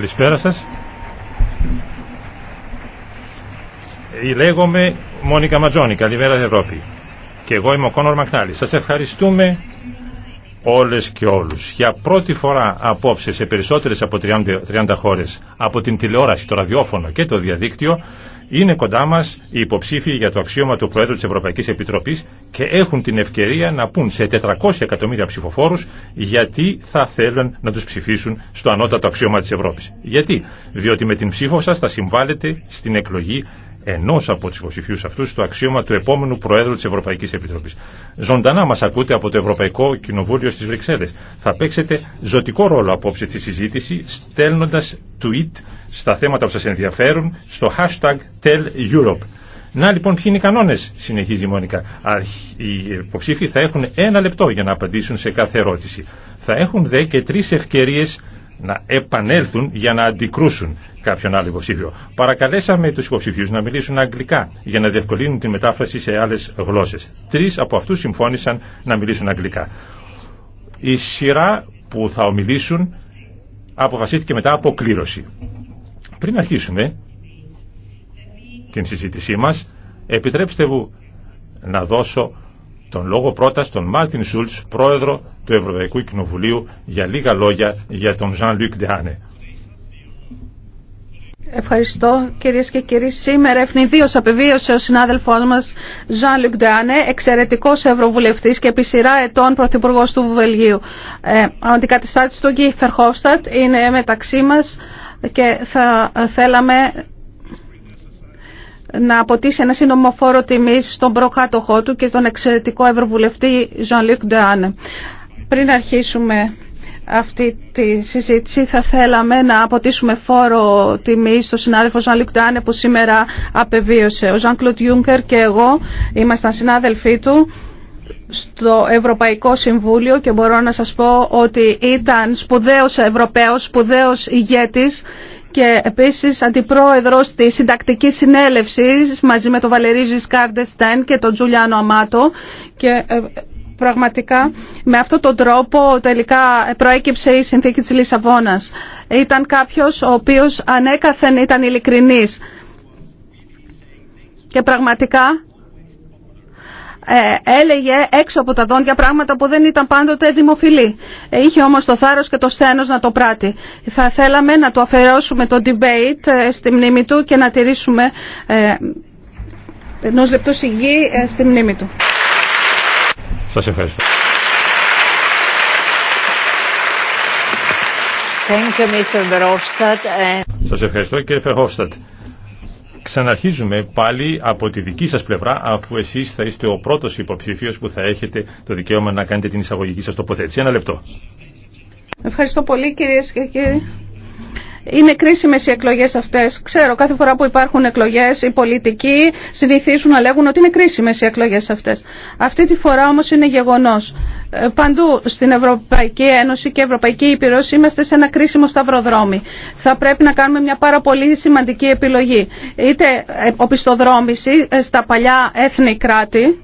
Καλησπέρα σας. Ε, λέγομαι Μόνικα Ματζόνη. Καλημέρα Ευρώπη. Και εγώ είμαι ο Κόνορ Μακνάλη. Σας ευχαριστούμε όλες και όλους. Για πρώτη φορά απόψε σε περισσότερες από 30 χώρες από την τηλεόραση, το ραδιόφωνο και το διαδίκτυο είναι κοντά μα οι υποψήφοι για το αξίωμα του Προέδρου τη Ευρωπαϊκή Επιτροπή και έχουν την ευκαιρία να πούν σε 400 εκατομμύρια ψηφοφόρου γιατί θα θέλουν να του ψηφίσουν στο ανώτατο αξίωμα τη Ευρώπη. Γιατί? Διότι με την ψήφο σα θα συμβάλλετε στην εκλογή ενό από του υποψηφίου αυτούς στο αξίωμα του επόμενου Προέδρου της Ευρωπαϊκής Επιτροπής. Ζωντανά μας ακούτε από το Ευρωπαϊκό Κοινοβούλιο στις Βρυξέλλε. Θα παίξετε ζωτικό ρόλο απόψε στη συζήτηση στέλνοντας tweet στα θέματα που σας ενδιαφέρουν στο hashtag Tell Europe. Να λοιπόν ποιοι είναι οι κανόνες, συνεχίζει η Μόνικα. Οι υποψήφοι θα έχουν ένα λεπτό για να απαντήσουν σε κάθε ερώτηση. Θα έχουν δε και τρει ευκαιρίε να επανέλθουν για να αντικρούσουν κάποιον άλλο υποψήφιο. Παρακαλέσαμε τους υποψηφίους να μιλήσουν αγγλικά για να διευκολύνουν τη μετάφραση σε άλλες γλώσσες. Τρεις από αυτούς συμφώνησαν να μιλήσουν αγγλικά. Η σειρά που θα ομιλήσουν αποφασίστηκε μετά από κλήρωση. Πριν αρχίσουμε την συζήτησή μας, επιτρέψτε μου να δώσω τον λόγο πρώτα στον Μάρτιν Σούλτς, πρόεδρο του Ευρωπαϊκού Κοινοβουλίου, για λίγα λόγια για τον Ζαν Λουκ Ντεάνε. Ευχαριστώ κύριε και κύριοι. Σήμερα Ευνηδίω απεβίωσε ο συνάδελφός μας Ζαν Λουκ Ντεάνε, εξαιρετικός ευρωβουλευτής και επί σειρά ετών πρωθυπουργό του Βελγίου. Ε, ο του Γκίφερ Χόφστατ είναι μεταξύ μα και θα θέλαμε να αποτίσει ένα σύνομο φόρο τιμής στον προκάτοχό του και τον εξαιρετικό ευρωβουλευτή Jean-Luc Ντεάνε. Πριν αρχίσουμε αυτή τη συζήτηση θα θέλαμε να αποτίσουμε φόρο τιμή στο συνάδελφο Ζαν Ντεάνε που σήμερα απεβίωσε. Ο Ζαν Κλουτ Ιούνκερ και εγώ ήμασταν συνάδελφοί του στο Ευρωπαϊκό Συμβούλιο και μπορώ να σας πω ότι ήταν σπουδαίος Ευρωπαίος, σπουδαίος ηγέτης και επίσης αντιπρόεδρος της συντακτικής συνέλευσης μαζί με τον Βαλερίζη Ζισκάρντε Στέν και τον Τζουλιάνο Αμάτο και ε, πραγματικά με αυτόν τον τρόπο τελικά προέκυψε η συνθήκη της Λισαβόνας. Ήταν κάποιος ο οποίος ανέκαθεν ήταν ειλικρινής και πραγματικά ε, έλεγε έξω από τα δόντια πράγματα που δεν ήταν πάντοτε δημοφιλή. Ε, είχε όμως το θάρρος και το σθένος να το πράττει. Θα θέλαμε να του αφαιρώσουμε το debate ε, στη μνήμη του και να τηρήσουμε ενός λεπτού συγγύη στη μνήμη του. Σας ευχαριστώ. Thank you, Mr. Σας ευχαριστώ κύριε Φερχόφστατ ξαναρχίζουμε πάλι από τη δική σας πλευρά αφού εσείς θα είστε ο πρώτος υποψηφίος που θα έχετε το δικαίωμα να κάνετε την εισαγωγική σας τοποθέτηση. Ένα λεπτό. Ευχαριστώ πολύ κυρίες και κύριοι. Είναι κρίσιμε οι εκλογέ αυτέ. Ξέρω, κάθε φορά που υπάρχουν εκλογέ, οι πολιτικοί συνηθίζουν να λέγουν ότι είναι κρίσιμε οι εκλογέ αυτέ. Αυτή τη φορά όμω είναι γεγονό. Ε, παντού στην Ευρωπαϊκή Ένωση και Ευρωπαϊκή Ήπειρο είμαστε σε ένα κρίσιμο σταυροδρόμι. Θα πρέπει να κάνουμε μια πάρα πολύ σημαντική επιλογή. Είτε οπισθοδρόμηση ε, στα παλιά έθνη κράτη,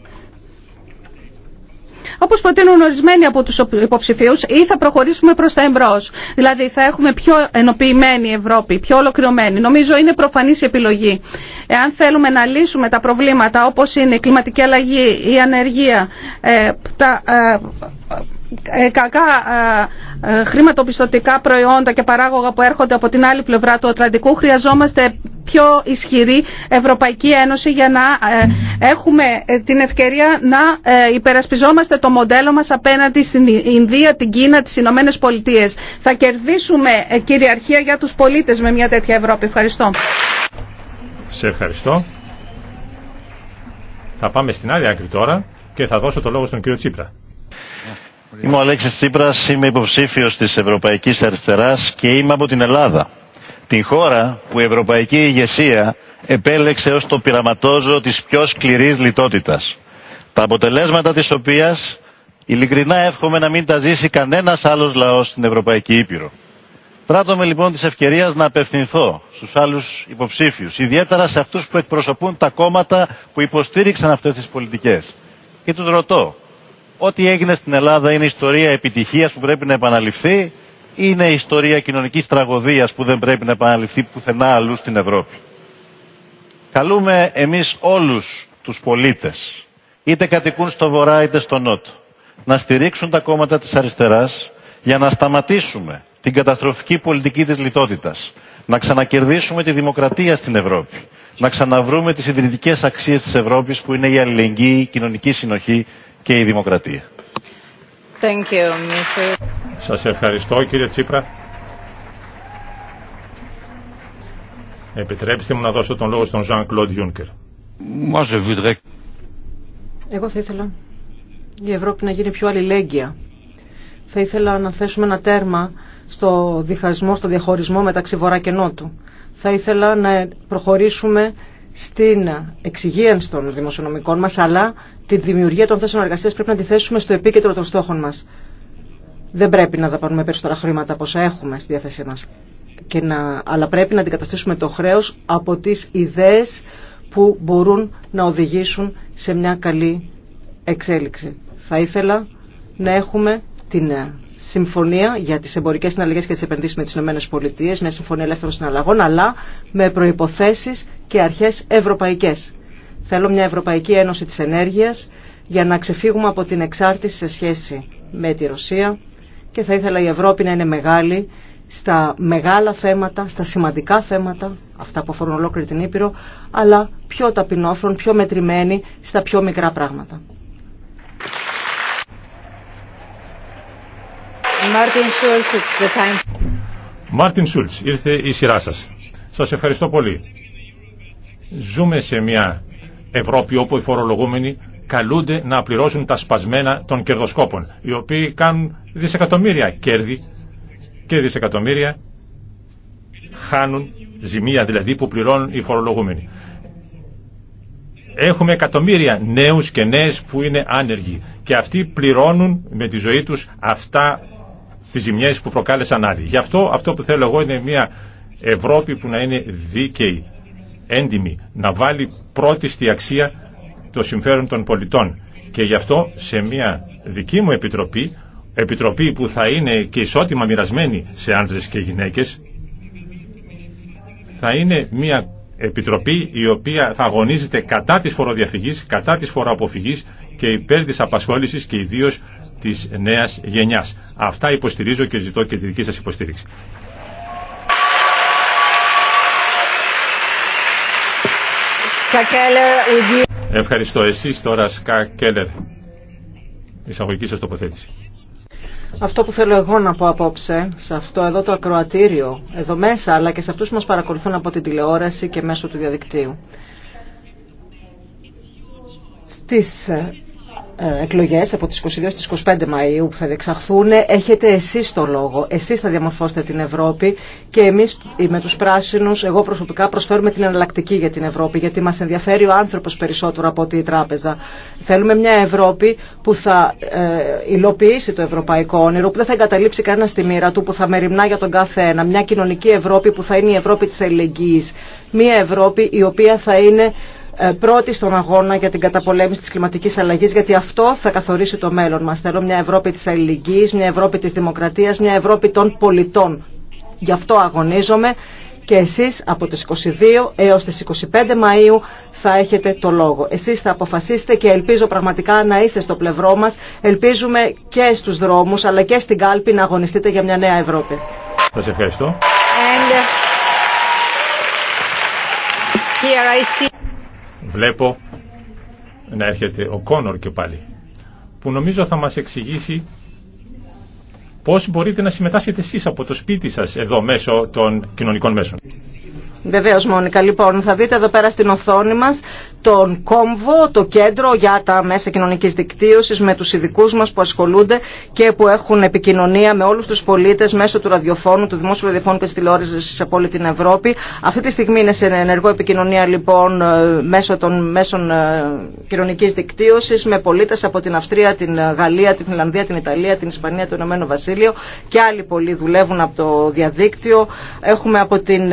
όπως προτείνουν ορισμένοι από τους υποψηφίους, ή θα προχωρήσουμε προς τα εμπρός. Δηλαδή θα έχουμε πιο ενοποιημένη Ευρώπη, πιο ολοκληρωμένη. Νομίζω είναι προφανής η επιλογή. Εάν θέλουμε να λύσουμε τα προβλήματα όπως είναι η κλιματική αλλαγή, η ανεργία, ε, τα ε, ε, κακά ε, ε, χρηματοπιστωτικά προϊόντα και παράγωγα που έρχονται από την άλλη πλευρά του Ατλαντικού χρειαζόμαστε πιο ισχυρή Ευρωπαϊκή Ένωση για να έχουμε την ευκαιρία να υπερασπιζόμαστε το μοντέλο μας απέναντι στην Ινδία, την Κίνα, τις Ηνωμένε Πολιτείε. Θα κερδίσουμε κυριαρχία για τους πολίτες με μια τέτοια Ευρώπη. Ευχαριστώ. Σε ευχαριστώ. Θα πάμε στην άλλη άκρη τώρα και θα δώσω το λόγο στον κύριο Τσίπρα. Είμαι ο Αλέξης Τσίπρας, είμαι υποψήφιος της Ευρωπαϊκής Αριστεράς και είμαι από την Ελλάδα. Την χώρα που η Ευρωπαϊκή ηγεσία επέλεξε ως το πειραματόζω της πιο σκληρής λιτότητας. Τα αποτελέσματα της οποίας ειλικρινά εύχομαι να μην τα ζήσει κανένας άλλος λαός στην Ευρωπαϊκή Ήπειρο. Τράτομαι λοιπόν της ευκαιρίας να απευθυνθώ στους άλλους υποψήφιους, ιδιαίτερα σε αυτούς που εκπροσωπούν τα κόμματα που υποστήριξαν αυτές τις πολιτικές. Και τους ρωτώ, Ό,τι έγινε στην Ελλάδα είναι ιστορία επιτυχίας που πρέπει να επαναληφθεί. ή Είναι ιστορία κοινωνικής τραγωδίας που δεν πρέπει να επαναληφθεί πουθενά αλλού στην Ευρώπη. Καλούμε εμείς όλους τους πολίτες, είτε κατοικούν στο βορρά είτε στο νότο, να στηρίξουν τα κόμματα της αριστεράς για να σταματήσουμε την καταστροφική πολιτική της λιτότητας, να ξανακερδίσουμε τη δημοκρατία στην Ευρώπη, να ξαναβρούμε τις ιδρυτικές αξίες της Ευρώπης που είναι η αλληλεγγύη, η κοινωνική συνοχή και η δημοκρατία. Thank you, Mr. Σας ευχαριστώ κύριε Τσίπρα. Επιτρέψτε μου να δώσω τον λόγο στον Ζαν Κλοντ Juncker. Εγώ θα ήθελα η Ευρώπη να γίνει πιο αλληλέγγυα. Θα ήθελα να θέσουμε ένα τέρμα στο διχασμό, στο διαχωρισμό μεταξύ Βορρά και Νότου. Θα ήθελα να προχωρήσουμε στην εξυγίανση των δημοσιονομικών μας, αλλά τη δημιουργία των θέσεων εργασίας πρέπει να τη θέσουμε στο επίκεντρο των στόχων μας. Δεν πρέπει να δαπανούμε περισσότερα χρήματα από όσα έχουμε στη διάθεσή μας, και να, αλλά πρέπει να αντικαταστήσουμε το χρέος από τις ιδέες που μπορούν να οδηγήσουν σε μια καλή εξέλιξη. Θα ήθελα να έχουμε την συμφωνία για τις εμπορικές συναλλαγές και τις επενδύσεις με τις ΗΠΑ, μια συμφωνία ελεύθερων συναλλαγών, αλλά με προϋποθέσεις και αρχές ευρωπαϊκές. Θέλω μια Ευρωπαϊκή Ένωση της Ενέργειας για να ξεφύγουμε από την εξάρτηση σε σχέση με τη Ρωσία και θα ήθελα η Ευρώπη να είναι μεγάλη στα μεγάλα θέματα, στα σημαντικά θέματα, αυτά που αφορούν ολόκληρη την Ήπειρο, αλλά πιο ταπεινόφρον, πιο μετρημένη στα πιο μικρά πράγματα. Μάρτιν Σούλτς, ήρθε η σειρά σας. Σας ευχαριστώ πολύ. Ζούμε σε μια Ευρώπη όπου οι φορολογούμενοι καλούνται να πληρώσουν τα σπασμένα των κερδοσκόπων, οι οποίοι κάνουν δισεκατομμύρια κέρδη και δισεκατομμύρια χάνουν ζημία δηλαδή που πληρώνουν οι φορολογούμενοι. Έχουμε εκατομμύρια νέους και νέες που είναι άνεργοι και αυτοί πληρώνουν με τη ζωή τους αυτά τις ζημιές που προκάλεσαν άλλοι. Γι' αυτό αυτό που θέλω εγώ είναι μια Ευρώπη που να είναι δίκαιη, έντιμη, να βάλει πρώτη στη αξία το συμφέρον των πολιτών. Και γι' αυτό σε μια δική μου επιτροπή, επιτροπή που θα είναι και ισότιμα μοιρασμένη σε άντρες και γυναίκες, θα είναι μια επιτροπή η οποία θα αγωνίζεται κατά της φοροδιαφυγής, κατά της φοροαποφυγής και υπέρ της απασχόλησης και ιδίως της νέας γενιάς. Αυτά υποστηρίζω και ζητώ και τη δική σας υποστήριξη. Ευχαριστώ εσείς τώρα Σκα Κέλλερ. Εισαγωγική σας τοποθέτηση. Αυτό που θέλω εγώ να πω απόψε, σε αυτό εδώ το ακροατήριο, εδώ μέσα, αλλά και σε αυτούς που μας παρακολουθούν από την τηλεόραση και μέσω του διαδικτύου. Στις ε, εκλογές από τις 22 στις 25 Μαΐου που θα διεξαχθούν έχετε εσείς το λόγο. Εσείς θα διαμορφώσετε την Ευρώπη και εμείς με τους πράσινους, εγώ προσωπικά προσφέρουμε την εναλλακτική για την Ευρώπη γιατί μας ενδιαφέρει ο άνθρωπος περισσότερο από ότι η τράπεζα. Θέλουμε μια Ευρώπη που θα ε, υλοποιήσει το ευρωπαϊκό όνειρο, που δεν θα εγκαταλείψει κανένα στη μοίρα του, που θα μεριμνά για τον κάθε Μια κοινωνική Ευρώπη που θα είναι η Ευρώπη της αλληλεγγύης. Μια Ευρώπη η οποία θα είναι ε, πρώτη στον αγώνα για την καταπολέμηση της κλιματικής αλλαγής, γιατί αυτό θα καθορίσει το μέλλον μας. Θέλω μια Ευρώπη της αλληλεγγύης, μια Ευρώπη της δημοκρατίας, μια Ευρώπη των πολιτών. Γι' αυτό αγωνίζομαι και εσείς από τις 22 έως τις 25 Μαΐου θα έχετε το λόγο. Εσείς θα αποφασίσετε και ελπίζω πραγματικά να είστε στο πλευρό μας. Ελπίζουμε και στους δρόμους αλλά και στην κάλπη να αγωνιστείτε για μια νέα Ευρώπη. Σας ευχαριστώ. And, uh, here I see βλέπω να έρχεται ο Κόνορ και πάλι που νομίζω θα μας εξηγήσει πώς μπορείτε να συμμετάσχετε εσείς από το σπίτι σας εδώ μέσω των κοινωνικών μέσων. Βεβαίω, Μόνικα. Λοιπόν, θα δείτε εδώ πέρα στην οθόνη μα τον κόμβο, το κέντρο για τα μέσα κοινωνική δικτύωση με του ειδικού μα που ασχολούνται και που έχουν επικοινωνία με όλου του πολίτε μέσω του ραδιοφώνου, του δημόσιου ραδιοφώνου και τη τηλεόραση σε όλη την Ευρώπη. Αυτή τη στιγμή είναι σε ενεργό επικοινωνία λοιπόν ε, μέσω των μέσων ε, κοινωνική δικτύωση με πολίτε από την Αυστρία, την ε, Γαλλία, την Φιλανδία, την Ιταλία, την Ισπανία, το Ηνωμένο Βασίλειο και άλλοι πολλοί δουλεύουν από το διαδίκτυο. Έχουμε από την.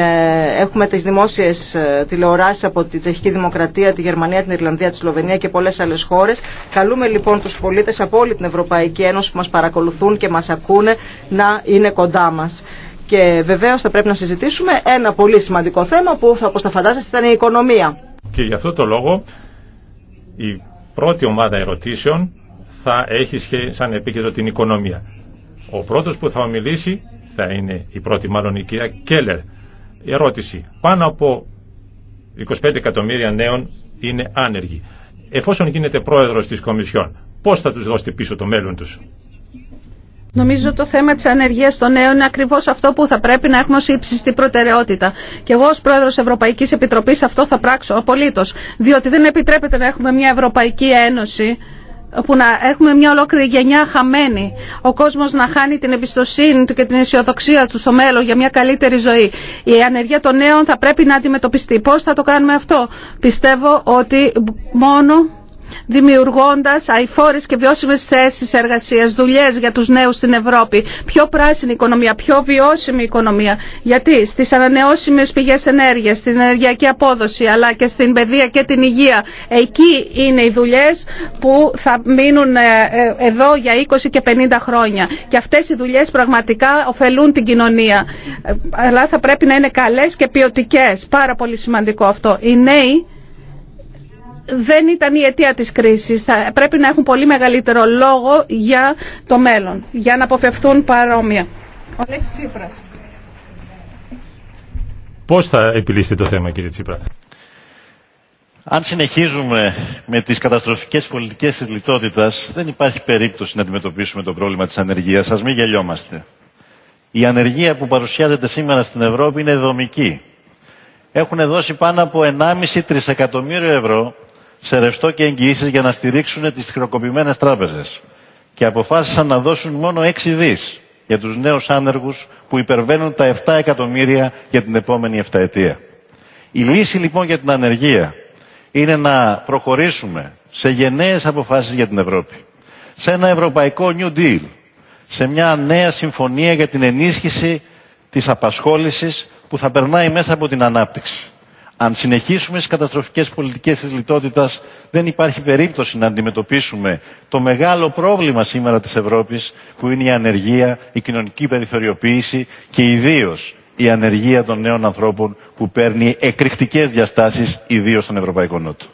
Έχουμε τις δημόσιες ε, τηλεοράσεις από τη Τσεχική Δημοκρατία, τη Γερμανία, την Ιρλανδία, τη Σλοβενία και πολλές άλλες χώρες. Καλούμε λοιπόν τους πολίτες από όλη την Ευρωπαϊκή Ένωση που μας παρακολουθούν και μας ακούνε να είναι κοντά μας. Και βεβαίως θα πρέπει να συζητήσουμε ένα πολύ σημαντικό θέμα που όπως θα φαντάζεστε ήταν η οικονομία. Και γι' αυτό το λόγο η πρώτη ομάδα ερωτήσεων θα έχει σαν επίκεντρο την οικονομία. Ο πρώτος που θα ομιλήσει θα είναι η πρώτη μάλλον η κυρία Κέλλερ ερώτηση. Πάνω από 25 εκατομμύρια νέων είναι άνεργοι. Εφόσον γίνεται πρόεδρος της Κομισιόν, πώς θα τους δώσετε πίσω το μέλλον τους. Νομίζω το θέμα της ανεργίας των νέων είναι ακριβώς αυτό που θα πρέπει να έχουμε ως ύψιστη προτεραιότητα. Και εγώ ως πρόεδρος Ευρωπαϊκής Επιτροπής αυτό θα πράξω απολύτως. Διότι δεν επιτρέπεται να έχουμε μια Ευρωπαϊκή Ένωση που να έχουμε μια ολόκληρη γενιά χαμένη, ο κόσμος να χάνει την εμπιστοσύνη του και την αισιοδοξία του στο μέλλον για μια καλύτερη ζωή. Η ανεργία των νέων θα πρέπει να αντιμετωπιστεί. Πώς θα το κάνουμε αυτό. Πιστεύω ότι μόνο δημιουργώντας αηφόρες και βιώσιμες θέσεις εργασίας, δουλειές για τους νέους στην Ευρώπη, πιο πράσινη οικονομία, πιο βιώσιμη οικονομία. Γιατί στις ανανεώσιμες πηγές ενέργειας, στην ενεργειακή απόδοση, αλλά και στην παιδεία και την υγεία, εκεί είναι οι δουλειές που θα μείνουν ε, ε, εδώ για 20 και 50 χρόνια. Και αυτές οι δουλειές πραγματικά ωφελούν την κοινωνία. Ε, αλλά θα πρέπει να είναι καλές και ποιοτικέ. Πάρα πολύ σημαντικό αυτό. Οι νέοι δεν ήταν η αιτία της κρίσης. Θα πρέπει να έχουν πολύ μεγαλύτερο λόγο για το μέλλον, για να αποφευθούν παρόμοια. Ο Λέξης Πώς θα επιλύσετε το θέμα κύριε Τσίπρα. Αν συνεχίζουμε με τις καταστροφικές πολιτικές της λιτότητας, δεν υπάρχει περίπτωση να αντιμετωπίσουμε το πρόβλημα της ανεργίας. Ας μην γελιόμαστε. Η ανεργία που παρουσιάζεται σήμερα στην Ευρώπη είναι δομική. Έχουν δώσει πάνω από 1,5 τρισεκατομμύριο ευρώ σε ρευστό και εγγυήσει για να στηρίξουν τι χρεοκοπημένες τράπεζε και αποφάσισαν να δώσουν μόνο 6 δι για του νέου άνεργου που υπερβαίνουν τα 7 εκατομμύρια για την επόμενη 7 ετία. Η λύση λοιπόν για την ανεργία είναι να προχωρήσουμε σε γενναίε αποφάσει για την Ευρώπη. Σε ένα ευρωπαϊκό New Deal, σε μια νέα συμφωνία για την ενίσχυση τη απασχόληση που θα περνάει μέσα από την ανάπτυξη. Αν συνεχίσουμε στις καταστροφικές πολιτικές της λιτότητας, δεν υπάρχει περίπτωση να αντιμετωπίσουμε το μεγάλο πρόβλημα σήμερα της Ευρώπης, που είναι η ανεργία, η κοινωνική περιθωριοποίηση και ιδίω η ανεργία των νέων ανθρώπων που παίρνει εκρηκτικές διαστάσεις, ιδίως στον Ευρωπαϊκό Νότο.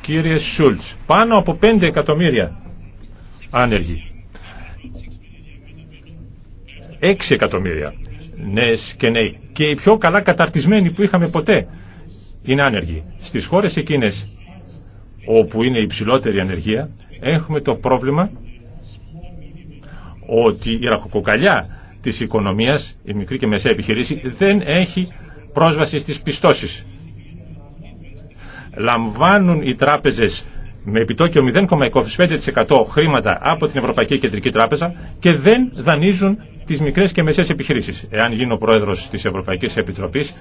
Κύριε πάνω από 5 εκατομμύρια άνεργοι. 6 εκατομμύρια νέε και νέοι. Και οι πιο καλά καταρτισμένοι που είχαμε ποτέ είναι άνεργοι. Στις χώρες εκείνες όπου είναι υψηλότερη ανεργία έχουμε το πρόβλημα ότι η ραχοκοκαλιά της οικονομίας, η μικρή και μεσαία επιχειρήση, δεν έχει πρόσβαση στις πιστώσεις. Λαμβάνουν οι τράπεζες με επιτόκιο 0,25% χρήματα από την Ευρωπαϊκή Κεντρική Τράπεζα και δεν δανείζουν τις μικρές και μεσαίες επιχειρήσεις. Εάν γίνω πρόεδρος της Ευρωπαϊκής Επιτροπής,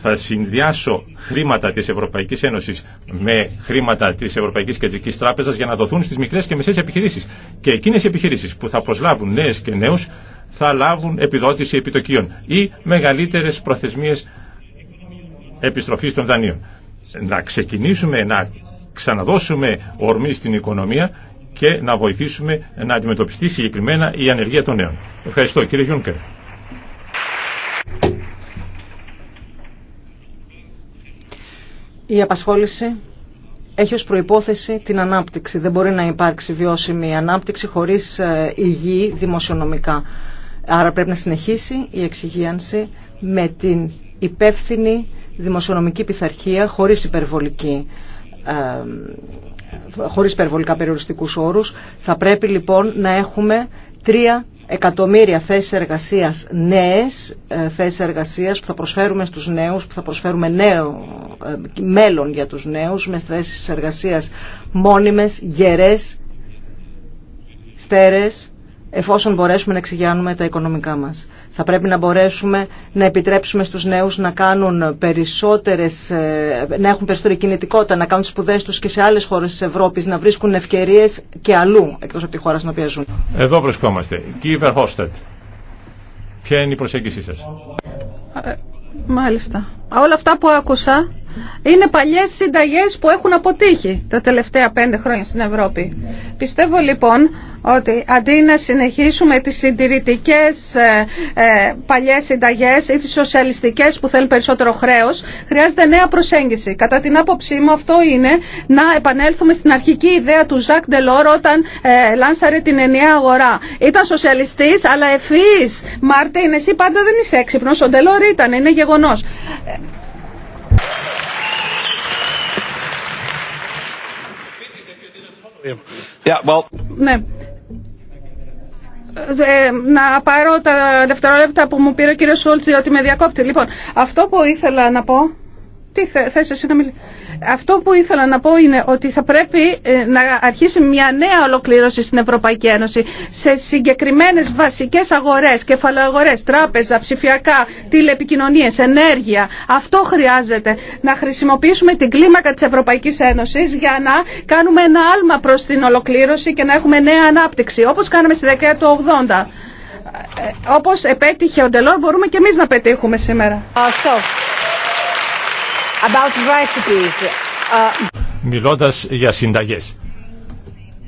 θα συνδυάσω χρήματα της Ευρωπαϊκής Ένωσης με χρήματα της Ευρωπαϊκής Κεντρικής Τράπεζας για να δοθούν στις μικρές και μεσαίες επιχειρήσεις. Και εκείνες οι επιχειρήσεις που θα προσλάβουν νέες και νέους θα λάβουν επιδότηση επιτοκίων ή μεγαλύτερες προθεσμίες επιστροφής των δανείων. Να ξεκινήσουμε να ξαναδώσουμε ορμή στην οικονομία και να βοηθήσουμε να αντιμετωπιστεί συγκεκριμένα η ανεργία των νέων. Ευχαριστώ κύριε Γιούνκερ. Η απασχόληση έχει ως προϋπόθεση την ανάπτυξη. Δεν μπορεί να υπάρξει βιώσιμη ανάπτυξη χωρίς ε, υγιή δημοσιονομικά. Άρα πρέπει να συνεχίσει η εξυγίανση με την υπεύθυνη δημοσιονομική πειθαρχία χωρίς υπερβολική χωρίς περιβολικά περιοριστικούς όρους. Θα πρέπει λοιπόν να έχουμε τρία εκατομμύρια θέσεις εργασίας νέες, ε, θέσεις εργασίας που θα προσφέρουμε στους νέους, που θα προσφέρουμε νέο ε, μέλλον για τους νέους, με θέσεις εργασίας μόνιμες, γερές, στέρες, εφόσον μπορέσουμε να εξηγιάνουμε τα οικονομικά μας. Θα πρέπει να μπορέσουμε να επιτρέψουμε στους νέους να, κάνουν περισσότερες, ε, να έχουν περισσότερη κινητικότητα, να κάνουν σπουδές τους και σε άλλες χώρες της Ευρώπης, να βρίσκουν ευκαιρίες και αλλού, εκτός από τη χώρα στην οποία ζουν. Εδώ βρισκόμαστε. Κύριε Verhofstadt, ποια είναι η προσέγγιση σας. Ε, μάλιστα. Όλα αυτά που άκουσα είναι παλιέ συνταγέ που έχουν αποτύχει τα τελευταία πέντε χρόνια στην Ευρώπη. Πιστεύω λοιπόν ότι αντί να συνεχίσουμε τις συντηρητικές ε, ε, παλιές συνταγές ή τις σοσιαλιστικές που θέλουν περισσότερο χρέος, χρειάζεται νέα προσέγγιση. Κατά την άποψή μου αυτό είναι να επανέλθουμε στην αρχική ιδέα του Ζακ Ντελόρ όταν ε, λάνσαρε την ενιαία αγορά. Ήταν σοσιαλιστής αλλά ευφυής. Μάρτιν, εσύ πάντα δεν είσαι έξυπνος, ο Ντελόρ ήταν, είναι γεγονό. Ναι. Ε, να πάρω τα δευτερόλεπτα που μου πήρε ο κύριος Σούλτς διότι με διακόπτει. Λοιπόν, αυτό που ήθελα να πω τι θες εσύ να Αυτό που ήθελα να πω είναι ότι θα πρέπει ε, να αρχίσει μια νέα ολοκλήρωση στην Ευρωπαϊκή Ένωση σε συγκεκριμένες βασικές αγορές, κεφαλαγορές, τράπεζα, ψηφιακά, τηλεπικοινωνίες, ενέργεια. Αυτό χρειάζεται. Να χρησιμοποιήσουμε την κλίμακα της Ευρωπαϊκής Ένωσης για να κάνουμε ένα άλμα προς την ολοκλήρωση και να έχουμε νέα ανάπτυξη, όπως κάναμε στη δεκαετία του 80 ε, όπως επέτυχε ο Ντελόρ μπορούμε και εμείς να πετύχουμε σήμερα. Αυτό. About uh, Μιλώντας για συνταγές.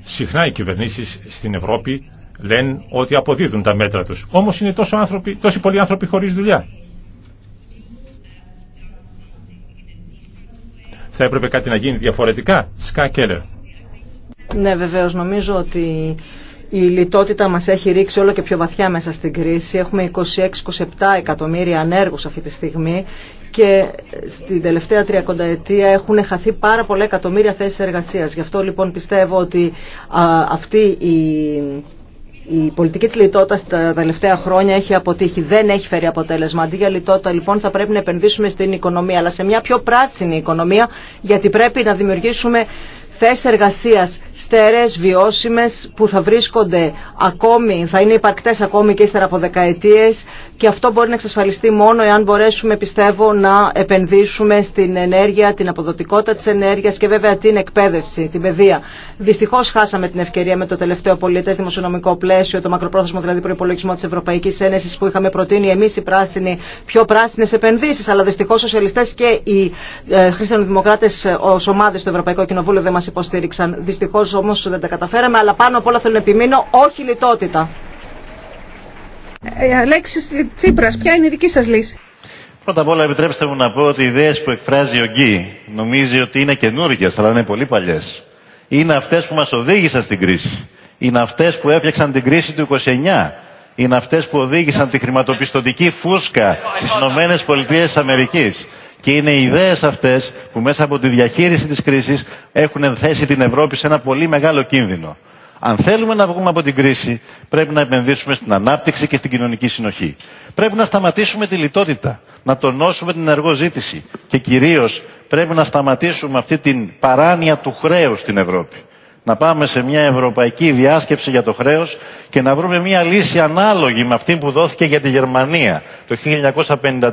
Συχνά οι κυβερνήσεις στην Ευρώπη λένε ότι αποδίδουν τα μέτρα τους. Όμως είναι τόσο άνθρωποι, τόσοι πολλοί άνθρωποι χωρίς δουλειά. Θα έπρεπε κάτι να γίνει διαφορετικά. Σκά Κέλλερ. Ναι βεβαίως νομίζω ότι η λιτότητα μας έχει ρίξει όλο και πιο βαθιά μέσα στην κρίση. Έχουμε 26-27 εκατομμύρια ανέργους αυτή τη στιγμή και στην τελευταία τριακονταετία έχουν χαθεί πάρα πολλά εκατομμύρια θέσεις εργασίας. Γι' αυτό λοιπόν πιστεύω ότι αυτή η... Η πολιτική της λιτότητα τα τελευταία χρόνια έχει αποτύχει, δεν έχει φέρει αποτέλεσμα. Αντί για λιτότητα, λοιπόν, θα πρέπει να επενδύσουμε στην οικονομία, αλλά σε μια πιο πράσινη οικονομία, γιατί πρέπει να δημιουργήσουμε θέσεις εργασίας στερές, βιώσιμες, που θα βρίσκονται ακόμη, θα είναι υπαρκτές ακόμη και ύστερα από δεκαετίες και αυτό μπορεί να εξασφαλιστεί μόνο εάν μπορέσουμε, πιστεύω, να επενδύσουμε στην ενέργεια, την αποδοτικότητα της ενέργειας και βέβαια την εκπαίδευση, την παιδεία. Δυστυχώ χάσαμε την ευκαιρία με το τελευταίο πολιτέ, δημοσιονομικό πλαίσιο, το μακροπρόθεσμο δηλαδή προπολογισμό τη Ευρωπαϊκή Ένωση που είχαμε προτείνει εμεί οι πράσινοι πιο πράσινε επενδύσει, αλλά δυστυχώ σοσιαλιστέ και οι ε, χριστιανοδημοκράτες ε, ως ομάδε στο Ευρωπαϊκό Κοινοβούλιο δεν υποστήριξαν. Δυστυχώ όμω δεν τα καταφέραμε, αλλά πάνω απ' όλα θέλω να επιμείνω όχι λιτότητα. Ε, Αλέξης Τσίπρας, ποια είναι η δική σα λύση. Πρώτα απ' όλα επιτρέψτε μου να πω ότι οι ιδέε που εκφράζει ο Γκί νομίζει ότι είναι καινούργιε, αλλά είναι πολύ παλιέ. Είναι αυτέ που μα οδήγησαν στην κρίση. Είναι αυτέ που έφτιαξαν την κρίση του 29. Είναι αυτέ που οδήγησαν τη χρηματοπιστωτική φούσκα στι ΗΠΑ. Και είναι οι ιδέε αυτέ που μέσα από τη διαχείριση τη κρίση έχουν θέσει την Ευρώπη σε ένα πολύ μεγάλο κίνδυνο. Αν θέλουμε να βγούμε από την κρίση, πρέπει να επενδύσουμε στην ανάπτυξη και στην κοινωνική συνοχή. Πρέπει να σταματήσουμε τη λιτότητα, να τονώσουμε την ενεργό και κυρίω πρέπει να σταματήσουμε αυτή την παράνοια του χρέου στην Ευρώπη να πάμε σε μια ευρωπαϊκή διάσκεψη για το χρέος και να βρούμε μια λύση ανάλογη με αυτή που δόθηκε για τη Γερμανία το 1953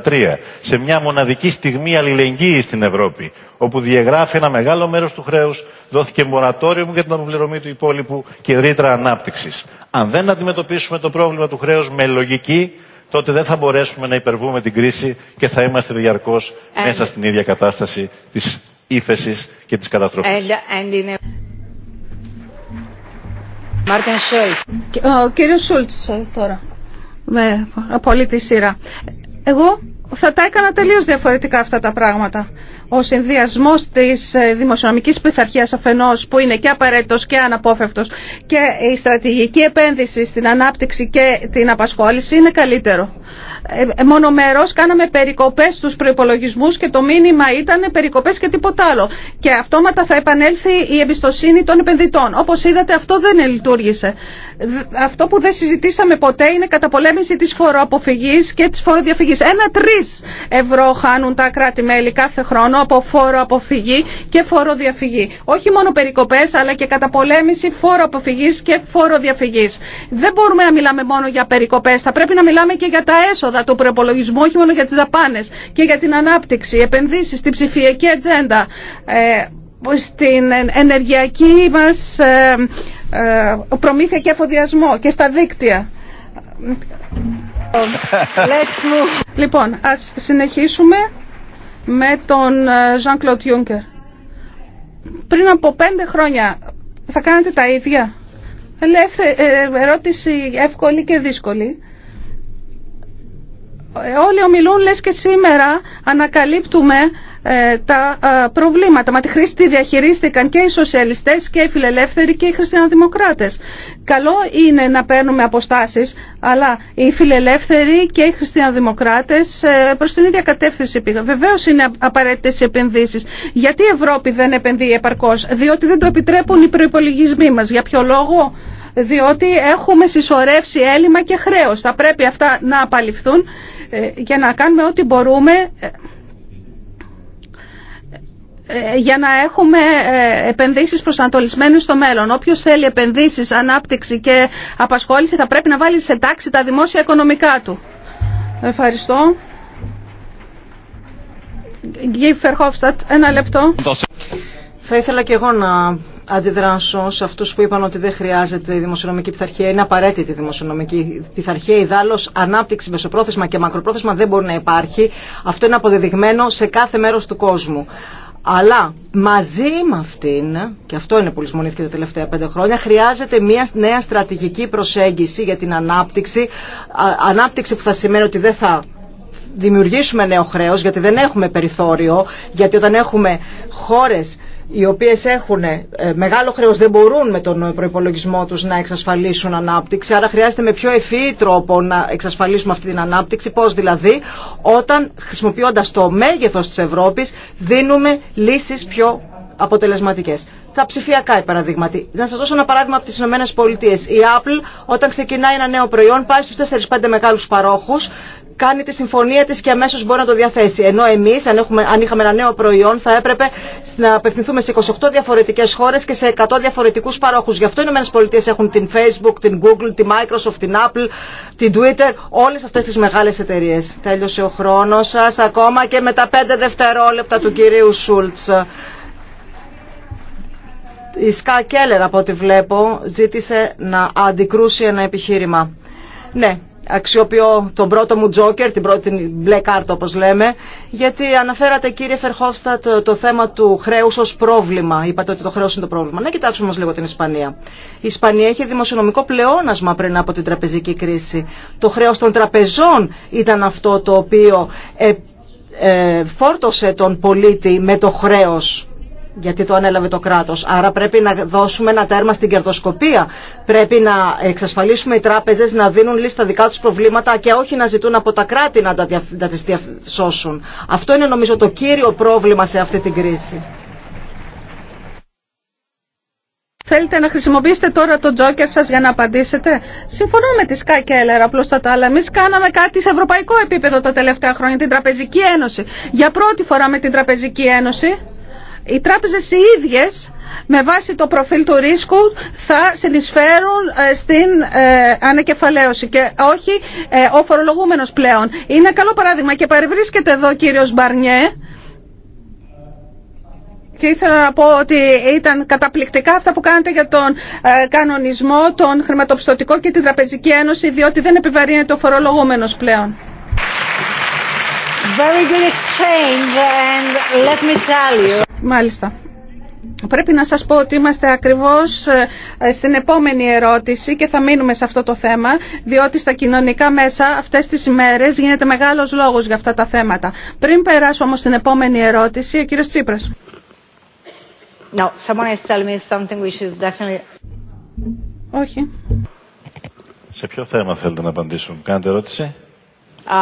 σε μια μοναδική στιγμή αλληλεγγύη στην Ευρώπη όπου διαγράφει ένα μεγάλο μέρος του χρέους, δόθηκε μορατόριο για την αποπληρωμή του υπόλοιπου και ρήτρα ανάπτυξης. Αν δεν αντιμετωπίσουμε το πρόβλημα του χρέους με λογική, τότε δεν θα μπορέσουμε να υπερβούμε την κρίση και θα είμαστε διαρκώς μέσα στην ίδια κατάσταση της ύφεση και της καταστροφής. Μάρτιν Ο κύριο Σούλτς ε, τώρα. Με απολύτη σειρά. Εγώ θα τα έκανα τελείω διαφορετικά αυτά τα πράγματα. Ο συνδυασμό της ε, δημοσιονομικής πειθαρχία αφενός που είναι και απαραίτητο και αναπόφευκτο, και η στρατηγική επένδυση στην ανάπτυξη και την απασχόληση είναι καλύτερο. Ε, ε, μονομερός κάναμε περικοπές στους προϋπολογισμούς και το μήνυμα ήταν περικοπές και τίποτα άλλο. Και αυτόματα θα επανέλθει η εμπιστοσύνη των επενδυτών. Όπως είδατε αυτό δεν λειτουργήσε. Αυτό που δεν συζητήσαμε ποτέ είναι καταπολέμηση της φοροαποφυγής και της φοροδιαφυγής. Ένα τρεις ευρώ χάνουν τα κράτη-μέλη κάθε χρόνο από φοροαποφυγή και φοροδιαφυγή. Όχι μόνο περικοπές αλλά και καταπολέμηση φοροαποφυγής και φοροδιαφυγής. Δεν μπορούμε να μιλάμε μόνο για περικοπές. Θα πρέπει να μιλάμε και για τα έσοδα το προεπολογισμό όχι μόνο για τις δαπάνε και για την ανάπτυξη, επενδύσεις, στην ψηφιακή ατζέντα, ε, στην ενεργειακή μας ε, ε, προμήθεια και εφοδιασμό και στα δίκτυα. Let's move. Λοιπόν, ας συνεχίσουμε με τον Jean-Claude Juncker. Πριν από πέντε χρόνια θα κάνετε τα ίδια. ερώτηση εύκολη και δύσκολη όλοι ομιλούν λες και σήμερα ανακαλύπτουμε ε, τα ε, προβλήματα. Μα τη χρήση τη διαχειρίστηκαν και οι σοσιαλιστές και οι φιλελεύθεροι και οι χριστιανοδημοκράτες. Καλό είναι να παίρνουμε αποστάσεις, αλλά οι φιλελεύθεροι και οι χριστιανοδημοκράτες ε, προς την ίδια κατεύθυνση πήγαν. Βεβαίως είναι απαραίτητες οι επενδύσεις. Γιατί η Ευρώπη δεν επενδύει επαρκώς, διότι δεν το επιτρέπουν οι προπολογισμοί μας. Για ποιο λόγο διότι έχουμε συσσωρεύσει έλλειμμα και χρέος. Θα πρέπει αυτά να απαλληφθούν ε, για να κάνουμε ό,τι μπορούμε ε, ε, για να έχουμε επενδύσεις προσανατολισμένες στο μέλλον. Όποιος θέλει επενδύσεις, ανάπτυξη και απασχόληση θα πρέπει να βάλει σε τάξη τα δημόσια οικονομικά του. Ευχαριστώ. Γκίφερ ένα λεπτό. Θα ήθελα και εγώ να αντιδράσω σε αυτούς που είπαν ότι δεν χρειάζεται η δημοσιονομική πειθαρχία. Είναι απαραίτητη η δημοσιονομική πειθαρχία. Ιδάλω, ανάπτυξη μεσοπρόθεσμα και μακροπρόθεσμα δεν μπορεί να υπάρχει. Αυτό είναι αποδεδειγμένο σε κάθε μέρος του κόσμου. Αλλά μαζί με αυτήν, και αυτό είναι που λησμονήθηκε τα τελευταία πέντε χρόνια, χρειάζεται μια νέα στρατηγική προσέγγιση για την ανάπτυξη. Ανάπτυξη που θα σημαίνει ότι δεν θα δημιουργήσουμε νέο χρέο, γιατί δεν έχουμε περιθώριο, γιατί όταν έχουμε χώρες οι οποίε έχουν ε, μεγάλο χρέο δεν μπορούν με τον ε, προπολογισμό του να εξασφαλίσουν ανάπτυξη άρα χρειάζεται με πιο ευφυή τρόπο να εξασφαλίσουμε αυτή την ανάπτυξη πώ δηλαδή όταν χρησιμοποιώντα το μέγεθο τη Ευρώπη, δίνουμε λύσει πιο αποτελεσματικέ. Τα ψηφιακά, παραδείγματι. Να σα δώσω ένα παράδειγμα από τι ΗΠΑ. Η Apple, όταν ξεκινάει ένα νέο προϊόν, πάει στου 4-5 μεγάλου παρόχου, κάνει τη συμφωνία τη και αμέσω μπορεί να το διαθέσει. Ενώ εμείς, αν, αν είχαμε ένα νέο προϊόν, θα έπρεπε να απευθυνθούμε σε 28 διαφορετικές χώρες και σε 100 διαφορετικούς παρόχους. Γι' αυτό οι ΗΠΑ έχουν την Facebook, την Google, τη Microsoft, την Apple, την Twitter, όλες αυτές τις μεγάλες εταιρείε. Τέλειωσε ο χρόνος σα, ακόμα και με τα 5 δευτερόλεπτα του κυρίου Σούλτ. Η Σκά Κέλλερ από ό,τι βλέπω ζήτησε να αντικρούσει ένα επιχείρημα. Ναι, αξιοποιώ τον πρώτο μου τζόκερ, την πρώτη μπλε κάρτα όπως λέμε, γιατί αναφέρατε κύριε Φερχόφστατ το θέμα του χρέους ως πρόβλημα. Είπατε ότι το χρέος είναι το πρόβλημα. Να κοιτάξουμε όμως λίγο την Ισπανία. Η Ισπανία είχε δημοσιονομικό πλεόνασμα πριν από την τραπεζική κρίση. Το χρέος των τραπεζών ήταν αυτό το οποίο ε, ε, φόρτωσε τον πολίτη με το χρέος γιατί το ανέλαβε το κράτος. Άρα πρέπει να δώσουμε ένα τέρμα στην κερδοσκοπία. Πρέπει να εξασφαλίσουμε οι τράπεζε να δίνουν λύση στα δικά του προβλήματα και όχι να ζητούν από τα κράτη να τα, δια... διασώσουν. Αυτό είναι νομίζω το κύριο πρόβλημα σε αυτή την κρίση. Θέλετε να χρησιμοποιήσετε τώρα τον τζόκερ σας για να απαντήσετε. Συμφωνώ με τη Σκά Κέλλερ απλώ τα άλλα. Εμεί κάναμε κάτι σε ευρωπαϊκό επίπεδο τα τελευταία χρόνια, την Τραπεζική Ένωση. Για πρώτη φορά με την Τραπεζική Ένωση οι τράπεζες οι ίδιες με βάση το προφίλ του ρίσκου θα συνεισφέρουν ε, στην ε, ανακεφαλαίωση και όχι ε, ο φορολογούμενος πλέον. Είναι καλό παράδειγμα και παρευρίσκεται εδώ ο κύριος Μπαρνιέ και ήθελα να πω ότι ήταν καταπληκτικά αυτά που κάνετε για τον κανονισμό, τον χρηματοπιστωτικό και την Τραπεζική Ένωση διότι δεν επιβαρύνεται ο φορολογούμενος πλέον. Very good exchange and let me tell you. Μάλιστα. Πρέπει να σας πω ότι είμαστε ακριβώς ε, στην επόμενη ερώτηση και θα μείνουμε σε αυτό το θέμα, διότι στα κοινωνικά μέσα αυτές τις ημέρες γίνεται μεγάλος λόγος για αυτά τα θέματα. Πριν περάσω όμως στην επόμενη ερώτηση, ο κύριος Τσίπρας. No, someone is telling me something which is definitely... Όχι. Σε ποιο θέμα θέλετε να απαντήσουν. Κάνετε ερώτηση. Uh,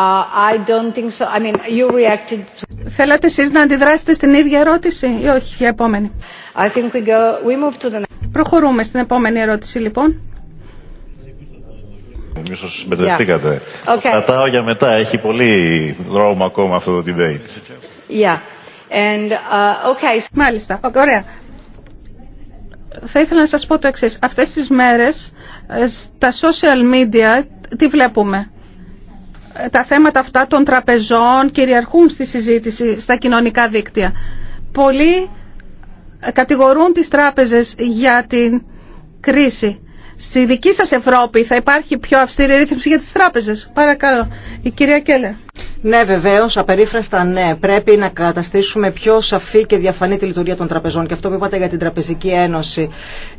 I don't think so. I mean, you reacted Θέλατε εσείς να αντιδράσετε στην ίδια ερώτηση ή όχι, η επόμενη. I think we go, we move to the... Προχωρούμε στην επόμενη ερώτηση λοιπόν. Εμείς μπερδευτήκατε. Yeah. Okay. Κατάω για μετά. Έχει πολύ δρόμο ακόμα αυτό το debate. Yeah. And, uh, okay. Μάλιστα. Ωραία. Θα ήθελα να σας πω το εξής. Αυτές τις μέρες ε, στα social media τι βλέπουμε τα θέματα αυτά των τραπεζών κυριαρχούν στη συζήτηση στα κοινωνικά δίκτυα. Πολλοί ε, κατηγορούν τις τράπεζες για την κρίση. Στη δική σας Ευρώπη θα υπάρχει πιο αυστηρή ρύθμιση για τις τράπεζες. Παρακαλώ. Η κυρία Κέλλερ. Ναι, βεβαίω, απερίφραστα ναι. Πρέπει να καταστήσουμε πιο σαφή και διαφανή τη λειτουργία των τραπεζών. Και αυτό που είπατε για την Τραπεζική Ένωση.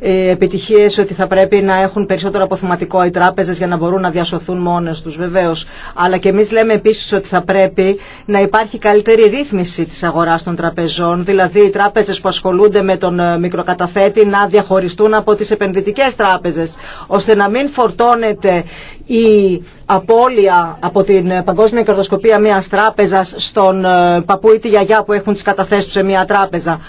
Οι ε, επιτυχίε ότι θα πρέπει να έχουν περισσότερο αποθυματικό οι τράπεζε για να μπορούν να διασωθούν μόνε του, βεβαίω. Αλλά και εμεί λέμε επίση ότι θα πρέπει να υπάρχει καλύτερη ρύθμιση τη αγορά των τραπεζών. Δηλαδή, οι τράπεζε που ασχολούνται με τον ε, μικροκαταθέτη να διαχωριστούν από τι επενδυτικέ τράπεζε, ώστε να μην φορτώνεται η απώλεια από την παγκόσμια κερδοσκοπία μια τράπεζας στον ε, παππού ή τη γιαγιά που έχουν τις καταθέσεις σε μια τράπεζα.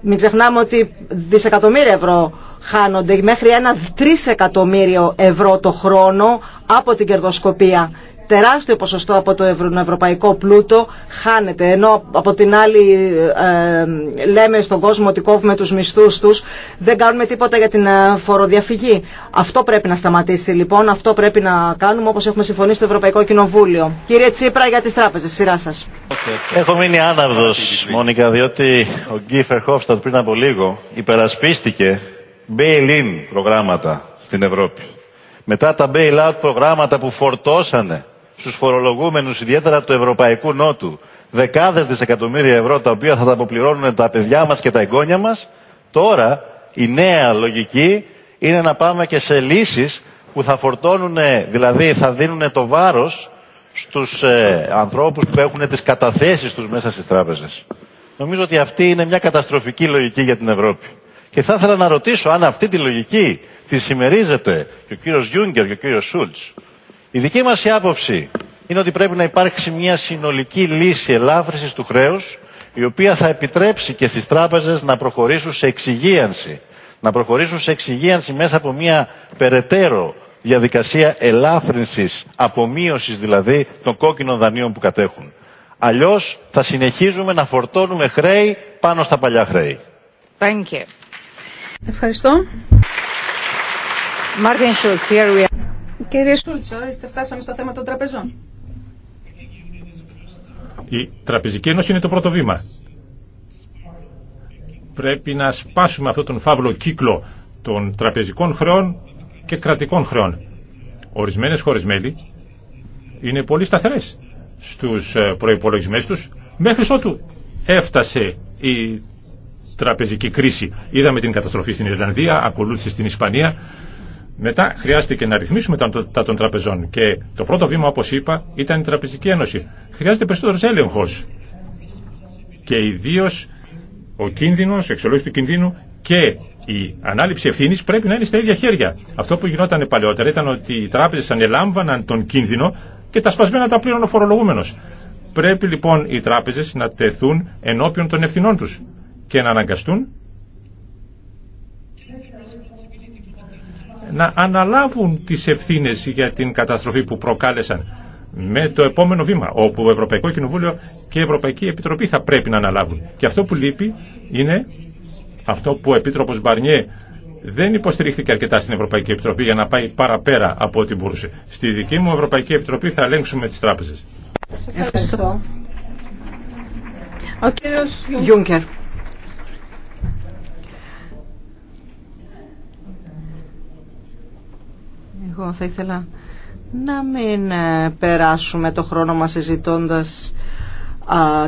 Μην ξεχνάμε ότι δισεκατομμύρια ευρώ χάνονται μέχρι ένα τρισεκατομμύριο ευρώ το χρόνο από την κερδοσκοπία τεράστιο ποσοστό από το ευρωπαϊκό πλούτο χάνεται. Ενώ από την άλλη ε, λέμε στον κόσμο ότι κόβουμε τους μισθούς τους, δεν κάνουμε τίποτα για την ε, φοροδιαφυγή. Αυτό πρέπει να σταματήσει λοιπόν, αυτό πρέπει να κάνουμε όπως έχουμε συμφωνήσει στο Ευρωπαϊκό Κοινοβούλιο. Κύριε Τσίπρα για τις τράπεζες, σειρά σας. Έχω μείνει άναυδος, Μόνικα, διότι ο Γκίφερ Χόφστατ πριν από λίγο υπερασπίστηκε bail-in προγράμματα στην Ευρώπη. Μετά τα bail-out προγράμματα που φορτώσανε στους φορολογούμενους ιδιαίτερα του Ευρωπαϊκού Νότου δεκάδες δισεκατομμύρια ευρώ τα οποία θα τα αποπληρώνουν τα παιδιά μας και τα εγγόνια μας, τώρα η νέα λογική είναι να πάμε και σε λύσεις που θα φορτώνουν, δηλαδή θα δίνουν το βάρος στους ε, ανθρώπους που έχουν τις καταθέσεις τους μέσα στις τράπεζες. Νομίζω ότι αυτή είναι μια καταστροφική λογική για την Ευρώπη. Και θα ήθελα να ρωτήσω αν αυτή τη λογική τη συμμερίζεται και ο κύριος Γιούγκερ και ο κύριος Σούλτς. Η δική μας άποψη είναι ότι πρέπει να υπάρξει μια συνολική λύση ελάφρυσης του χρέους η οποία θα επιτρέψει και στις τράπεζες να προχωρήσουν σε εξυγίανση. Να προχωρήσουν σε εξυγίανση μέσα από μια περαιτέρω διαδικασία ελάφρυνσης, απομείωσης δηλαδή των κόκκινων δανείων που κατέχουν. Αλλιώς θα συνεχίζουμε να φορτώνουμε χρέη πάνω στα παλιά χρέη. Thank you. here we are. Κύριε Σούλτσο, ορίστε, φτάσαμε στο θέμα των τραπεζών. Η Τραπεζική Ένωση είναι το πρώτο βήμα. Πρέπει να σπάσουμε αυτόν τον φαύλο κύκλο των τραπεζικών χρεών και κρατικών χρεών. Ορισμένες χώρες μέλη είναι πολύ σταθερές στους ε, προϋπολογισμές τους μέχρι ότου έφτασε η τραπεζική κρίση. Είδαμε την καταστροφή στην Ιρλανδία, ακολούθησε στην Ισπανία μετά χρειάστηκε να ρυθμίσουμε τα των τραπεζών και το πρώτο βήμα, όπω είπα, ήταν η Τραπεζική Ένωση. Χρειάζεται περισσότερο έλεγχος και ιδίω ο κίνδυνος, η εξολόγηση του κινδύνου και η ανάληψη ευθύνη πρέπει να είναι στα ίδια χέρια. Αυτό που γινόταν παλαιότερα ήταν ότι οι τράπεζε ανελάμβαναν τον κίνδυνο και τα σπασμένα τα πλήρωνε ο φορολογούμενο. Πρέπει λοιπόν οι τράπεζε να τεθούν ενώπιον των ευθυνών του και να αναγκαστούν να αναλάβουν τις ευθύνες για την καταστροφή που προκάλεσαν με το επόμενο βήμα, όπου το Ευρωπαϊκό Κοινοβούλιο και η Ευρωπαϊκή Επιτροπή θα πρέπει να αναλάβουν. Και αυτό που λείπει είναι αυτό που ο Επίτροπος Μπαρνιέ δεν υποστηρίχθηκε αρκετά στην Ευρωπαϊκή Επιτροπή για να πάει παραπέρα από ό,τι μπορούσε. Στη δική μου Ευρωπαϊκή Επιτροπή θα ελέγξουμε τις τράπεζες. Εγώ θα ήθελα να μην ε, περάσουμε το χρόνο μας συζητώντα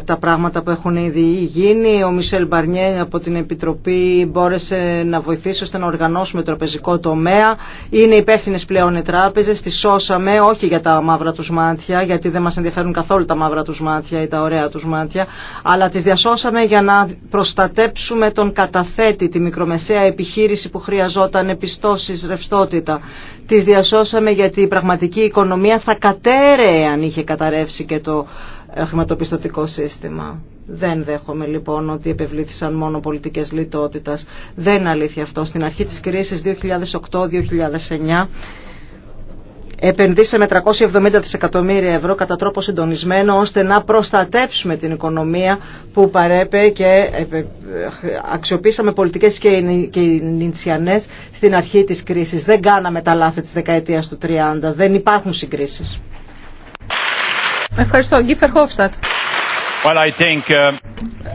τα πράγματα που έχουν ήδη γίνει. Ο Μισελ Μπαρνιέ από την Επιτροπή μπόρεσε να βοηθήσει ώστε να οργανώσουμε τραπεζικό τομέα. Είναι υπεύθυνε πλέον οι τράπεζε, τι σώσαμε, όχι για τα μαύρα του μάτια, γιατί δεν μα ενδιαφέρουν καθόλου τα μαύρα του μάτια ή τα ωραία του μάτια, αλλά τι διασώσαμε για να προστατέψουμε τον καταθέτη, τη μικρομεσαία επιχείρηση που χρειαζόταν επιστώσει, ρευστότητα. Τι διασώσαμε γιατί η πραγματική οικονομία θα κατέρεε αν είχε καταρρεύσει και το χρηματοπιστωτικό σύστημα. Δεν δέχομαι λοιπόν ότι επευλήθησαν μόνο πολιτικέ λιτότητα. Δεν είναι αλήθεια αυτό. Στην αρχή της κρίσης 2008-2009 επενδύσαμε 370 δισεκατομμύρια ευρώ κατά τρόπο συντονισμένο ώστε να προστατέψουμε την οικονομία που παρέπε και αξιοποίησαμε πολιτικές και νητσιανές στην αρχή της κρίσης. Δεν κάναμε τα λάθη της δεκαετίας του 30. Δεν υπάρχουν συγκρίσεις. Ευχαριστώ. Γκίφερ Χόφστατ. Well, I think, uh,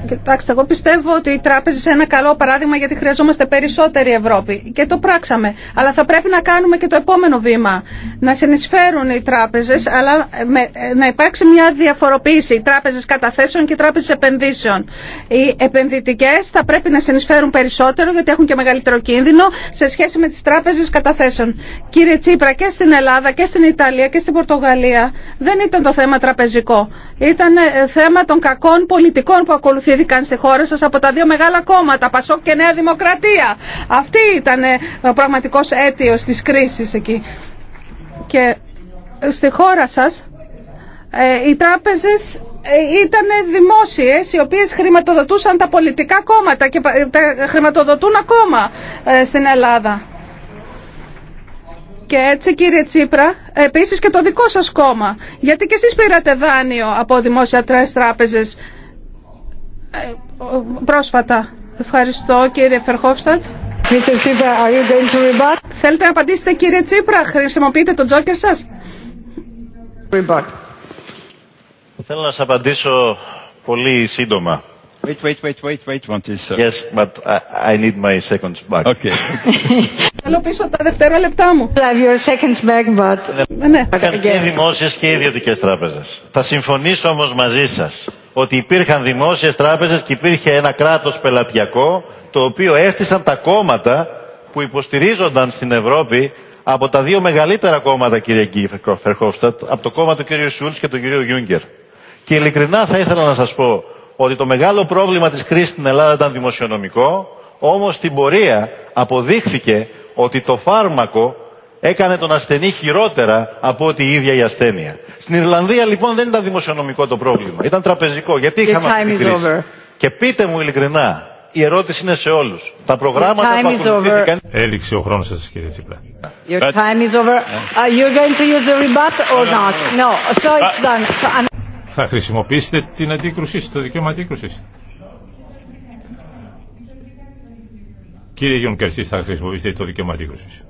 Κοιτάξτε, εγώ πιστεύω ότι οι τράπεζε είναι ένα καλό παράδειγμα γιατί χρειαζόμαστε περισσότερη Ευρώπη. Και το πράξαμε. Αλλά θα πρέπει να κάνουμε και το επόμενο βήμα. Να συνεισφέρουν οι τράπεζε, αλλά να υπάρξει μια διαφοροποίηση. τράπεζε καταθέσεων και τράπεζε επενδύσεων. Οι επενδυτικέ θα πρέπει να συνεισφέρουν περισσότερο γιατί έχουν και μεγαλύτερο κίνδυνο σε σχέση με τι τράπεζε καταθέσεων. Κύριε Τσίπρα, και στην Ελλάδα και στην Ιταλία και στην Πορτογαλία δεν ήταν το θέμα τραπεζικό. Ήταν ε, θέμα των κακών πολιτικών που ακολουθήθηκαν στη χώρα σας από τα δύο μεγάλα κόμματα, Πασόκ και Νέα Δημοκρατία. Αυτή ήταν ε, ο πραγματικός αίτιος της κρίσης εκεί. Και ε, στη χώρα σας ε, οι τράπεζες ήταν δημόσιες οι οποίες χρηματοδοτούσαν τα πολιτικά κόμματα και τα χρηματοδοτούν ακόμα στην Ελλάδα. Και έτσι κύριε Τσίπρα, επίσης και το δικό σας κόμμα, γιατί και εσείς πήρατε δάνειο από δημόσια τράπεζες ε, πρόσφατα. Ευχαριστώ κύριε Φερχόφστατ. Θέλετε να απαντήσετε κύριε Τσίπρα, χρησιμοποιείτε τον τζόκερ σας. Θέλω να σας απαντήσω πολύ σύντομα. Wait, wait, wait, wait, wait, one is... Yes, but I, I need my seconds back. Okay. Θέλω πίσω τα λεπτά μου. Have your seconds back, but... Ε, ναι. Και οι δημόσιες και οι ιδιωτικές τράπεζες. Θα συμφωνήσω όμως μαζί σας ότι υπήρχαν δημόσιες τράπεζες και υπήρχε ένα κράτος πελατειακό το οποίο έφτισαν τα κόμματα που υποστηρίζονταν στην Ευρώπη από τα δύο μεγαλύτερα κόμματα, κύριε Γκίφερ από το κόμμα του κύριου Σούλτ και του κύριου Γιούγκερ. Και ειλικρινά θα ήθελα να σας πω ότι το μεγάλο πρόβλημα της κρίσης στην Ελλάδα ήταν δημοσιονομικό, όμως στην πορεία αποδείχθηκε ότι το φάρμακο έκανε τον ασθενή χειρότερα από ότι η ίδια η ασθένεια. Στην Ιρλανδία λοιπόν δεν ήταν δημοσιονομικό το πρόβλημα, ήταν τραπεζικό. Γιατί είχαμε αυτή την κρίση. Και πείτε μου ειλικρινά, η ερώτηση είναι σε όλους. Τα προγράμματα που ακολουθήθηκαν... Έληξε ο χρόνος σας κύριε Τσίπρα. Your time is over. Ε. Are you going to use the or not? No. So it's done θα χρησιμοποιήσετε την αντίκρουσή το δικαίωμα αντίκρουσης. Κύριε Γιον εσείς θα χρησιμοποιήσετε το δικαίωμα αντίκρουσης.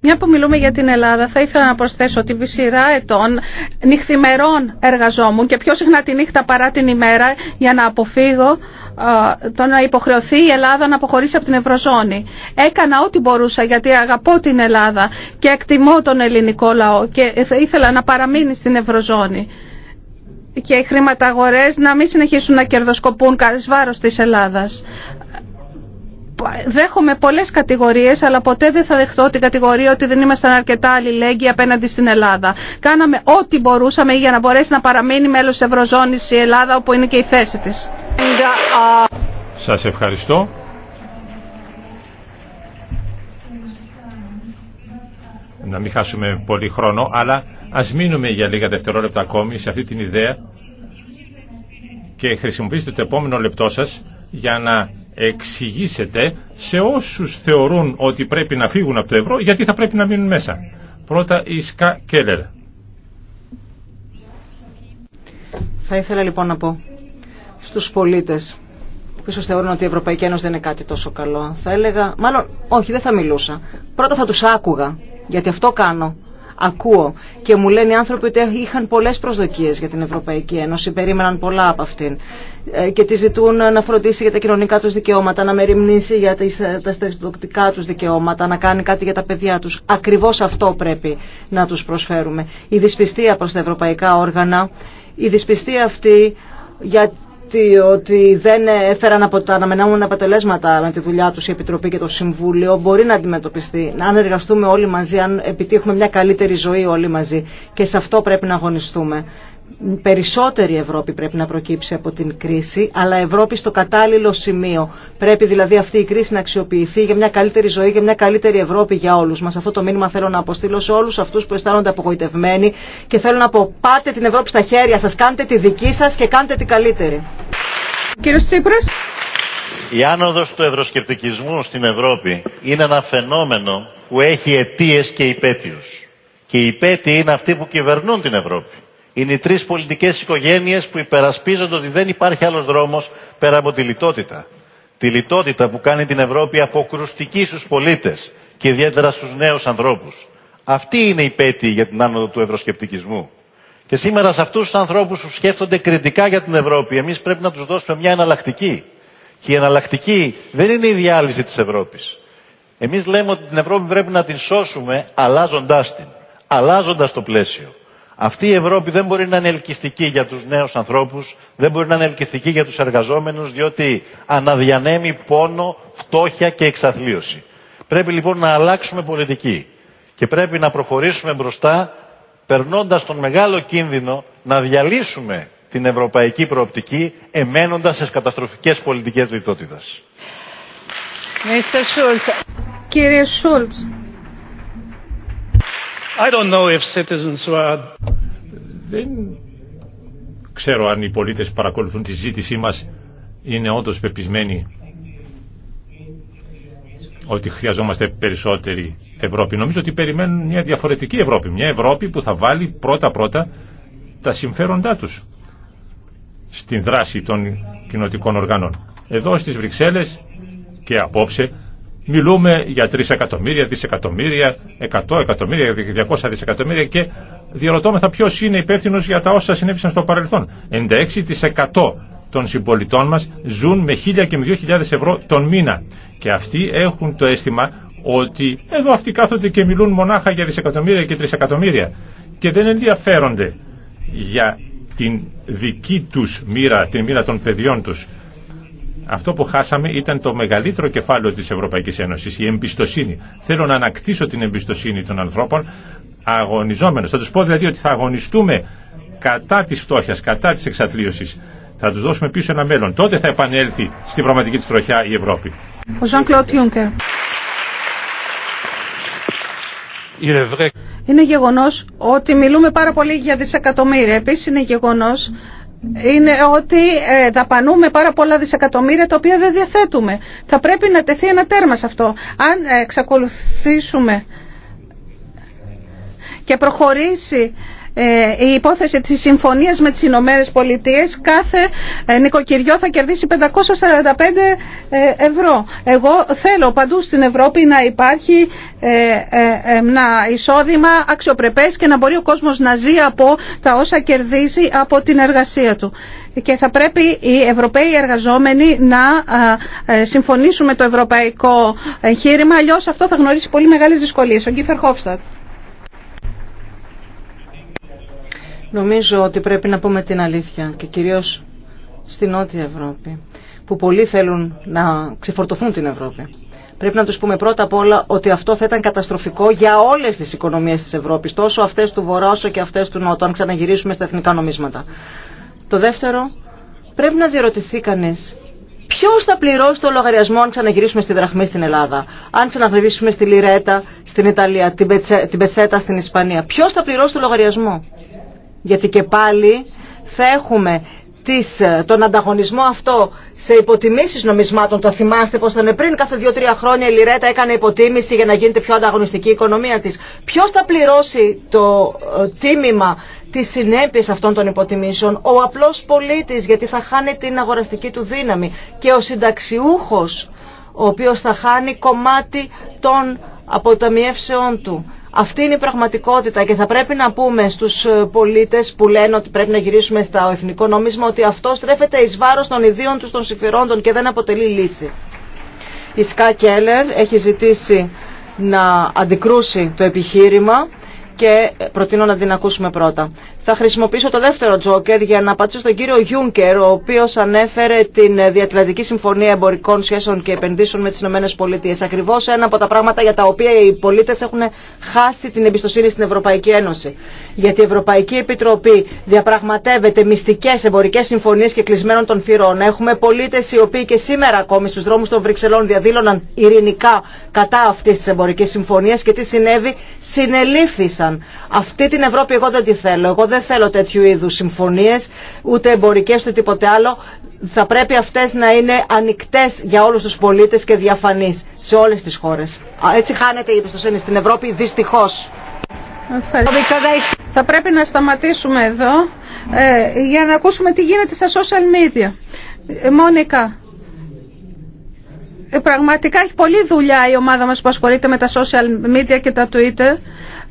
Μια που μιλούμε για την Ελλάδα, θα ήθελα να προσθέσω ότι επί σειρά ετών νυχθημερών εργαζόμουν και πιο συχνά τη νύχτα παρά την ημέρα για να αποφύγω το να υποχρεωθεί η Ελλάδα να αποχωρήσει από την Ευρωζώνη. Έκανα ό,τι μπορούσα γιατί αγαπώ την Ελλάδα και εκτιμώ τον ελληνικό λαό και ήθελα να παραμείνει στην Ευρωζώνη και οι χρηματαγορές να μην συνεχίσουν να κερδοσκοπούν καλής βάρος της Ελλάδας. Δέχομαι πολλές κατηγορίες, αλλά ποτέ δεν θα δεχτώ την κατηγορία ότι δεν ήμασταν αρκετά αλληλέγγυοι απέναντι στην Ελλάδα. Κάναμε ό,τι μπορούσαμε για να μπορέσει να παραμείνει μέλος Ευρωζώνης η Ελλάδα, όπου είναι και η θέση της. Σας ευχαριστώ. Να μην χάσουμε πολύ χρόνο, αλλά... Ας μείνουμε για λίγα δευτερόλεπτα ακόμη σε αυτή την ιδέα και χρησιμοποιήστε το επόμενο λεπτό σας για να εξηγήσετε σε όσους θεωρούν ότι πρέπει να φύγουν από το ευρώ γιατί θα πρέπει να μείνουν μέσα. Πρώτα η Σκα Κέλλερ. Θα ήθελα λοιπόν να πω στους πολίτες που ίσως θεωρούν ότι η Ευρωπαϊκή Ένωση δεν είναι κάτι τόσο καλό. Θα έλεγα, μάλλον όχι δεν θα μιλούσα. Πρώτα θα τους άκουγα γιατί αυτό κάνω ακούω και μου λένε οι άνθρωποι ότι είχαν πολλές προσδοκίες για την Ευρωπαϊκή Ένωση, περίμεναν πολλά από αυτήν ε, και τη ζητούν να φροντίσει για τα κοινωνικά τους δικαιώματα, να μεριμνήσει για τις, ε, τα στεγκτικά τους δικαιώματα, να κάνει κάτι για τα παιδιά τους. Ακριβώς αυτό πρέπει να τους προσφέρουμε. Η δυσπιστία προς τα ευρωπαϊκά όργανα, η δυσπιστία αυτή για ότι, ότι δεν έφεραν από τα αναμενόμενα αποτελέσματα με τη δουλειά τους η Επιτροπή και το Συμβούλιο μπορεί να αντιμετωπιστεί. Αν εργαστούμε όλοι μαζί, αν επιτύχουμε μια καλύτερη ζωή όλοι μαζί και σε αυτό πρέπει να αγωνιστούμε. Περισσότερη Ευρώπη πρέπει να προκύψει από την κρίση, αλλά Ευρώπη στο κατάλληλο σημείο. Πρέπει δηλαδή αυτή η κρίση να αξιοποιηθεί για μια καλύτερη ζωή, για μια καλύτερη Ευρώπη για όλου μα. Αυτό το μήνυμα θέλω να αποστείλω σε όλου αυτού που αισθάνονται απογοητευμένοι και θέλω να πω πάτε την Ευρώπη στα χέρια σα, κάντε τη δική σα και κάντε τη καλύτερη. Κύριος Τσίπρας. Η άνοδος του ευρωσκεπτικισμού στην Ευρώπη είναι ένα φαινόμενο που έχει αιτίε και υπέτειους. Και οι υπέτειοι είναι αυτοί που κυβερνούν την Ευρώπη. Είναι οι τρει πολιτικέ οικογένειε που υπερασπίζονται ότι δεν υπάρχει άλλο δρόμο πέρα από τη λιτότητα. Τη λιτότητα που κάνει την Ευρώπη αποκρουστική στους πολίτες και ιδιαίτερα στου νέου ανθρώπου. Αυτή είναι η πέτη για την άνοδο του ευρωσκεπτικισμού. Και σήμερα σε αυτού του ανθρώπου που σκέφτονται κριτικά για την Ευρώπη, εμεί πρέπει να του δώσουμε μια εναλλακτική. Και η εναλλακτική δεν είναι η διάλυση τη Ευρώπη. Εμεί λέμε ότι την Ευρώπη πρέπει να την σώσουμε αλλάζοντα την, αλλάζοντα το πλαίσιο. Αυτή η Ευρώπη δεν μπορεί να είναι ελκυστική για τους νέους ανθρώπους, δεν μπορεί να είναι ελκυστική για τους εργαζόμενους, διότι αναδιανέμει πόνο, φτώχεια και εξαθλίωση. Πρέπει λοιπόν να αλλάξουμε πολιτική και πρέπει να προχωρήσουμε μπροστά, περνώντας τον μεγάλο κίνδυνο να διαλύσουμε την ευρωπαϊκή προοπτική, εμένοντας στις καταστροφικές πολιτικές λιτότητας. Δεν ξέρω αν οι πολίτες που παρακολουθούν τη ζήτησή μας είναι όντως πεπισμένοι ότι χρειαζόμαστε περισσότερη Ευρώπη. Νομίζω ότι περιμένουν μια διαφορετική Ευρώπη. Μια Ευρώπη που θα βάλει πρώτα-πρώτα τα συμφέροντά τους στην δράση των κοινοτικών οργανών. Εδώ στις Βρυξέλλες και απόψε Μιλούμε για 3 εκατομμύρια, δισεκατομμύρια, 100 εκατομμύρια, 200 δισεκατομμύρια και διαρωτώμεθα ποιο είναι υπεύθυνο για τα όσα συνέβησαν στο παρελθόν. 96% των συμπολιτών μας ζουν με 1.000 και με 2.000 ευρώ τον μήνα και αυτοί έχουν το αίσθημα ότι εδώ αυτοί κάθονται και μιλούν μονάχα για δισεκατομμύρια και εκατομμύρια και δεν ενδιαφέρονται για την δική τους μοίρα, την μοίρα των παιδιών τους. Αυτό που χάσαμε ήταν το μεγαλύτερο κεφάλαιο της Ευρωπαϊκής Ένωσης, η εμπιστοσύνη. Θέλω να ανακτήσω την εμπιστοσύνη των ανθρώπων αγωνιζόμενος. Θα τους πω δηλαδή ότι θα αγωνιστούμε κατά της φτώχειας, κατά της εξατλίωσης. Θα τους δώσουμε πίσω ένα μέλλον. Τότε θα επανέλθει στην πραγματική της τροχιά η Ευρώπη. Είναι γεγονός ότι μιλούμε πάρα πολύ για δισεκατομμύρια. Επίσης είναι γεγονός είναι ότι ε, δαπανούμε πάρα πολλά δισεκατομμύρια τα οποία δεν διαθέτουμε. Θα πρέπει να τεθεί ένα τέρμα σε αυτό. Αν ε, εξακολουθήσουμε και προχωρήσει ε, η υπόθεση της συμφωνίας με τις Ηνωμένες Πολιτείες κάθε ε, νοικοκυριό θα κερδίσει 545 ε, ευρώ. Εγώ θέλω παντού στην Ευρώπη να υπάρχει ένα εισόδημα αξιοπρεπές και να μπορεί ο κόσμος να ζει από τα όσα κερδίζει από την εργασία του. Και θα πρέπει οι Ευρωπαίοι εργαζόμενοι να συμφωνήσουν με το ευρωπαϊκό εγχείρημα, αλλιώς αυτό θα γνωρίσει πολύ μεγάλες δυσκολίες. Ο Γκίφερ Χόφστατ. Νομίζω ότι πρέπει να πούμε την αλήθεια και κυρίως στη Νότια Ευρώπη που πολλοί θέλουν να ξεφορτωθούν την Ευρώπη. Πρέπει να τους πούμε πρώτα απ' όλα ότι αυτό θα ήταν καταστροφικό για όλες τις οικονομίες της Ευρώπης, τόσο αυτές του Βορρά όσο και αυτές του Νότου, αν ξαναγυρίσουμε στα εθνικά νομίσματα. Το δεύτερο, πρέπει να διερωτηθεί κανείς Ποιο θα πληρώσει το λογαριασμό αν ξαναγυρίσουμε στη δραχμή στην Ελλάδα, αν ξαναγυρίσουμε στη Λιρέτα στην Ιταλία, την, Πετσέτα στην Ισπανία. Ποιο θα πληρώσει το λογαριασμό γιατί και πάλι θα έχουμε τις, τον ανταγωνισμό αυτό σε υποτιμήσεις νομισμάτων. Το θυμάστε πως ήταν πριν καθε δυο δύο-τρία χρόνια η Λιρέτα έκανε υποτίμηση για να γίνεται πιο ανταγωνιστική η οικονομία της. Ποιο θα πληρώσει το ε, τίμημα τη συνέπειες αυτών των υποτιμήσεων, ο απλός πολίτης γιατί θα χάνει την αγοραστική του δύναμη και ο συνταξιούχος ο οποίος θα χάνει κομμάτι των αποταμιεύσεών του. Αυτή είναι η πραγματικότητα και θα πρέπει να πούμε στους ε, πολίτες που λένε ότι πρέπει να γυρίσουμε στα εθνικό νόμισμα ότι αυτό στρέφεται εις βάρος των ιδίων τους των συμφερόντων και δεν αποτελεί λύση. Η Σκά Κέλλερ έχει ζητήσει να αντικρούσει το επιχείρημα και προτείνω να την ακούσουμε πρώτα. Θα χρησιμοποιήσω το δεύτερο τζόκερ για να απαντήσω στον κύριο Γιούνκερ, ο οποίο ανέφερε την Διατλαντική Συμφωνία Εμπορικών Σχέσεων και Επενδύσεων με τι ΗΠΑ. Ακριβώ ένα από τα πράγματα για τα οποία οι πολίτε έχουν χάσει την εμπιστοσύνη στην Ευρωπαϊκή Ένωση. Γιατί η Ευρωπαϊκή Επιτροπή διαπραγματεύεται μυστικέ εμπορικέ συμφωνίε και κλεισμένων των θυρών. Έχουμε πολίτε οι οποίοι και σήμερα ακόμη στου δρόμου των Βρυξελών διαδήλωναν ειρηνικά κατά αυτή τη εμπορική συμφωνία και τι συνέβη, συνελήφθησαν αυτή την Ευρώπη εγώ δεν τη θέλω. Εγώ δεν θέλω τέτοιου είδου συμφωνίε, ούτε εμπορικέ, ούτε τίποτε άλλο. Θα πρέπει αυτέ να είναι ανοιχτέ για όλου του πολίτε και διαφανεί σε όλε τι χώρε. Έτσι χάνεται η εμπιστοσύνη στην Ευρώπη, δυστυχώ. Θα πρέπει να σταματήσουμε εδώ ε, για να ακούσουμε τι γίνεται στα social media. Ε, Μόνικα, ε, πραγματικά έχει πολλή δουλειά η ομάδα μας που ασχολείται με τα social media και τα Twitter.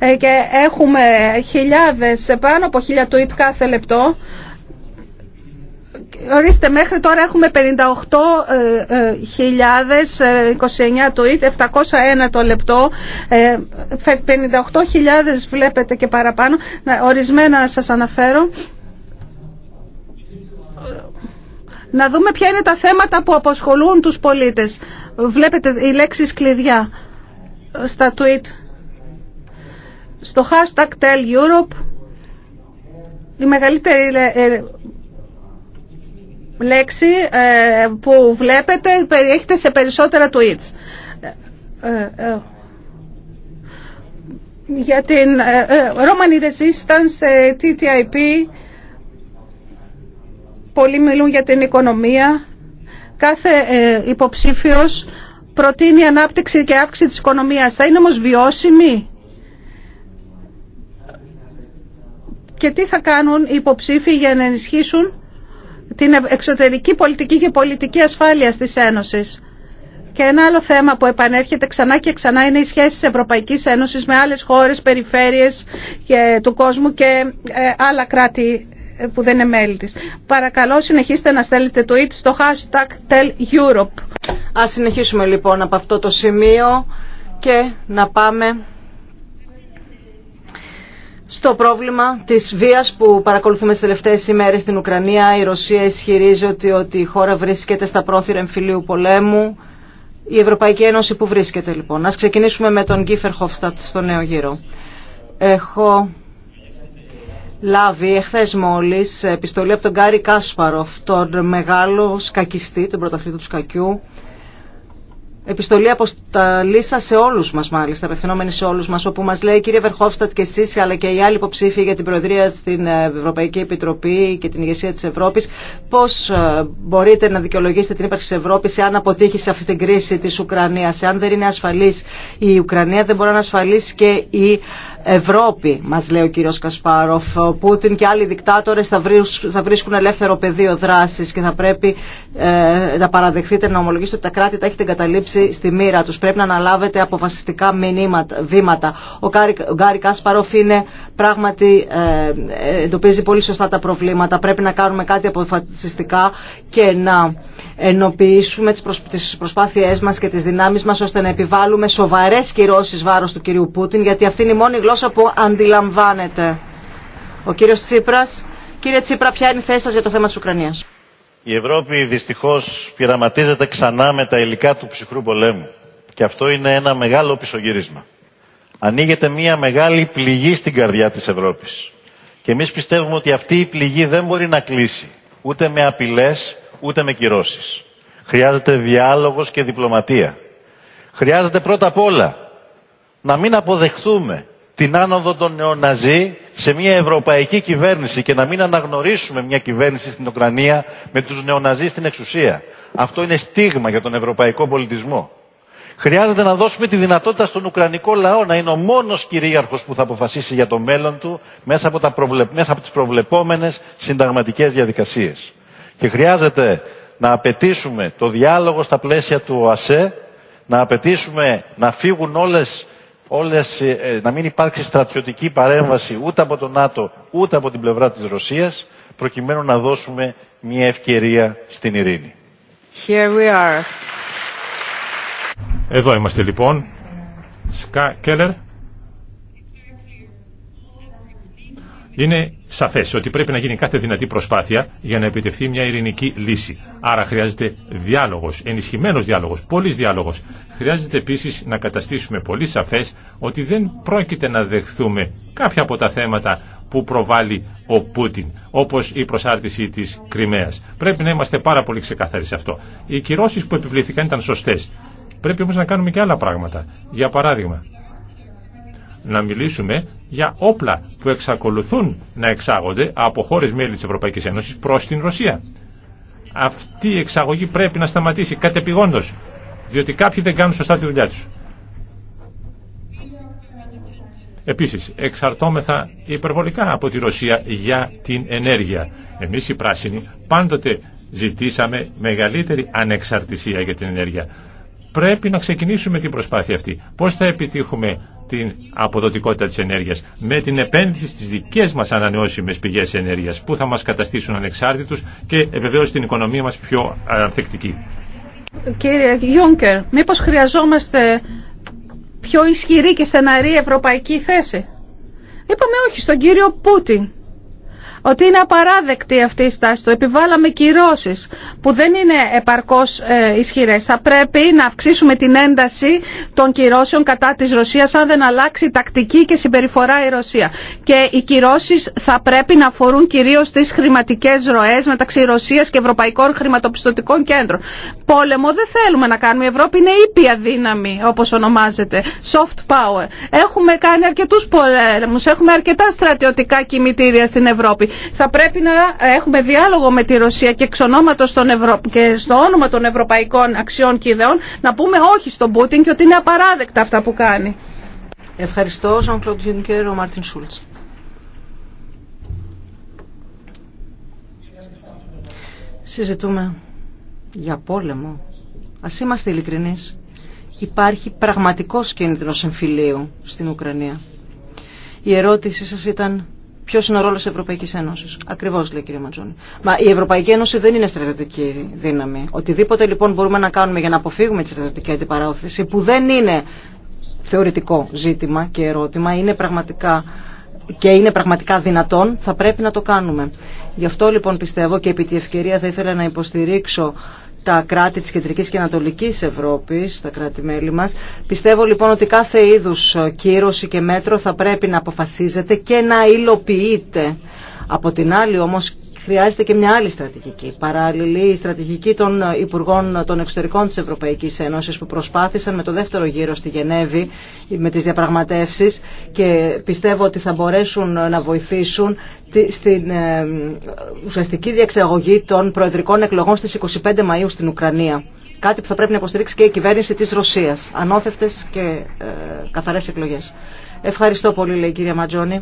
Ε, και έχουμε χιλιάδες, πάνω από χίλια tweet κάθε λεπτό. Ορίστε, μέχρι τώρα έχουμε 58.029 ε, ε, tweet, 701 το λεπτό, 58.000 βλέπετε και παραπάνω. Ορισμένα να σας αναφέρω. Να δούμε ποια είναι τα θέματα που αποσχολούν τους πολίτες. Βλέπετε οι λέξεις κλειδιά στα tweet στο hashtag Tell Europe η μεγαλύτερη ε, ε, λέξη ε, που βλέπετε περιέχεται σε περισσότερα tweets. Για την Roman Resistance, TTIP, πολλοί μιλούν για την οικονομία. Κάθε υποψήφιος προτείνει ανάπτυξη και αύξηση της οικονομίας. Θα είναι όμως βιώσιμη και τι θα κάνουν οι υποψήφοι για να ενισχύσουν την εξωτερική πολιτική και πολιτική ασφάλεια της Ένωσης. Και ένα άλλο θέμα που επανέρχεται ξανά και ξανά είναι οι σχέσεις Ευρωπαϊκής Ένωσης με άλλες χώρες, περιφέρειες του κόσμου και ε, άλλα κράτη ε, που δεν είναι μέλη της. Παρακαλώ συνεχίστε να στέλνετε tweet στο hashtag Tell Ας συνεχίσουμε λοιπόν από αυτό το σημείο και να πάμε στο πρόβλημα της βίας που παρακολουθούμε στις τελευταίες ημέρες στην Ουκρανία. Η Ρωσία ισχυρίζει ότι η χώρα βρίσκεται στα πρόθυρα εμφυλίου πολέμου. Η Ευρωπαϊκή Ένωση που βρίσκεται λοιπόν. Ας ξεκινήσουμε με τον Γκίφερ Χόφστατ στο νέο γύρο. Έχω λάβει εχθές μόλις επιστολή από τον Γκάρι Κάσπαροφ, τον μεγάλο σκακιστή, τον πρωταθλητή του σκακιού, επιστολή τα Λίσα σε όλου μα, μάλιστα, απευθυνόμενη σε όλου μα, όπου μα λέει, κύριε Βερχόφστατ και εσεί, αλλά και οι άλλοι υποψήφοι για την Προεδρία στην ε, Ευρωπαϊκή Επιτροπή και την ηγεσία τη Ευρώπη, πώ ε, μπορείτε να δικαιολογήσετε την ύπαρξη τη Ευρώπη εάν αποτύχει σε αυτή την κρίση τη Ουκρανία. Εάν δεν είναι ασφαλή η Ουκρανία, δεν μπορεί να ασφαλίσει και η Ευρώπη, μα λέει ο κύριο Κασπάροφ. Ο Πούτιν και άλλοι δικτάτορε θα βρίσκουν ελεύθερο πεδίο δράση και θα πρέπει ε, να παραδεχθείτε, να ομολογήσετε ότι τα κράτη τα έχετε εγκαταλείψει στη μοίρα του. Πρέπει να αναλάβετε αποφασιστικά μηνύματα, βήματα. Ο Γκάρι Κάσπαροφ είναι πράγματι ε, εντοπίζει πολύ σωστά τα προβλήματα. Πρέπει να κάνουμε κάτι αποφασιστικά και να ενοποιήσουμε τις προσπάθειές μα και τι δυνάμει μα ώστε να επιβάλλουμε σοβαρέ κυρώσει βάρο του κυρίου Πούτιν γιατί αυτή είναι η μόνη γλώσσα γλώσσα που αντιλαμβάνεται. Ο κύριος Τσίπρας. Κύριε Τσίπρα, ποια είναι η θέση σας για το θέμα της Ουκρανίας. Η Ευρώπη δυστυχώς πειραματίζεται ξανά με τα υλικά του ψυχρού πολέμου. Και αυτό είναι ένα μεγάλο πισωγύρισμα. Ανοίγεται μια μεγάλη πληγή στην καρδιά της Ευρώπης. Και εμείς πιστεύουμε ότι αυτή η πληγή δεν μπορεί να κλείσει. Ούτε με απειλές, ούτε με κυρώσεις. Χρειάζεται διάλογος και διπλωματία. Χρειάζεται πρώτα απ' όλα να μην αποδεχθούμε την άνοδο των νεοναζί σε μια ευρωπαϊκή κυβέρνηση και να μην αναγνωρίσουμε μια κυβέρνηση στην Ουκρανία με τους νεοναζί στην εξουσία. Αυτό είναι στίγμα για τον ευρωπαϊκό πολιτισμό. Χρειάζεται να δώσουμε τη δυνατότητα στον Ουκρανικό λαό να είναι ο μόνος κυρίαρχος που θα αποφασίσει για το μέλλον του μέσα από, τα προβλε... μέσα από τις προβλεπόμενες συνταγματικές διαδικασίες. Και χρειάζεται να απαιτήσουμε το διάλογο στα πλαίσια του ΟΑΣΕ, να απαιτήσουμε να φύγουν όλες όλες, ε, ε, να μην υπάρξει στρατιωτική παρέμβαση ούτε από το ΝΑΤΟ ούτε από την πλευρά της Ρωσίας προκειμένου να δώσουμε μια ευκαιρία στην ειρήνη. Εδώ είμαστε λοιπόν. Σκα Κέλλερ. Είναι σαφές ότι πρέπει να γίνει κάθε δυνατή προσπάθεια για να επιτευχθεί μια ειρηνική λύση. Άρα χρειάζεται διάλογος, ενισχυμένος διάλογος, πολλής διάλογος. Χρειάζεται επίσης να καταστήσουμε πολύ σαφές ότι δεν πρόκειται να δεχθούμε κάποια από τα θέματα που προβάλλει ο Πούτιν, όπως η προσάρτηση της Κρυμαίας. Πρέπει να είμαστε πάρα πολύ ξεκαθαροί σε αυτό. Οι κυρώσεις που επιβληθήκαν ήταν σωστές. Πρέπει όμως να κάνουμε και άλλα πράγματα. Για παράδειγμα, να μιλήσουμε για όπλα που εξακολουθούν να εξάγονται από χώρες μέλη της Ευρωπαϊκής Ένωσης προς την Ρωσία. Αυτή η εξαγωγή πρέπει να σταματήσει κατεπηγόντως, διότι κάποιοι δεν κάνουν σωστά τη δουλειά τους. Επίσης, εξαρτώμεθα υπερβολικά από τη Ρωσία για την ενέργεια. Εμείς οι πράσινοι πάντοτε ζητήσαμε μεγαλύτερη ανεξαρτησία για την ενέργεια. Πρέπει να ξεκινήσουμε την προσπάθεια αυτή. Πώς θα επιτύχουμε την αποδοτικότητα της ενέργειας, με την επένδυση στις δικές μας ανανεώσιμες πηγές ενέργειας που θα μας καταστήσουν ανεξάρτητους και βεβαίως την οικονομία μας πιο ανθεκτική. Κύριε Γιούνκερ, μήπως χρειαζόμαστε πιο ισχυρή και στεναρή ευρωπαϊκή θέση. Είπαμε όχι στον κύριο Πούτιν ότι είναι απαράδεκτη αυτή η στάση. Το επιβάλαμε κυρώσεις που δεν είναι επαρκώ ε, ισχυρές. Θα πρέπει να αυξήσουμε την ένταση των κυρώσεων κατά τη Ρωσία αν δεν αλλάξει τακτική και συμπεριφορά η Ρωσία. Και οι κυρώσει θα πρέπει να αφορούν κυρίω τι χρηματικέ ροέ μεταξύ Ρωσία και Ευρωπαϊκών Χρηματοπιστωτικών Κέντρων. Πόλεμο δεν θέλουμε να κάνουμε. Η Ευρώπη είναι ήπια δύναμη όπω ονομάζεται. Soft power. Έχουμε κάνει αρκετού πολέμου, Έχουμε αρκετά στρατιωτικά κημητήρια στην Ευρώπη. Θα πρέπει να έχουμε διάλογο με τη Ρωσία και, Ευρω... και στο όνομα των ευρωπαϊκών αξιών και ιδεών να πούμε όχι στον Πούτιν και ότι είναι απαράδεκτα αυτά που κάνει. Ευχαριστώ, Ζαν Κλοντ ο Μάρτιν Σούλτς. Συζητούμε για πόλεμο. Ας είμαστε ειλικρινεί. Υπάρχει πραγματικός κίνδυνος εμφυλίου στην Ουκρανία. Η ερώτησή σας ήταν Ποιο είναι ο ρόλο τη Ευρωπαϊκή Ένωση. Ακριβώ λέει η κυρία Ματζόνη. Μα η Ευρωπαϊκή Ένωση δεν είναι στρατιωτική δύναμη. Οτιδήποτε λοιπόν μπορούμε να κάνουμε για να αποφύγουμε τη στρατιωτική αντιπαράθεση, που δεν είναι θεωρητικό ζήτημα και ερώτημα, είναι πραγματικά και είναι πραγματικά δυνατόν, θα πρέπει να το κάνουμε. Γι' αυτό λοιπόν πιστεύω και επί τη ευκαιρία θα ήθελα να υποστηρίξω τα κράτη της Κεντρικής και Ανατολικής Ευρώπης, τα κράτη-μέλη μας. Πιστεύω λοιπόν ότι κάθε είδους κύρωση και μέτρο θα πρέπει να αποφασίζεται και να υλοποιείται. Από την άλλη όμως χρειάζεται και μια άλλη στρατηγική. Παράλληλη, η στρατηγική των Υπουργών των Εξωτερικών της Ευρωπαϊκής Ένωσης που προσπάθησαν με το δεύτερο γύρο στη Γενέβη με τις διαπραγματεύσεις και πιστεύω ότι θα μπορέσουν να βοηθήσουν στην ε, ουσιαστική διεξαγωγή των προεδρικών εκλογών στις 25 Μαΐου στην Ουκρανία. Κάτι που θα πρέπει να υποστηρίξει και η κυβέρνηση της Ρωσίας. Ανώθευτες και ε, καθαρές εκλογές. Ευχαριστώ πολύ, λέει η κυρία Ματζόνη.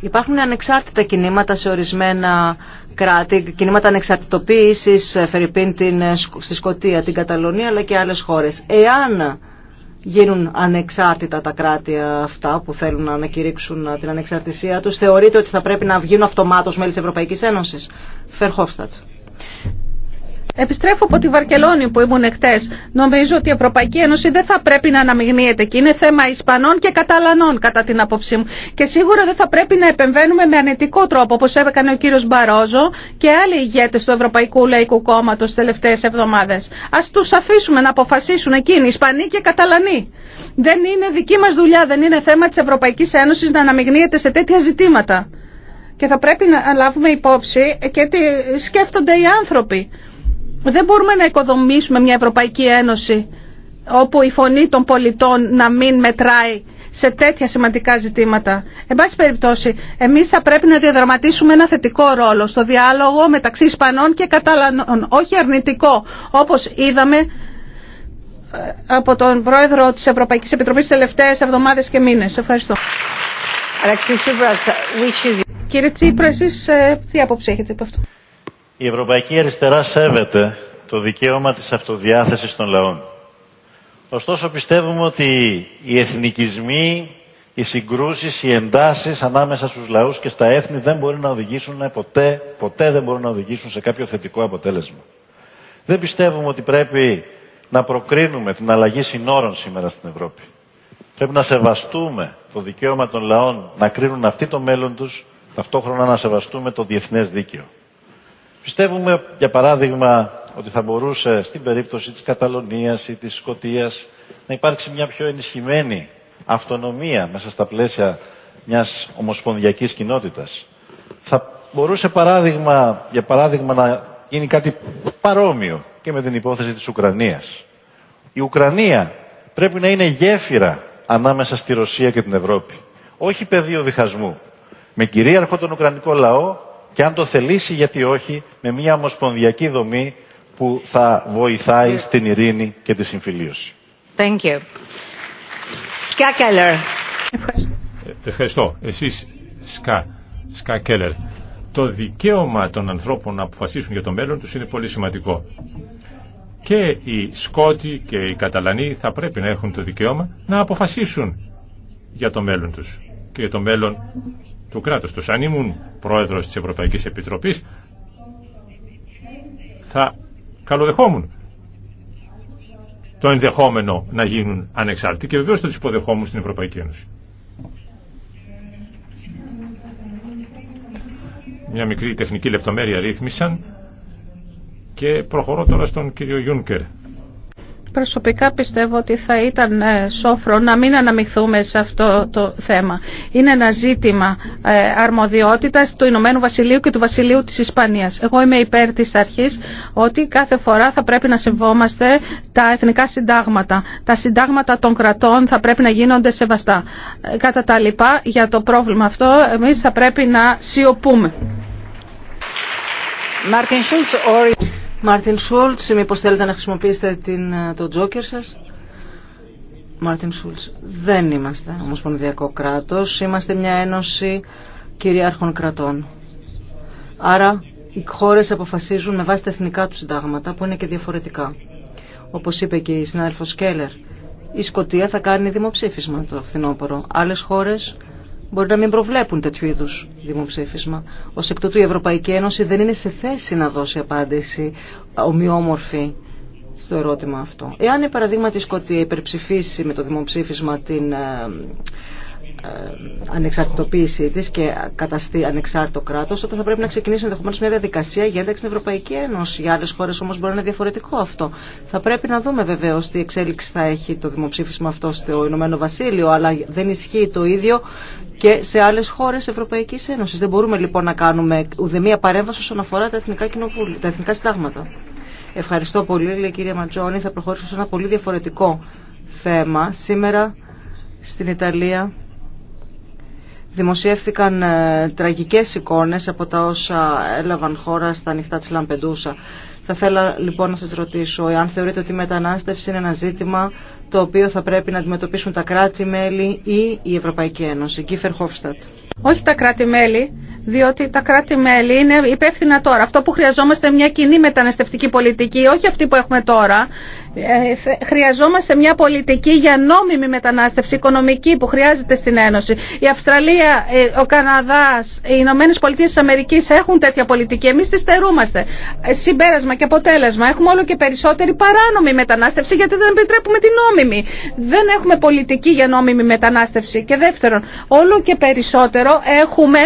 Υπάρχουν ανεξάρτητα κινήματα σε ορισμένα κράτη, κινήματα ανεξαρτητοποίησης, ε, Φερρυπίν ε, στη Σκωτία, την Καταλωνία αλλά και άλλες χώρες. Εάν γίνουν ανεξάρτητα τα κράτη αυτά που θέλουν να ανακηρύξουν ε, την ανεξαρτησία τους, θεωρείτε ότι θα πρέπει να βγουν αυτομάτως μέλη της Ευρωπαϊκής Ένωσης. Φερχόφστατ. Επιστρέφω από τη Βαρκελόνη που ήμουν εκτέ, Νομίζω ότι η Ευρωπαϊκή Ένωση δεν θα πρέπει να αναμειγνύεται και είναι θέμα Ισπανών και Καταλανών κατά την άποψή μου. Και σίγουρα δεν θα πρέπει να επεμβαίνουμε με ανετικό τρόπο όπω έκανε ο κύριο Μπαρόζο και άλλοι ηγέτε του Ευρωπαϊκού Λαϊκού Κόμματο τι τελευταίε εβδομάδε. Α του αφήσουμε να αποφασίσουν εκείνοι, Ισπανοί και Καταλανοί. Δεν είναι δική μα δουλειά, δεν είναι θέμα τη Ευρωπαϊκή Ένωση να αναμειγνύεται σε τέτοια ζητήματα. Και θα πρέπει να λάβουμε υπόψη και τι σκέφτονται οι άνθρωποι. Δεν μπορούμε να οικοδομήσουμε μια Ευρωπαϊκή Ένωση όπου η φωνή των πολιτών να μην μετράει σε τέτοια σημαντικά ζητήματα. Εν πάση περιπτώσει, εμεί θα πρέπει να διαδραματίσουμε ένα θετικό ρόλο στο διάλογο μεταξύ Ισπανών και Καταλανών, όχι αρνητικό, όπω είδαμε ε, από τον πρόεδρο τη Ευρωπαϊκή Επιτροπή τι τελευταίε εβδομάδε και μήνε. Ευχαριστώ. Κύριε Τσίπρα, εσεί ε, τι άποψη έχετε από αυτό. Η Ευρωπαϊκή Αριστερά σέβεται το δικαίωμα της αυτοδιάθεσης των λαών. Ωστόσο πιστεύουμε ότι οι εθνικισμοί, οι συγκρούσεις, οι εντάσεις ανάμεσα στους λαούς και στα έθνη δεν μπορεί να οδηγήσουν ε, ποτέ, ποτέ δεν μπορούν να οδηγήσουν σε κάποιο θετικό αποτέλεσμα. Δεν πιστεύουμε ότι πρέπει να προκρίνουμε την αλλαγή συνόρων σήμερα στην Ευρώπη. Πρέπει να σεβαστούμε το δικαίωμα των λαών να κρίνουν αυτοί το μέλλον τους, ταυτόχρονα να σεβαστούμε το διεθνές δίκαιο. Πιστεύουμε, για παράδειγμα, ότι θα μπορούσε στην περίπτωση της Καταλωνίας ή της Σκοτίας να υπάρξει μια πιο ενισχυμένη αυτονομία μέσα στα πλαίσια μιας ομοσπονδιακής κοινότητας. Θα μπορούσε παράδειγμα, για παράδειγμα να γίνει κάτι παρόμοιο και με την υπόθεση της Ουκρανίας. Η Ουκρανία πρέπει να είναι γέφυρα ανάμεσα στη Ρωσία και την Ευρώπη. Όχι πεδίο διχασμού. Με κυρίαρχο τον Ουκρανικό λαό και αν το θελήσει γιατί όχι με μια ομοσπονδιακή δομή που θα βοηθάει στην ειρήνη και τη συμφιλίωση. Thank you. Ευχαριστώ. Ε, ευχαριστώ. Εσείς Σκα, Σκα Κέλλερ. Το δικαίωμα των ανθρώπων να αποφασίσουν για το μέλλον τους είναι πολύ σημαντικό. Και οι Σκότοι και οι Καταλανοί θα πρέπει να έχουν το δικαίωμα να αποφασίσουν για το μέλλον τους και για το μέλλον του κράτους τους. Αν ήμουν πρόεδρος της Ευρωπαϊκής Επιτροπής θα καλοδεχόμουν το ενδεχόμενο να γίνουν ανεξάρτητοι και βεβαίως θα τους υποδεχόμουν στην Ευρωπαϊκή Ένωση. Μια μικρή τεχνική λεπτομέρεια ρύθμισαν και προχωρώ τώρα στον κύριο Γιούνκερ προσωπικά πιστεύω ότι θα ήταν ε, σόφρο να μην αναμειχθούμε σε αυτό το θέμα. Είναι ένα ζήτημα ε, αρμοδιότητας του Ηνωμένου Βασιλείου και του Βασιλείου της Ισπανίας. Εγώ είμαι υπέρ της αρχής ότι κάθε φορά θα πρέπει να συμβόμαστε τα εθνικά συντάγματα. Τα συντάγματα των κρατών θα πρέπει να γίνονται σεβαστά. Ε, κατά τα λοιπά, για το πρόβλημα αυτό εμείς θα πρέπει να σιωπούμε. Martin Schulz Μάρτιν Σούλτ, μήπω θέλετε να χρησιμοποιήσετε την, ε, το τζόκερ σα. Μάρτιν Σούλτ, δεν είμαστε ομοσπονδιακό κράτο. Είμαστε μια ένωση κυριάρχων κρατών. Άρα οι χώρε αποφασίζουν με βάση τα εθνικά του συντάγματα που είναι και διαφορετικά. Όπω είπε και η συνάδελφο Κέλλερ, η Σκωτία θα κάνει δημοψήφισμα το φθινόπωρο. Άλλε χώρε μπορεί να μην προβλέπουν τέτοιου είδου δημοψήφισμα. Ω εκ τούτου η Ευρωπαϊκή Ένωση δεν είναι σε θέση να δώσει απάντηση ομοιόμορφη στο ερώτημα αυτό. Εάν η παραδείγμα Σκοτία υπερψηφίσει με το δημοψήφισμα την ε, ε, ανεξαρτητοποίησή τη και καταστεί ανεξάρτητο κράτο, τότε θα πρέπει να ξεκινήσει ενδεχομένω μια διαδικασία για ένταξη στην Ευρωπαϊκή Ένωση. Για άλλε χώρε όμω μπορεί να είναι διαφορετικό αυτό. Θα πρέπει να δούμε βεβαίω τι εξέλιξη θα έχει το δημοψήφισμα αυτό στο Ηνωμένο Βασίλειο, αλλά δεν ισχύει το ίδιο και σε άλλε χώρες Ευρωπαϊκής Ένωση. Δεν μπορούμε λοιπόν να κάνουμε ουδεμία παρέμβαση όσον αφορά τα εθνικά, τα εθνικά συντάγματα. Ευχαριστώ πολύ, λέει η κυρία Ματζόνη. Θα προχωρήσω σε ένα πολύ διαφορετικό θέμα. Σήμερα στην Ιταλία δημοσιεύθηκαν ε, τραγικές εικόνες από τα όσα έλαβαν χώρα στα νυχτά της Λαμπεντούσα. Θα θέλα λοιπόν να σας ρωτήσω εάν θεωρείτε ότι η μετανάστευση είναι ένα ζήτημα το οποίο θα πρέπει να αντιμετωπίσουν τα κράτη-μέλη ή η Ευρωπαϊκή Ένωση. Κίφερ Χόφστατ. Όχι τα κράτη-μέλη, διότι τα κράτη-μέλη είναι υπεύθυνα τώρα. Αυτό που χρειαζόμαστε είναι μια κοινή μεταναστευτική πολιτική, όχι αυτή που έχουμε τώρα. Ε, χρειαζόμαστε μια πολιτική για νόμιμη μετανάστευση οικονομική που χρειάζεται στην Ένωση. Η Αυστραλία, ε, ο Καναδά, οι Ηνωμένε Πολιτείε τη Αμερική έχουν τέτοια πολιτική. Εμεί τη στερούμαστε. Ε, συμπέρασμα και αποτέλεσμα. Έχουμε όλο και περισσότερη παράνομη μετανάστευση γιατί δεν επιτρέπουμε την νόμη δεν έχουμε πολιτική για νόμιμη μετανάστευση. Και δεύτερον, όλο και περισσότερο έχουμε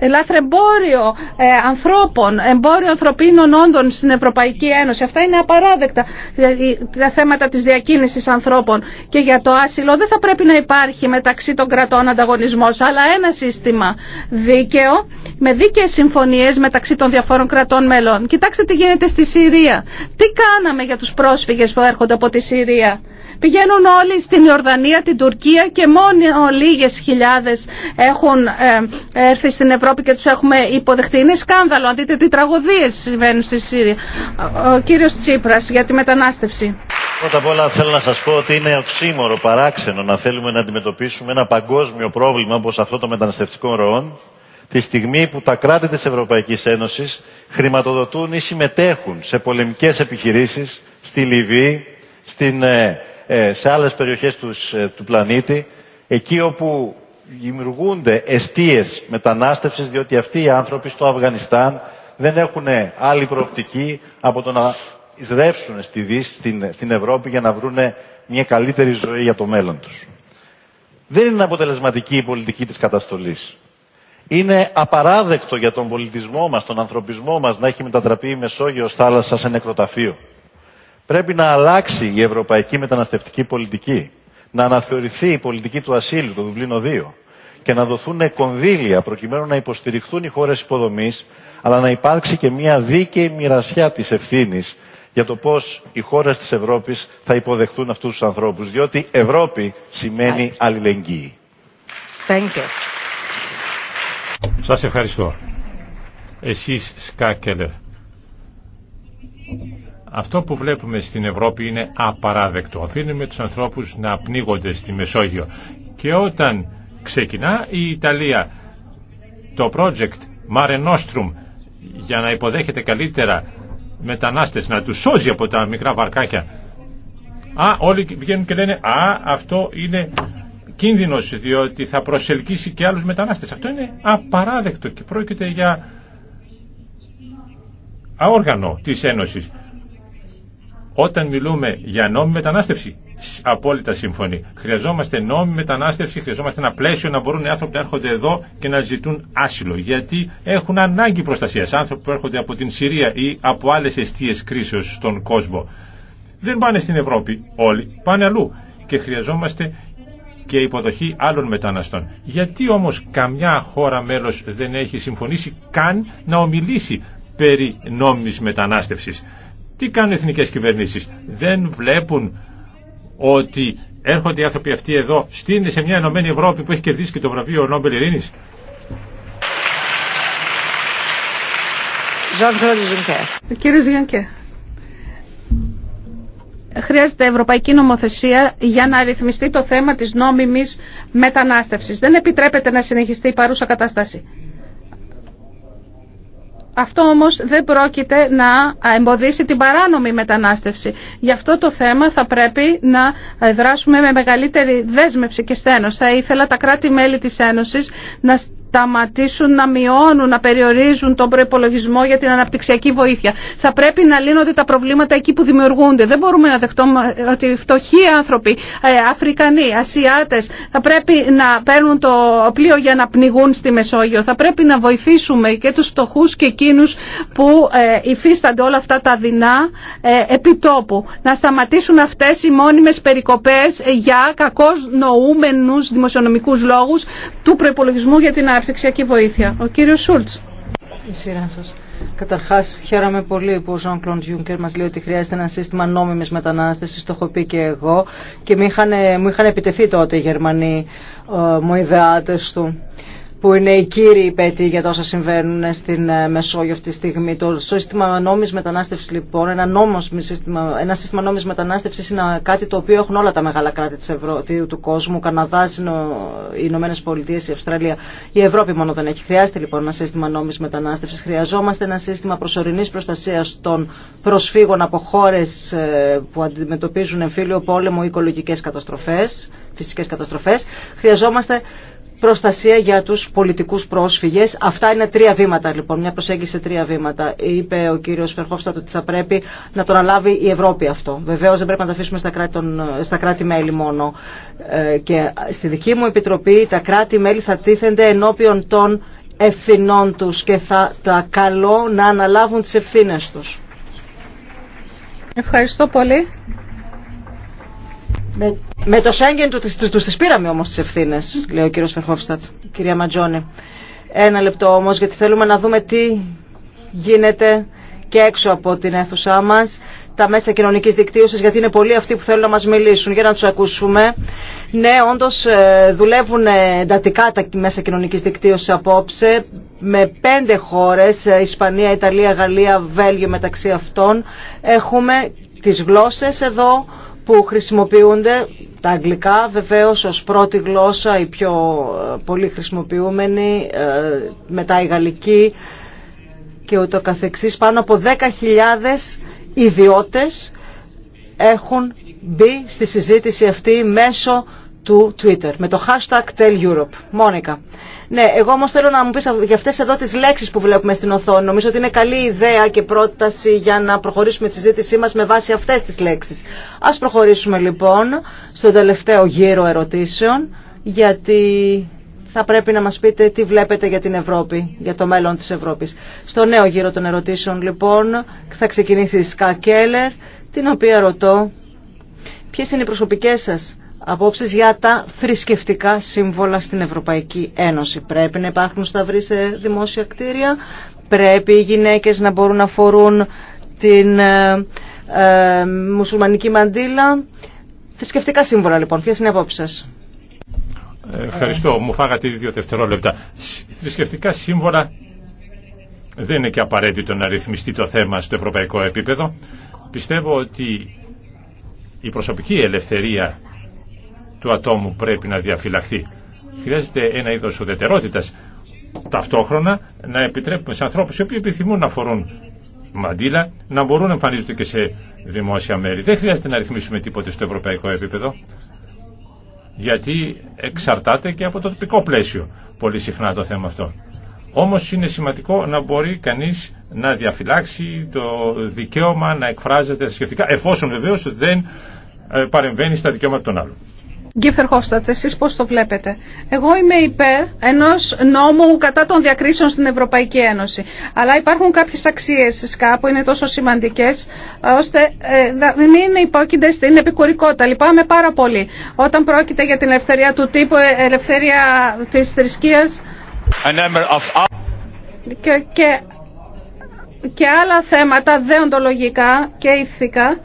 ε, λαθρεμπόριο ε, ανθρώπων, εμπόριο ανθρωπίνων όντων στην Ευρωπαϊκή Ένωση. Αυτά είναι απαράδεκτα δηλαδή, τα θέματα τη διακίνηση ανθρώπων. Και για το άσυλο δεν θα πρέπει να υπάρχει μεταξύ των κρατών ανταγωνισμό, αλλά ένα σύστημα δίκαιο με δίκαιες συμφωνίε μεταξύ των διαφόρων κρατών μελών. Κοιτάξτε τι γίνεται στη Συρία. Τι κάναμε για του πρόσφυγε που έρχονται από τη Συρία. Πηγαίνουν όλοι στην Ιορδανία, την Τουρκία και μόνο λίγες χιλιάδες έχουν ε, έρθει στην Ευρώπη και τους έχουμε υποδεχτεί. Είναι σκάνδαλο, αν δείτε τι τραγωδίες συμβαίνουν στη Σύρια. Ο κύριος Τσίπρας για τη μετανάστευση. Πρώτα απ' όλα θέλω να σας πω ότι είναι οξύμορο παράξενο να θέλουμε να αντιμετωπίσουμε ένα παγκόσμιο πρόβλημα όπως αυτό των μεταναστευτικών ροών τη στιγμή που τα κράτη της Ευρωπαϊκής Ένωσης χρηματοδοτούν ή συμμετέχουν σε πολεμικές επιχειρήσεις στη Λιβύη, στην, ε, ε, σε άλλες περιοχές ε, του πλανήτη, εκεί όπου δημιουργούνται εστίες μετανάστευσης, διότι αυτοί οι άνθρωποι στο Αφγανιστάν δεν έχουν άλλη προοπτική από το να εισρεύσουν στη Δύση, στην, Ευρώπη για να βρουν μια καλύτερη ζωή για το μέλλον τους. Δεν είναι αποτελεσματική η πολιτική της καταστολής. Είναι απαράδεκτο για τον πολιτισμό μας, τον ανθρωπισμό μας να έχει μετατραπεί η Μεσόγειος θάλασσα σε νεκροταφείο. Πρέπει να αλλάξει η ευρωπαϊκή μεταναστευτική πολιτική. Να αναθεωρηθεί η πολιτική του ασύλου, το Δουβλίνο 2. Και να δοθούν κονδύλια προκειμένου να υποστηριχθούν οι χώρε υποδομή, αλλά να υπάρξει και μια δίκαιη μοιρασιά τη ευθύνη για το πώ οι χώρε τη Ευρώπη θα υποδεχθούν αυτού του ανθρώπου. Διότι Ευρώπη σημαίνει αλληλεγγύη. Thank ευχαριστώ. Εσείς Σκάκελε, αυτό που βλέπουμε στην Ευρώπη είναι απαράδεκτο. Αφήνουμε τους ανθρώπους να πνίγονται στη Μεσόγειο. Και όταν ξεκινά η Ιταλία το project Mare Nostrum για να υποδέχεται καλύτερα μετανάστες, να τους σώζει από τα μικρά βαρκάκια. Α, όλοι βγαίνουν και λένε «Α, αυτό είναι κίνδυνος διότι θα προσελκύσει και άλλους μετανάστες». Αυτό είναι απαράδεκτο και πρόκειται για αόργανο της Ένωσης. Όταν μιλούμε για νόμιμη μετανάστευση, απόλυτα σύμφωνοι. Χρειαζόμαστε νόμιμη μετανάστευση, χρειαζόμαστε ένα πλαίσιο να μπορούν οι άνθρωποι να έρχονται εδώ και να ζητούν άσυλο. Γιατί έχουν ανάγκη προστασία. Άνθρωποι που έρχονται από την Συρία ή από άλλε αιστείε κρίσεω στον κόσμο. Δεν πάνε στην Ευρώπη όλοι, πάνε αλλού. Και χρειαζόμαστε και υποδοχή άλλων μεταναστών. Γιατί όμως καμιά χώρα μέλος δεν έχει συμφωνήσει καν να ομιλήσει περί νόμιμης μετανάστευσης. Τι κάνουν οι εθνικές κυβερνήσεις. Δεν βλέπουν ότι έρχονται οι άνθρωποι αυτοί εδώ στην, σε μια Ενωμένη Ευρώπη που έχει κερδίσει και το βραβείο Νόμπελ Ειρήνης. χρειάζεται ευρωπαϊκή νομοθεσία για να ρυθμιστεί το θέμα της νόμιμης μετανάστευσης. Δεν επιτρέπεται να συνεχιστεί η παρούσα κατάσταση. Αυτό όμως δεν πρόκειται να εμποδίσει την παράνομη μετανάστευση. Γι' αυτό το θέμα θα πρέπει να δράσουμε με μεγαλύτερη δέσμευση και στένος. Θα ήθελα τα κράτη-μέλη της Ένωσης να σταματήσουν να μειώνουν, να περιορίζουν τον προπολογισμό για την αναπτυξιακή βοήθεια. Θα πρέπει να λύνονται τα προβλήματα εκεί που δημιουργούνται. Δεν μπορούμε να δεχτούμε ότι οι φτωχοί άνθρωποι, ε, Αφρικανοί, Ασιάτε, θα πρέπει να παίρνουν το πλοίο για να πνιγούν στη Μεσόγειο. Θα πρέπει να βοηθήσουμε και του φτωχού και εκείνου που ε, υφίστανται όλα αυτά τα δεινά ε, επιτόπου. Να σταματήσουν αυτέ οι μόνιμες περικοπές για κακώ νοούμενου δημοσιονομικού λόγου του προπολογισμού για την αναπτυξιακή βοήθεια. Ο κύριος Σούλτς. Η σειρά Καταρχά, χαίρομαι πολύ που ο Ζων Κλοντ Γιούγκερ μα λέει ότι χρειάζεται ένα σύστημα νόμιμη μετανάστευση. Το έχω πει και εγώ. Και μου είχαν, μου είχαν επιτεθεί τότε οι Γερμανοί ε, μου ιδεάτε του που είναι οι κύριοι πέτοι για όσα συμβαίνουν στην ε, Μεσόγειο αυτή τη στιγμή. Το σύστημα νόμις μετανάστευση, λοιπόν, ένα, νόμος, σύστημα, ένα σύστημα νόμις μετανάστευσης είναι κάτι το οποίο έχουν όλα τα μεγάλα κράτη της Ευρω... του κόσμου, Καναδά, οι Ηνωμένε Πολιτείε, η Αυστραλία, η Ευρώπη μόνο δεν έχει. Χρειάζεται λοιπόν ένα σύστημα νόμιμη μετανάστευση. χρειαζόμαστε ένα σύστημα προσωρινή προστασία των προσφύγων από χώρε ε, που αντιμετωπίζουν εμφύλιο πόλεμο ή οικολογικές καταστροφέ, φυσικές Χρειαζόμαστε προστασία για τους πολιτικούς πρόσφυγες. Αυτά είναι τρία βήματα λοιπόν, μια προσέγγιση σε τρία βήματα. Είπε ο κύριος Φερχόφστατ ότι θα πρέπει να το αναλάβει η Ευρώπη αυτό. Βεβαίως δεν πρέπει να τα αφήσουμε στα, κράτη στα κράτη-μέλη μόνο. Ε, και στη δική μου επιτροπή τα κράτη-μέλη θα τίθενται ενώπιον των ευθυνών τους και θα τα καλώ να αναλάβουν τις ευθύνες τους. Ευχαριστώ πολύ. Με, με το Σέγγεν του, τους, τις πήραμε όμως τις ευθύνες, λέει ο κύριος Φερχόφστατ, κυρία Ματζόνη. Ένα λεπτό όμως, γιατί θέλουμε να δούμε τι γίνεται και έξω από την αίθουσά μας τα μέσα κοινωνικής δικτύωσης, γιατί είναι πολλοί αυτοί που θέλουν να μας μιλήσουν, για να τους ακούσουμε. Ναι, όντως ε, δουλεύουν εντατικά τα μέσα κοινωνικής δικτύωσης απόψε, με πέντε χώρες, ε, Ισπανία, Ιταλία, Γαλλία, Βέλγιο μεταξύ αυτών. Έχουμε τις γλώσσες εδώ, που χρησιμοποιούνται τα αγγλικά βεβαίως ως πρώτη γλώσσα η πιο ε, πολύ χρησιμοποιούμενη ε, μετά η γαλλική και ούτω καθεξής πάνω από 10.000 ιδιώτες έχουν μπει στη συζήτηση αυτή μέσω του Twitter με το hashtag Tell Europe. Μόνικα. Ναι, εγώ όμω θέλω να μου πει για αυτέ εδώ τι λέξει που βλέπουμε στην οθόνη. Νομίζω ότι είναι καλή ιδέα και πρόταση για να προχωρήσουμε τη συζήτησή μα με βάση αυτέ τι λέξει. Α προχωρήσουμε λοιπόν στο τελευταίο γύρο ερωτήσεων, γιατί θα πρέπει να μα πείτε τι βλέπετε για την Ευρώπη, για το μέλλον τη Ευρώπη. Στο νέο γύρο των ερωτήσεων λοιπόν θα ξεκινήσει η Σκα Κέλλερ, την οποία ρωτώ ποιε είναι οι προσωπικέ σα απόψεις για τα θρησκευτικά σύμβολα στην Ευρωπαϊκή Ένωση. Πρέπει να υπάρχουν σταυροί σε δημόσια κτίρια, πρέπει οι γυναίκες να μπορούν να φορούν την ε, ε, μουσουλμανική μαντήλα. Θρησκευτικά σύμβολα λοιπόν, ποιες είναι οι απόψεις σας. Ευχαριστώ, μου φάγατε δύο δευτερόλεπτα. Θρησκευτικά σύμβολα δεν είναι και απαραίτητο να ρυθμιστεί το θέμα στο ευρωπαϊκό επίπεδο. Πιστεύω ότι η προσωπική ελευθερία του ατόμου πρέπει να διαφυλαχθεί. Χρειάζεται ένα είδος ουδετερότητας. Ταυτόχρονα να επιτρέπουμε σε ανθρώπους οι οποίοι επιθυμούν να φορούν μαντήλα να μπορούν να εμφανίζονται και σε δημόσια μέρη. Δεν χρειάζεται να ρυθμίσουμε τίποτε στο ευρωπαϊκό επίπεδο γιατί εξαρτάται και από το τοπικό πλαίσιο πολύ συχνά το θέμα αυτό. Όμως είναι σημαντικό να μπορεί κανείς να διαφυλάξει το δικαίωμα να εκφράζεται σχετικά εφόσον βεβαίω δεν ε, παρεμβαίνει στα δικαιώματα των άλλων. Γκίφερ Χόφστατ, εσείς πώς το βλέπετε. Εγώ είμαι υπέρ ενός νόμου κατά των διακρίσεων στην Ευρωπαϊκή Ένωση. Αλλά υπάρχουν κάποιες αξίες κάπου, είναι τόσο σημαντικές, ώστε ε, να μην είναι υπόκεινται στην επικουρικότητα. Λυπάμαι πάρα πολύ. Όταν πρόκειται για την ελευθερία του τύπου, ε, ελευθερία της θρησκείας και, και άλλα θέματα δεοντολογικά και ηθικά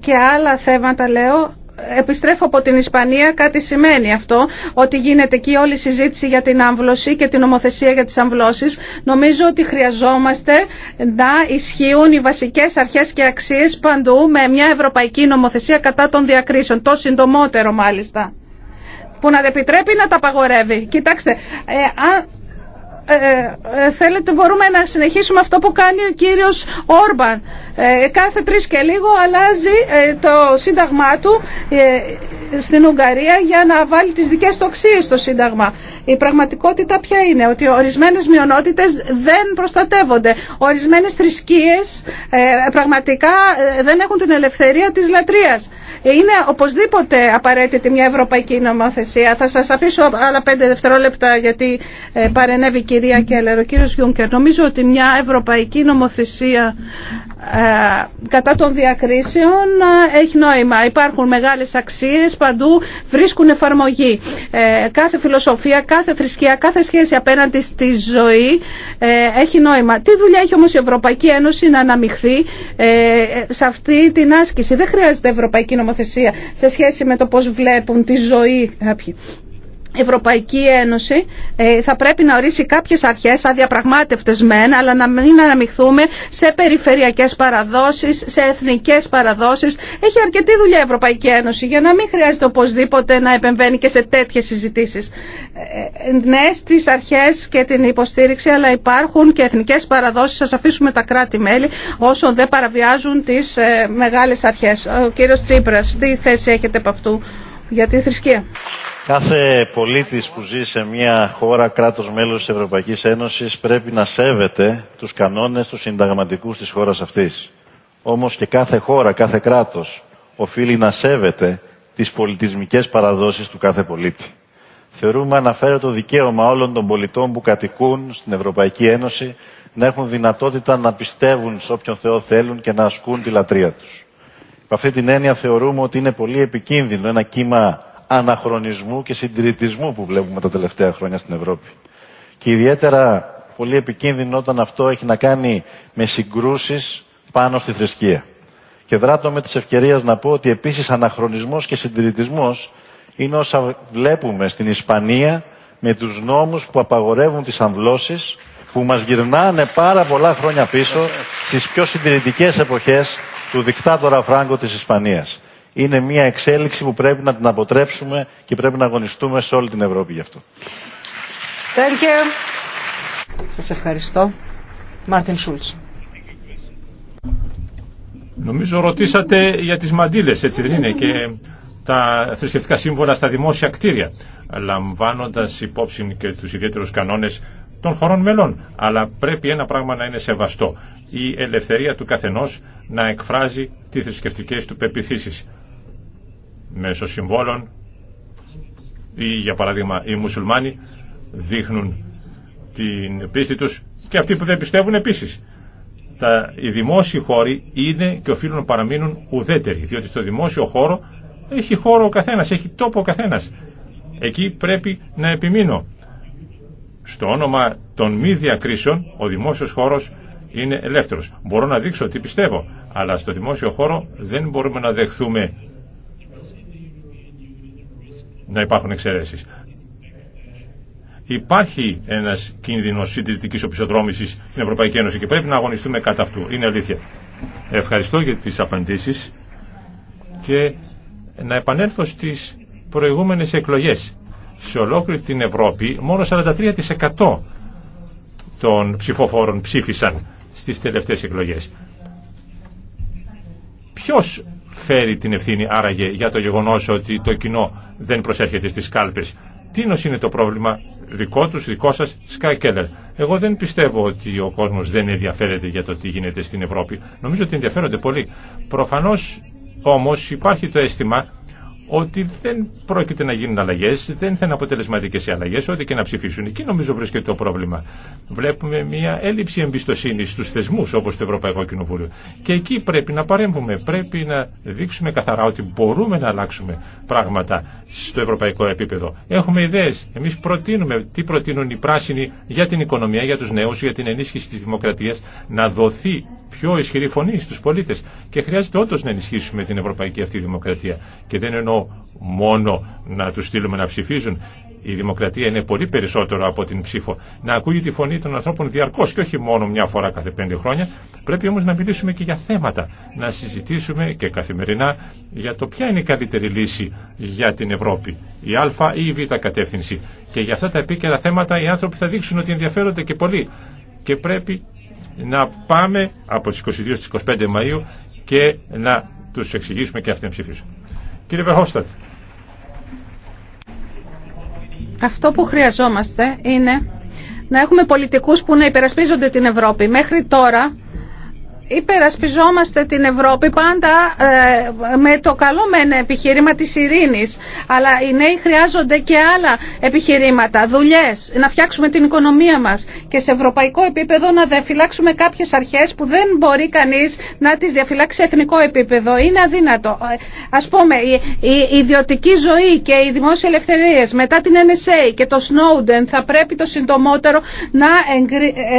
και άλλα θέματα λέω επιστρέφω από την Ισπανία, κάτι σημαίνει αυτό, ότι γίνεται εκεί όλη η συζήτηση για την άμβλωση και την ομοθεσία για τις αμβλώσεις. Νομίζω ότι χρειαζόμαστε να ισχύουν οι βασικές αρχές και αξίες παντού με μια ευρωπαϊκή νομοθεσία κατά των διακρίσεων, το συντομότερο μάλιστα που να επιτρέπει να τα απαγορεύει. Κοιτάξτε, ε, ε, ε, ε, θέλετε μπορούμε να συνεχίσουμε αυτό που κάνει ο κύριος Όρμπαν. Ε, κάθε τρεις και λίγο αλλάζει το σύνταγμά του στην Ουγγαρία για να βάλει τις δικές του αξίες στο σύνταγμα. Η πραγματικότητα ποια είναι, ότι ορισμένες μειονότητες δεν προστατεύονται. Ορισμένες θρησκείες πραγματικά δεν έχουν την ελευθερία της λατρείας. Είναι οπωσδήποτε απαραίτητη μια ευρωπαϊκή νομοθεσία. Θα σας αφήσω άλλα πέντε δευτερόλεπτα γιατί παρενέβη κυρία Κέλλερ, ο κύριος Γιούνκερ. Νομίζω ότι μια ευρωπαϊκή νομοθεσία ε, κατά των διακρίσεων ε, έχει νόημα. Υπάρχουν μεγάλες αξίες παντού, βρίσκουν εφαρμογή. Ε, κάθε φιλοσοφία, κάθε θρησκεία, κάθε σχέση απέναντι στη ζωή έχει νόημα. Τι δουλειά έχει όμως η Ευρωπαϊκή Ένωση να αναμειχθεί σε αυτή την άσκηση. Δεν χρειάζεται ευρωπαϊκή νομοθεσία σε σχέση με το πώς βλέπουν τη ζωή κάποιοι η Ευρωπαϊκή Ένωση ε, θα πρέπει να ορίσει κάποιες αρχές αδιαπραγμάτευτες μεν, αλλά να μην αναμειχθούμε σε περιφερειακές παραδόσεις, σε εθνικές παραδόσεις. Έχει αρκετή δουλειά η Ευρωπαϊκή Ένωση για να μην χρειάζεται οπωσδήποτε να επεμβαίνει και σε τέτοιες συζητήσεις. Ε, ε, ναι, στις αρχές και την υποστήριξη, αλλά υπάρχουν και εθνικές παραδόσεις. Σας αφήσουμε τα κράτη-μέλη όσο δεν παραβιάζουν τις μεγάλες αρχές. Ο κύριος Τσίπρας, τι θέση έχετε από αυτού για τη θρησκεία. Κάθε πολίτης που ζει σε μια χώρα κράτος μέλος της Ευρωπαϊκής Ένωσης πρέπει να σέβεται τους κανόνες του συνταγματικούς της χώρας αυτής. Όμως και κάθε χώρα, κάθε κράτος οφείλει να σέβεται τις πολιτισμικές παραδόσεις του κάθε πολίτη. Θεωρούμε το δικαίωμα όλων των πολιτών που κατοικούν στην Ευρωπαϊκή Ένωση να έχουν δυνατότητα να πιστεύουν σε όποιον Θεό θέλουν και να ασκούν τη λατρεία τους. Με αυτή την έννοια θεωρούμε ότι είναι πολύ επικίνδυνο ένα κύμα αναχρονισμού και συντηρητισμού που βλέπουμε τα τελευταία χρόνια στην Ευρώπη. Και ιδιαίτερα πολύ επικίνδυνο όταν αυτό έχει να κάνει με συγκρούσεις πάνω στη θρησκεία. Και δράτω με τις ευκαιρίες να πω ότι επίσης αναχρονισμός και συντηρητισμός είναι όσα βλέπουμε στην Ισπανία με τους νόμους που απαγορεύουν τις αμβλώσεις που μας γυρνάνε πάρα πολλά χρόνια πίσω στις πιο συντηρητικές εποχές του δικτάτορα Φράγκο της Ισπανίας είναι μια εξέλιξη που πρέπει να την αποτρέψουμε και πρέπει να αγωνιστούμε σε όλη την Ευρώπη γι' αυτό. ευχαριστώ. Μάρτιν Σούλτς. Νομίζω ρωτήσατε για τις μαντήλες, έτσι δεν είναι, και τα θρησκευτικά σύμβολα στα δημόσια κτίρια, λαμβάνοντας υπόψη και τους ιδιαίτερους κανόνες των χωρών μελών. Αλλά πρέπει ένα πράγμα να είναι σεβαστό. Η ελευθερία του καθενός να εκφράζει τις θρησκευτικέ του πεπιθήσεις μέσω συμβόλων ή για παράδειγμα οι μουσουλμάνοι δείχνουν την πίστη τους και αυτοί που δεν πιστεύουν επίσης. Τα, οι δημόσιοι χώροι είναι και οφείλουν να παραμείνουν ουδέτεροι, διότι στο δημόσιο χώρο έχει χώρο ο καθένας, έχει τόπο ο καθένας. Εκεί πρέπει να επιμείνω. Στο όνομα των μη διακρίσεων, ο δημόσιος χώρος είναι ελεύθερος. Μπορώ να δείξω τι πιστεύω, αλλά στο δημόσιο χώρο δεν μπορούμε να δεχθούμε να υπάρχουν εξαιρέσεις. Υπάρχει ένας κίνδυνος συντηρητικής οπισθοδρόμησης στην Ευρωπαϊκή Ένωση και πρέπει να αγωνιστούμε κατά αυτού. Είναι αλήθεια. Ευχαριστώ για τις απαντήσεις και να επανέλθω στις προηγούμενες εκλογές. Σε ολόκληρη την Ευρώπη μόνο 43% των ψηφοφόρων ψήφισαν στις τελευταίες εκλογές. Ποιος φέρει την ευθύνη άραγε για το γεγονός ότι το κοινό δεν προσέρχεται στις κάλπες. Τι είναι το πρόβλημα δικό τους, δικό σας, Sky Keller. Εγώ δεν πιστεύω ότι ο κόσμος δεν ενδιαφέρεται για το τι γίνεται στην Ευρώπη. Νομίζω ότι ενδιαφέρονται πολύ. Προφανώς όμως υπάρχει το αίσθημα ότι δεν πρόκειται να γίνουν αλλαγέ, δεν θα είναι αποτελεσματικέ οι αλλαγέ, ό,τι και να ψηφίσουν. Εκεί νομίζω βρίσκεται το πρόβλημα. Βλέπουμε μια έλλειψη εμπιστοσύνη στου θεσμού, όπω το Ευρωπαϊκό Κοινοβούλιο. Και εκεί πρέπει να παρέμβουμε. Πρέπει να δείξουμε καθαρά ότι μπορούμε να αλλάξουμε πράγματα στο ευρωπαϊκό επίπεδο. Έχουμε ιδέε. Εμεί προτείνουμε τι προτείνουν οι πράσινοι για την οικονομία, για του νέου, για την ενίσχυση τη δημοκρατία, να δοθεί πιο ισχυρή φωνή στου πολίτε. και χρειάζεται όντω να ενισχύσουμε την ευρωπαϊκή αυτή δημοκρατία και δεν εννοώ μόνο να του στείλουμε να ψηφίζουν η δημοκρατία είναι πολύ περισσότερο από την ψήφο. Να ακούγει τη φωνή των ανθρώπων διαρκώ και όχι μόνο μια φορά κάθε πέντε χρόνια. Πρέπει όμω να μιλήσουμε και για θέματα. Να συζητήσουμε και καθημερινά για το ποια είναι η καλύτερη λύση για την Ευρώπη. Η Α ή η Β κατεύθυνση. Και για αυτά τα επίκαιρα θέματα οι άνθρωποι θα δείξουν ότι ενδιαφέρονται και πολύ. Και πρέπει να πάμε από τις 22 στις 25 Μαΐου και να τους εξηγήσουμε και αυτοί να Κύριε Βερχόφστατ. Αυτό που χρειαζόμαστε είναι να έχουμε πολιτικούς που να υπερασπίζονται την Ευρώπη. Μέχρι τώρα υπερασπιζόμαστε την Ευρώπη πάντα ε, με το καλό ένα επιχείρημα της ειρήνης. Αλλά οι νέοι χρειάζονται και άλλα επιχειρήματα, δουλειές, να φτιάξουμε την οικονομία μας και σε ευρωπαϊκό επίπεδο να διαφυλάξουμε κάποιες αρχές που δεν μπορεί κανείς να τις διαφυλάξει σε εθνικό επίπεδο. Είναι αδύνατο. Ε, ας πούμε, η, ιδιωτική ζωή και οι δημόσιες ελευθερίες μετά την NSA και το Snowden θα πρέπει το συντομότερο να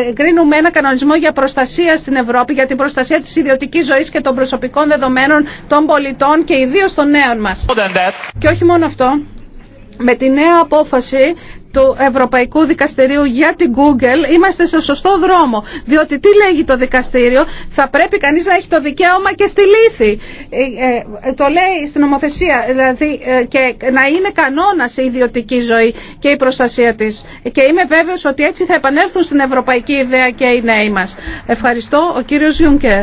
εγκρίνουμε ένα κανονισμό για προστασία στην Ευρώπη για προστασία της ιδιωτικής ζωής και των προσωπικών δεδομένων των πολιτών και ιδίως των νέων μας. Και όχι μόνο αυτό, με τη νέα απόφαση του Ευρωπαϊκού Δικαστηρίου για την Google είμαστε στο σωστό δρόμο. Διότι τι λέγει το δικαστήριο, θα πρέπει κανείς να έχει το δικαίωμα και στη λύθη. Ε, ε, το λέει στην νομοθεσία δηλαδή, ε, και να είναι κανόνα η ιδιωτική ζωή και η προστασία της. Και είμαι βέβαιος ότι έτσι θα επανέλθουν στην ευρωπαϊκή ιδέα και οι νέοι μα Ευχαριστώ ο κύριος Γιούνκερ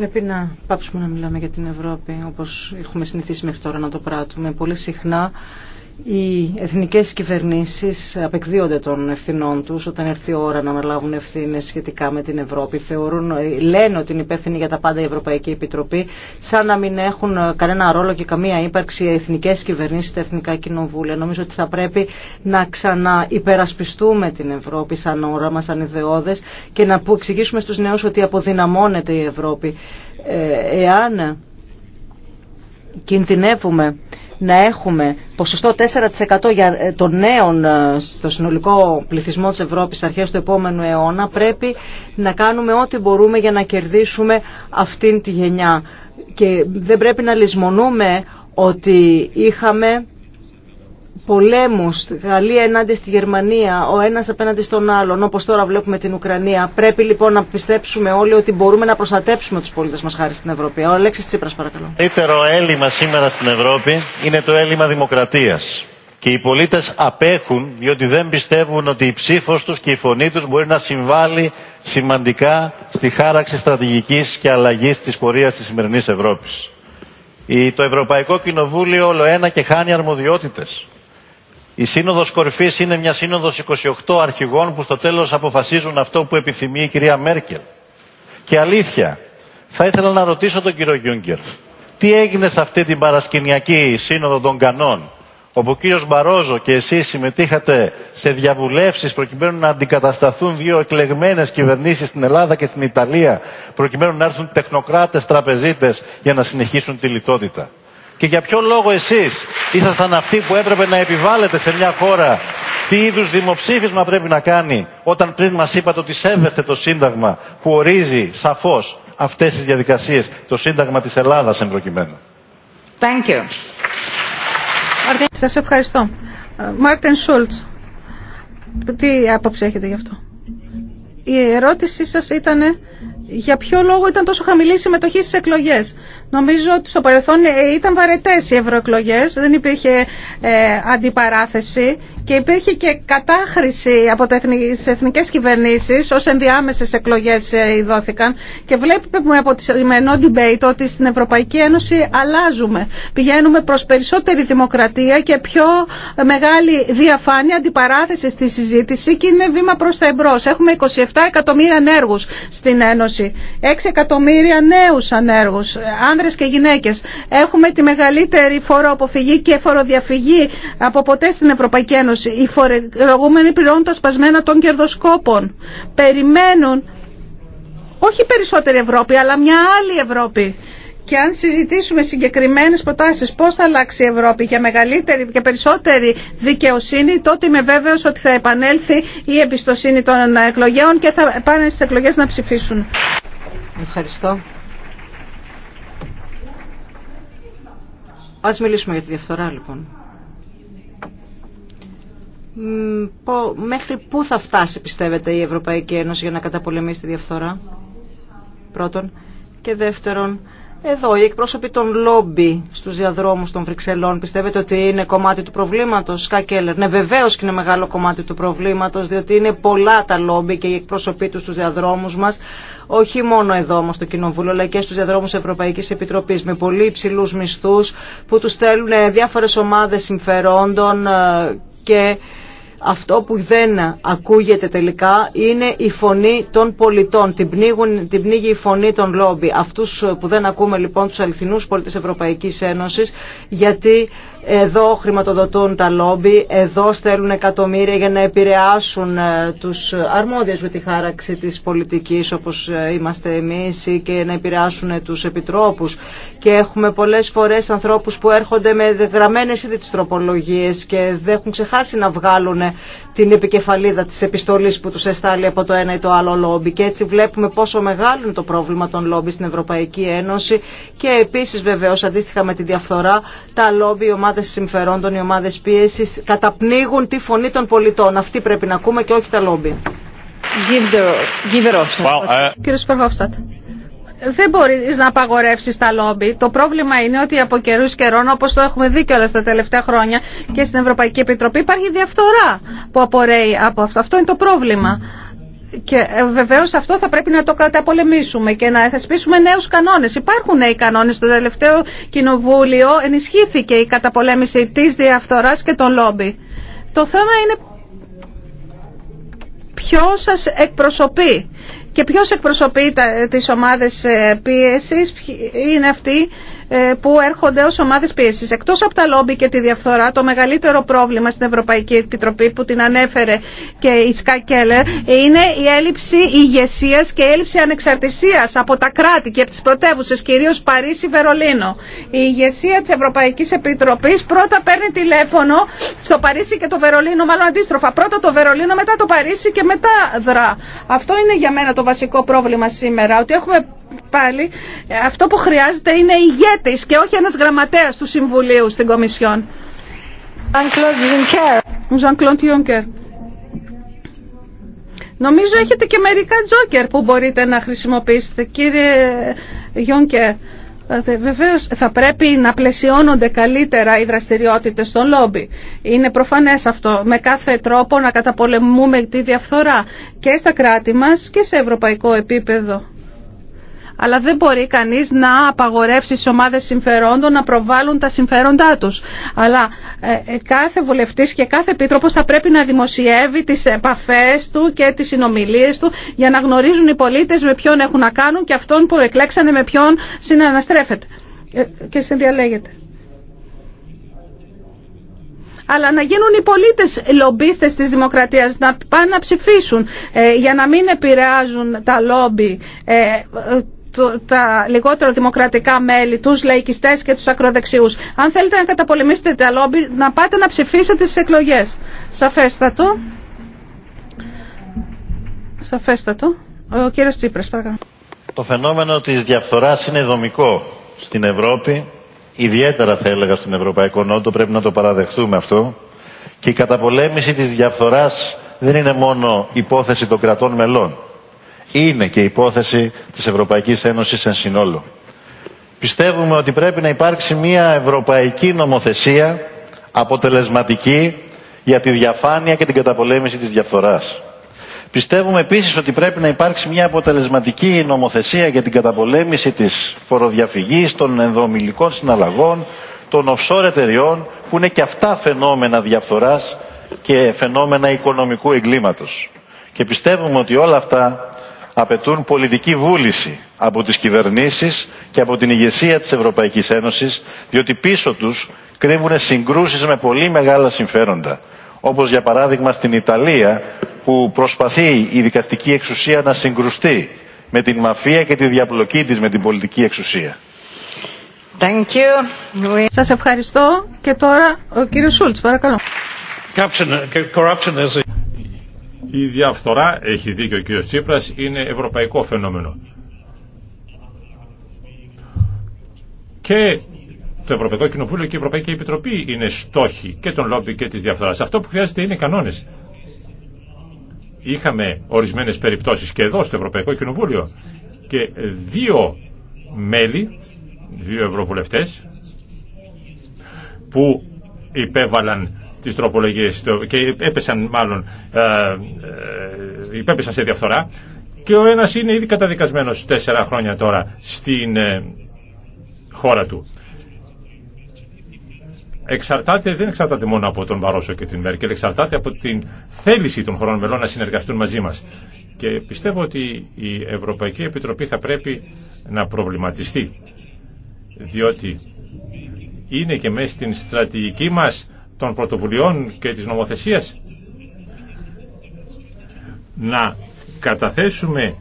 Πρέπει να πάψουμε να μιλάμε για την Ευρώπη όπως έχουμε συνηθίσει μέχρι τώρα να το πράττουμε. Πολύ συχνά οι εθνικές κυβερνήσεις απεκδίονται των ευθυνών τους όταν έρθει η ώρα να αναλάβουν ευθύνε σχετικά με την Ευρώπη. Θεωρούν, λένε ότι είναι υπεύθυνη για τα πάντα η Ευρωπαϊκή Επιτροπή, σαν να μην έχουν κανένα ρόλο και καμία ύπαρξη οι εθνικές κυβερνήσεις, τα εθνικά κοινοβούλια. Νομίζω ότι θα πρέπει να ξανά υπερασπιστούμε την Ευρώπη σαν όραμα, σαν ιδεώδες και να εξηγήσουμε στους νέους ότι αποδυναμώνεται η Ευρώπη. Ε, εάν κινδυνεύουμε να έχουμε ποσοστό 4% για ε, των νέων ε, στο συνολικό πληθυσμό της Ευρώπης αρχές του επόμενου αιώνα πρέπει να κάνουμε ό,τι μπορούμε για να κερδίσουμε αυτήν τη γενιά. Και δεν πρέπει να λησμονούμε ότι είχαμε Πολέμου, Γαλλία ενάντια στη Γερμανία, ο ένα απέναντι στον άλλον, όπω τώρα βλέπουμε την Ουκρανία. Πρέπει λοιπόν να πιστέψουμε όλοι ότι μπορούμε να προστατέψουμε του πολίτε μα χάρη στην Ευρώπη. Ο Αλέξη Τσίπρας παρακαλώ. Το καλύτερο έλλειμμα σήμερα στην Ευρώπη είναι το έλλειμμα δημοκρατία. Και οι πολίτε απέχουν διότι δεν πιστεύουν ότι η ψήφο του και η φωνή του μπορεί να συμβάλλει σημαντικά στη χάραξη στρατηγική και αλλαγή τη πορεία τη σημερινή Ευρώπη. Το Ευρωπαϊκό Κοινοβούλιο όλο ένα και χάνει αρμοδιότητες η σύνοδο Κορυφή είναι μια σύνοδο 28 αρχηγών που στο τέλος αποφασίζουν αυτό που επιθυμεί η κυρία Μέρκελ. Και αλήθεια, θα ήθελα να ρωτήσω τον κύριο Γιούγκερ, τι έγινε σε αυτή την παρασκηνιακή σύνοδο των κανών, όπου ο κύριο Μπαρόζο και εσείς συμμετείχατε σε διαβουλεύσεις προκειμένου να αντικατασταθούν δύο εκλεγμένε κυβερνήσει στην Ελλάδα και στην Ιταλία, προκειμένου να έρθουν τεχνοκράτε τραπεζίτε για να συνεχίσουν τη λιτότητα. Και για ποιο λόγο εσείς ήσασταν αυτοί που έπρεπε να επιβάλλετε σε μια χώρα τι είδους δημοψήφισμα πρέπει να κάνει όταν πριν μας είπατε ότι σέβεστε το Σύνταγμα που ορίζει σαφώς αυτές τις διαδικασίες, το Σύνταγμα της Ελλάδας εν προκειμένου. Thank Σας ευχαριστώ. Ε, Μάρτιν Σουλτ, τι άποψη έχετε γι' αυτό. Η ερώτησή σας ήταν για ποιο λόγο ήταν τόσο χαμηλή η συμμετοχή στις εκλογές. Νομίζω ότι στο παρελθόν ε, ήταν βαρετές οι ευρωεκλογέ, δεν υπήρχε ε, αντιπαράθεση και υπήρχε και κατάχρηση από τις εθνικές κυβερνήσεις ως ενδιάμεσες εκλογές ε, δόθηκαν και βλέπουμε από τη σημερινό debate ότι στην Ευρωπαϊκή Ένωση αλλάζουμε. Πηγαίνουμε προς περισσότερη δημοκρατία και πιο μεγάλη διαφάνεια, αντιπαράθεση στη συζήτηση και είναι βήμα προς τα εμπρός. Έχουμε 27 εκατομμύρια ανέργους στην Ένωση, 6 εκατομμύρια νέου ανέργου άνδρες και γυναίκες. Έχουμε τη μεγαλύτερη φοροαποφυγή και φοροδιαφυγή από ποτέ στην Ευρωπαϊκή Ένωση. Οι φορολογούμενοι πληρώνουν τα σπασμένα των κερδοσκόπων. Περιμένουν όχι περισσότερη Ευρώπη, αλλά μια άλλη Ευρώπη. Και αν συζητήσουμε συγκεκριμένε προτάσει πώ θα αλλάξει η Ευρώπη για μεγαλύτερη και περισσότερη δικαιοσύνη, τότε είμαι βέβαιο ότι θα επανέλθει η εμπιστοσύνη των εκλογέων και θα πάνε στι εκλογέ να ψηφίσουν. Ευχαριστώ. Ας μιλήσουμε για τη διαφθορά λοιπόν. Μέχρι πού θα φτάσει πιστεύετε η Ευρωπαϊκή Ένωση για να καταπολεμήσει τη διαφθορά πρώτον και δεύτερον εδώ οι εκπρόσωποι των λόμπι στους διαδρόμους των Βρυξελών πιστεύετε ότι είναι κομμάτι του προβλήματος, Σκά Κέλλερ. Ναι βεβαίως και είναι μεγάλο κομμάτι του προβλήματος διότι είναι πολλά τα λόμπι και οι εκπρόσωποι τους στους διαδρόμους μας όχι μόνο εδώ όμως το Κοινοβούλιο αλλά και στους διαδρόμους Ευρωπαϊκής Επιτροπής με πολύ υψηλού μισθούς που τους στέλνουν διάφορες ομάδες συμφερόντων ε, και αυτό που δεν ακούγεται τελικά είναι η φωνή των πολιτών. Την, πνίγουν, την πνίγει η φωνή των λόμπι. Αυτούς που δεν ακούμε λοιπόν τους αληθινούς πολίτες Ευρωπαϊκής Ένωσης γιατί εδώ χρηματοδοτούν τα λόμπι, εδώ στέλνουν εκατομμύρια για να επηρεάσουν ε, τους αρμόδιους με τη χάραξη της πολιτικής όπως ε, είμαστε εμείς και να επηρεάσουν τους επιτρόπους. Και έχουμε πολλές φορές ανθρώπους που έρχονται με γραμμένες ήδη τις τροπολογίες και δεν έχουν ξεχάσει να βγάλουν την επικεφαλίδα της επιστολής που τους εστάλει από το ένα ή το άλλο λόμπι. Και έτσι βλέπουμε πόσο μεγάλο είναι το πρόβλημα των λόμπι στην Ευρωπαϊκή Ένωση και επίσης βεβαίως αντίστοιχα με τη διαφθορά τα λόμπι ομάδες συμφερόντων, οι ομάδε πίεση καταπνίγουν τη φωνή των πολιτών. Αυτή πρέπει να ακούμε και όχι τα λόμπι. Ε, Κύριε Σπερχόφστατ, δεν μπορεί να απαγορεύσεις τα λόμπι. Το πρόβλημα είναι ότι από καιρού καιρών, όπως το έχουμε δει κιόλας τα τελευταία χρόνια και στην Ευρωπαϊκή Επιτροπή, υπάρχει διαφθορά που απορρέει από αυτό. Αυτό είναι το πρόβλημα. Και ε, βεβαίω αυτό θα πρέπει να το καταπολεμήσουμε και να θεσπίσουμε νέου κανόνε. Υπάρχουν νέοι κανόνε. Στο τελευταίο κοινοβούλιο ενισχύθηκε η καταπολέμηση τη διαφθορά και των λόμπι. Το θέμα είναι ποιο σα εκπροσωπεί και ποιο εκπροσωπεί τι ομάδε πίεση, είναι αυτοί ε, που έρχονται ως ομάδες πίεσης. Εκτός από τα λόμπι και τη διαφθορά, το μεγαλύτερο πρόβλημα στην Ευρωπαϊκή Επιτροπή που την ανέφερε και η Σκά Κέλλερ είναι η έλλειψη ηγεσία και η έλλειψη ανεξαρτησίας από τα κράτη και από τις πρωτεύουσες, κυρίως Παρίσι, Βερολίνο. Η ηγεσία της Ευρωπαϊκής Επιτροπής πρώτα παίρνει τηλέφωνο στο Παρίσι και το Βερολίνο, μάλλον αντίστροφα. Πρώτα το Βερολίνο, μετά το Παρίσι και μετά δρά. Αυτό είναι για μένα το βασικό πρόβλημα σήμερα, ότι έχουμε πάλι αυτό που χρειάζεται είναι ηγέτη και όχι ένα γραμματέα του Συμβουλίου στην Κομισιόν. Jean-Claude Νομίζω έχετε και μερικά τζόκερ που μπορείτε να χρησιμοποιήσετε. Κύριε Γιόνκερ, Βεβαίω θα πρέπει να πλαισιώνονται καλύτερα οι δραστηριότητε στο λόμπι. Είναι προφανέ αυτό. Με κάθε τρόπο να καταπολεμούμε τη διαφθορά και στα κράτη μα και σε ευρωπαϊκό επίπεδο αλλά δεν μπορεί κανείς να απαγορεύσει στις ομάδες συμφερόντων να προβάλλουν τα συμφέροντά τους. Αλλά ε, ε, κάθε βουλευτής και κάθε επίτροπος θα πρέπει να δημοσιεύει τις επαφές του και τις συνομιλίες του για να γνωρίζουν οι πολίτες με ποιον έχουν να κάνουν και αυτόν που εκλέξανε με ποιον συναναστρέφεται ε, και συνδιαλέγεται αλλά να γίνουν οι πολίτες λομπίστες της δημοκρατίας, να πάνε να ψηφίσουν για να μην επηρεάζουν τα λόμπι τα λιγότερο δημοκρατικά μέλη, του, λαϊκιστέ και τους ακροδεξιούς. Αν θέλετε να καταπολεμήσετε τα λόμπι, να πάτε να ψηφίσετε στι εκλογές. Σαφέστατο. Σαφέστατο. Ο κύριο Τσίπρας, παρακαλώ. Το φαινόμενο της διαφθοράς είναι δομικό στην Ευρώπη, ιδιαίτερα θα έλεγα στον Ευρωπαϊκό Νότο, πρέπει να το παραδεχθούμε αυτό, και η καταπολέμηση τη διαφθορά δεν είναι μόνο υπόθεση των κρατών μελών είναι και υπόθεση της Ευρωπαϊκής Ένωσης εν συνόλου. Πιστεύουμε ότι πρέπει να υπάρξει μια ευρωπαϊκή νομοθεσία αποτελεσματική για τη διαφάνεια και την καταπολέμηση της διαφθοράς. Πιστεύουμε επίσης ότι πρέπει να υπάρξει μια αποτελεσματική νομοθεσία για την καταπολέμηση της φοροδιαφυγής, των ενδομιλικών συναλλαγών, των offshore εταιριών που είναι και αυτά φαινόμενα διαφθοράς και φαινόμενα οικονομικού εγκλήματος. Και πιστεύουμε ότι όλα αυτά απαιτούν πολιτική βούληση από τις κυβερνήσεις και από την ηγεσία της Ευρωπαϊκής Ένωσης, διότι πίσω τους κρύβουν συγκρούσεις με πολύ μεγάλα συμφέροντα, όπως για παράδειγμα στην Ιταλία που προσπαθεί η δικαστική εξουσία να συγκρουστεί με την μαφία και τη διαπλοκή της με την πολιτική εξουσία. Thank you. Σας ευχαριστώ και τώρα ο κύριος Σούλτς, παρακαλώ. corruption is... Η διαφθορά, έχει δίκιο ο κ. Τσίπρας, είναι ευρωπαϊκό φαινόμενο. Και το Ευρωπαϊκό Κοινοβούλιο και η Ευρωπαϊκή Επιτροπή είναι στόχοι και των λόμπι και της διαφθοράς. Αυτό που χρειάζεται είναι κανόνες. Είχαμε ορισμένες περιπτώσεις και εδώ στο Ευρωπαϊκό Κοινοβούλιο και δύο μέλη, δύο ευρωβουλευτές που υπέβαλαν τις τροπολογίες και έπεσαν μάλλον, ε, ε, υπέπεσαν σε διαφθορά και ο ένας είναι ήδη καταδικασμένος τέσσερα χρόνια τώρα στην ε, χώρα του. Εξαρτάται, δεν εξαρτάται μόνο από τον Βαρόσο και την Μέρκελ, εξαρτάται από την θέληση των χωρών μελών να συνεργαστούν μαζί μας. Και πιστεύω ότι η Ευρωπαϊκή Επιτροπή θα πρέπει να προβληματιστεί, διότι είναι και μέσα στην στρατηγική μας των πρωτοβουλειών και της νομοθεσίας να καταθέσουμε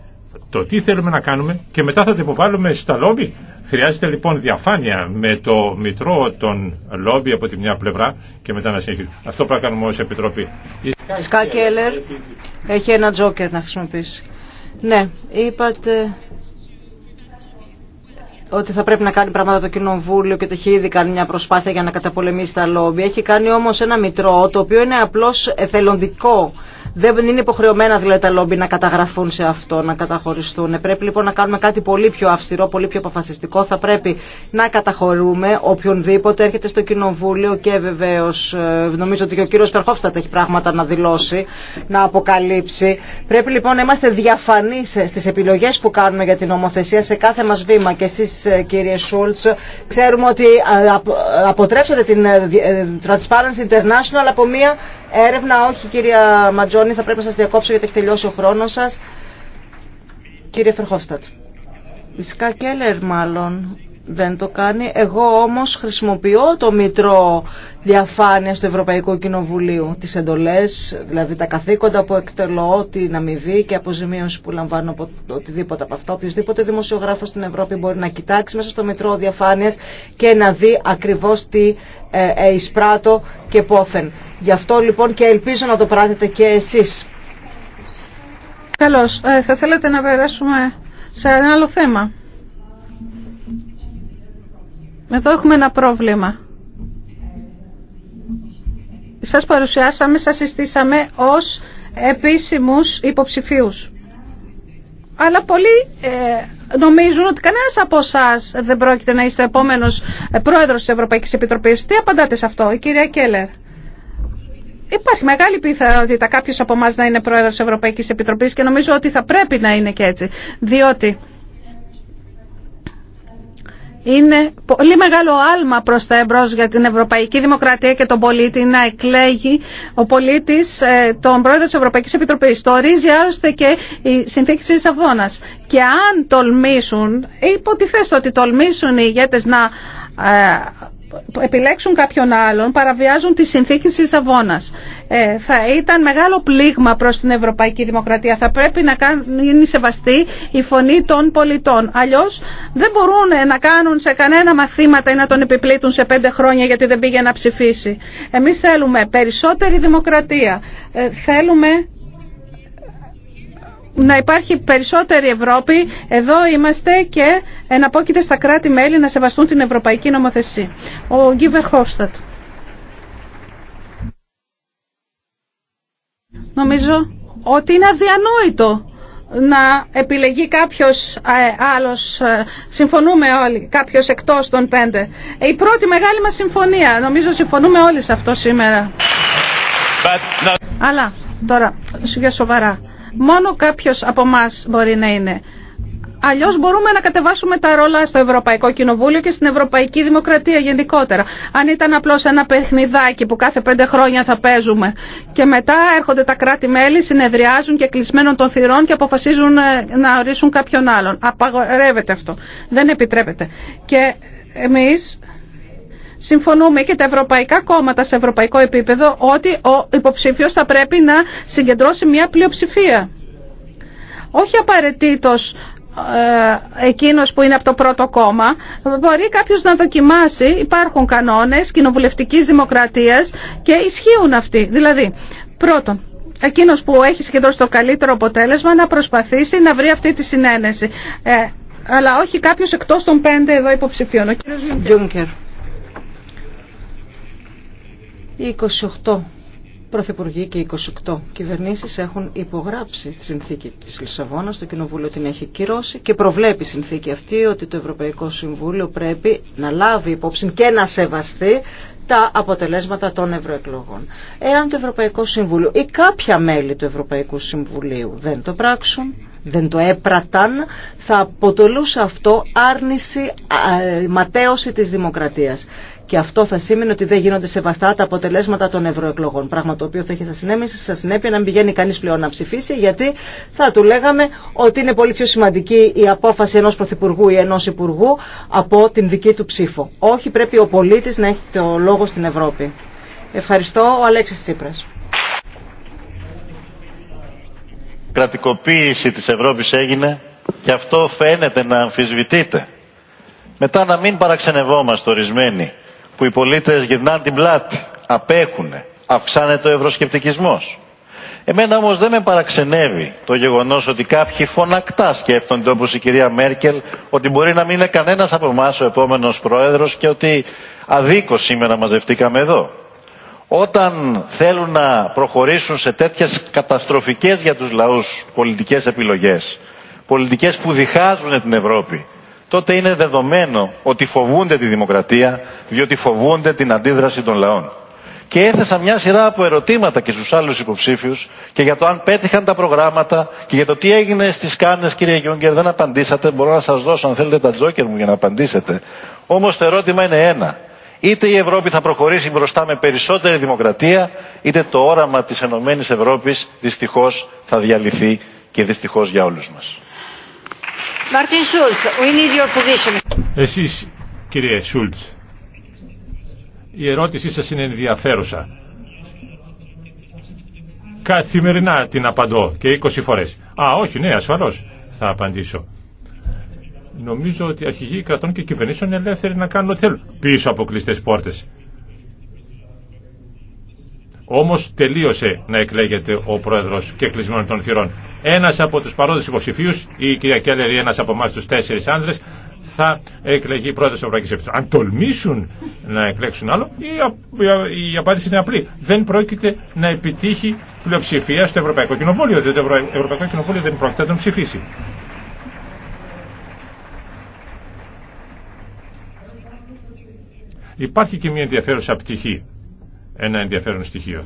το τι θέλουμε να κάνουμε και μετά θα το υποβάλουμε στα λόμπι. Χρειάζεται λοιπόν διαφάνεια με το μητρό των λόμπι από τη μια πλευρά και μετά να συνεχίσουμε. Αυτό πρέπει να κάνουμε ως Επιτροπή. Σκάκελερ έχει ένα τζόκερ να χρησιμοποιήσει. Ναι, είπατε ότι θα πρέπει να κάνει πράγματα το Κοινοβούλιο και το έχει ήδη κάνει μια προσπάθεια για να καταπολεμήσει τα λόμπι. Έχει κάνει όμως ένα μητρό το οποίο είναι απλώς εθελοντικό δεν είναι υποχρεωμένα δηλαδή τα λόμπι να καταγραφούν σε αυτό, να καταχωριστούν. Πρέπει λοιπόν να κάνουμε κάτι πολύ πιο αυστηρό, πολύ πιο αποφασιστικό. Θα πρέπει να καταχωρούμε οποιονδήποτε έρχεται στο Κοινοβούλιο και βεβαίω ε, νομίζω ότι και ο κύριο Περχόφτατα έχει πράγματα να δηλώσει, να αποκαλύψει. Πρέπει λοιπόν να είμαστε διαφανεί στι επιλογέ που κάνουμε για την νομοθεσία σε κάθε μα βήμα. Και εσεί ε, κύριε Σούλτ, ξέρουμε ότι ε, αποτρέψατε την Transparency International από μια έρευνα. Όχι κυρία Ματζόνη, θα πρέπει να σα διακόψω γιατί έχει τελειώσει ο χρόνο σα, Κύριε Φερχόφστατ. Η Σκά Κέλλερ μάλλον δεν το κάνει. Εγώ όμως χρησιμοποιώ το Μητρό Διαφάνεια του Ευρωπαϊκού Κοινοβουλίου. Τις εντολές, δηλαδή τα καθήκοντα που εκτελώ, την αμοιβή και αποζημίωση που λαμβάνω από οτιδήποτε από αυτά. Οποιοςδήποτε δημοσιογράφος στην Ευρώπη μπορεί να κοιτάξει μέσα στο Μητρό Διαφάνειας και να δει ακριβώς τι ε, ε, εισπράττω και πόθεν. Γι' αυτό λοιπόν και ελπίζω να το πράτετε και εσείς. Καλώς. Ε, θα θέλετε να περάσουμε σε ένα άλλο θέμα. Εδώ έχουμε ένα πρόβλημα. Σας παρουσιάσαμε, σας συστήσαμε ως επίσημους υποψηφίους. Αλλά πολλοί ε, νομίζουν ότι κανένας από εσά δεν πρόκειται να είστε επόμενος ε, πρόεδρος της Ευρωπαϊκής Επιτροπής. Τι απαντάτε σε αυτό, η κυρία Κέλλερ. Υπάρχει μεγάλη πιθανότητα κάποιο από εμά να είναι πρόεδρο τη Ευρωπαϊκή Επιτροπή και νομίζω ότι θα πρέπει να είναι και έτσι. Διότι είναι πολύ μεγάλο άλμα προς τα εμπρός για την Ευρωπαϊκή Δημοκρατία και τον πολίτη να εκλέγει ο πολίτης ε, τον πρόεδρο της Ευρωπαϊκής Επιτροπής. Το ορίζει άλλωστε και η συνθήκη της αφώνας. Και αν τολμήσουν, υποτιθέστε ότι τολμήσουν οι ηγέτες να ε, επιλέξουν κάποιον άλλον παραβιάζουν τις συνθήκες της Αβώνας. Ε, θα ήταν μεγάλο πλήγμα προς την Ευρωπαϊκή Δημοκρατία. Θα πρέπει να γίνει σεβαστή η φωνή των πολιτών. Αλλιώς δεν μπορούν να κάνουν σε κανένα μαθήματα ή να τον επιπλήττουν σε πέντε χρόνια γιατί δεν πήγε να ψηφίσει. Εμείς θέλουμε περισσότερη δημοκρατία. Ε, θέλουμε να υπάρχει περισσότερη Ευρώπη. Εδώ είμαστε και εναπόκειται στα κράτη-μέλη να σεβαστούν την ευρωπαϊκή νομοθεσία. Ο Γκίβερ Χόφστατ. Νομίζω ότι είναι αδιανόητο να επιλεγεί κάποιος ε, άλλος, ε, συμφωνούμε όλοι, κάποιος εκτός των πέντε. Η πρώτη μεγάλη μας συμφωνία, νομίζω συμφωνούμε όλοι σε αυτό σήμερα. But, Αλλά τώρα, για σοβαρά. Μόνο κάποιο από εμά μπορεί να είναι. Αλλιώ μπορούμε να κατεβάσουμε τα ρόλα στο Ευρωπαϊκό Κοινοβούλιο και στην Ευρωπαϊκή Δημοκρατία γενικότερα. Αν ήταν απλώ ένα παιχνιδάκι που κάθε πέντε χρόνια θα παίζουμε και μετά έρχονται τα κράτη-μέλη, συνεδριάζουν και κλεισμένων των θυρών και αποφασίζουν ε, να ορίσουν κάποιον άλλον. Απαγορεύεται αυτό. Δεν επιτρέπεται. Και εμεί συμφωνούμε και τα ευρωπαϊκά κόμματα σε ευρωπαϊκό επίπεδο ότι ο υποψήφιος θα πρέπει να συγκεντρώσει μια πλειοψηφία. Όχι απαραίτητο ε, εκείνος που είναι από το πρώτο κόμμα μπορεί κάποιος να δοκιμάσει υπάρχουν κανόνες κοινοβουλευτικής δημοκρατίας και ισχύουν αυτοί δηλαδή πρώτον εκείνος που έχει συγκεντρώσει το καλύτερο αποτέλεσμα να προσπαθήσει να βρει αυτή τη συνένεση ε, αλλά όχι κάποιος εκτός των πέντε εδώ υποψηφίων ο κύριος οι 28 πρωθυπουργοί και 28 κυβερνήσεις έχουν υπογράψει τη συνθήκη της Λισαβόνας, το Κοινοβούλιο την έχει κυρώσει και προβλέπει η συνθήκη αυτή ότι το Ευρωπαϊκό Συμβούλιο πρέπει να λάβει υπόψη και να σεβαστεί τα αποτελέσματα των ευρωεκλογών. Εάν το Ευρωπαϊκό Συμβούλιο ή κάποια μέλη του Ευρωπαϊκού Συμβουλίου δεν το πράξουν, δεν το έπραταν, θα αποτελούσε αυτό άρνηση, ματέωση της δημοκρατίας. Και αυτό θα σήμαινε ότι δεν γίνονται σεβαστά τα αποτελέσματα των ευρωεκλογών. Πράγμα το οποίο θα έχει σαν συνέπεια να μην πηγαίνει κανεί πλέον να ψηφίσει, γιατί θα του λέγαμε ότι είναι πολύ πιο σημαντική η απόφαση ενό πρωθυπουργού ή ενό υπουργού από την δική του ψήφο. Όχι, πρέπει ο πολίτη να έχει το λόγο στην Ευρώπη. Ευχαριστώ, ο Αλέξης Τσίπρας. Η κρατικοποίηση της Ευρώπης έγινε και αυτό φαίνεται να εχει το λογο στην ευρωπη ευχαριστω ο Αλέξη Τσίπρα. η κρατικοποιηση τη Ευρώπη εγινε και αυτο φαινεται να αμφισβητειται μετα να μην παραξενευόμαστε ορισμένοι που οι πολίτες γυρνάνε την πλάτη, απέχουν, αυξάνεται ο ευρωσκεπτικισμός. Εμένα όμως δεν με παραξενεύει το γεγονός ότι κάποιοι φωνακτά σκέφτονται όπως η κυρία Μέρκελ ότι μπορεί να μην είναι κανένας από εμά ο επόμενος πρόεδρος και ότι αδίκω σήμερα μαζευτήκαμε εδώ. Όταν θέλουν να προχωρήσουν σε τέτοιες καταστροφικές για τους λαούς πολιτικές επιλογές, πολιτικές που διχάζουν την Ευρώπη, τότε είναι δεδομένο ότι φοβούνται τη δημοκρατία, διότι φοβούνται την αντίδραση των λαών. Και έθεσα μια σειρά από ερωτήματα και στους άλλους υποψήφιους και για το αν πέτυχαν τα προγράμματα και για το τι έγινε στις Κάνες κύριε Γιούγκερ δεν απαντήσατε, μπορώ να σας δώσω αν θέλετε τα τζόκερ μου για να απαντήσετε. Όμως το ερώτημα είναι ένα. Είτε η Ευρώπη θα προχωρήσει μπροστά με περισσότερη δημοκρατία, είτε το όραμα της ενομένης ΕΕ Ευρώπης θα διαλυθεί και δυστυχώς για όλους μας. Εσείς, κύριε Σούλτς, η ερώτησή σας είναι ενδιαφέρουσα. Καθημερινά την απαντώ και 20 φορές. Α, όχι, ναι, ασφαλώς θα απαντήσω. Νομίζω ότι οι αρχηγοί κρατών και κυβερνήσεων είναι ελεύθεροι να κάνουν ό,τι θέλουν πίσω από κλειστές πόρτες. Όμως τελείωσε να εκλέγεται ο πρόεδρος και κλεισμένων των θυρών. Ένας από τους παρόντες υποψηφίους, η κυρία Κέλλερ ή ένας από εμάς τους τέσσερις άνδρες, θα εκλεγεί πρόεδρος της Ευρωπαϊκής Επιτροπής. Αν τολμήσουν να εκλέξουν άλλο, η, απάντηση είναι απλή. Δεν πρόκειται να επιτύχει πλειοψηφία στο Ευρωπαϊκό Κοινοβούλιο, διότι το Ευρωπαϊκό Κοινοβούλιο δεν πρόκειται να τον ψηφίσει. Υπάρχει και μια ενδιαφέρουσα πτυχή ένα ενδιαφέρον στοιχείο.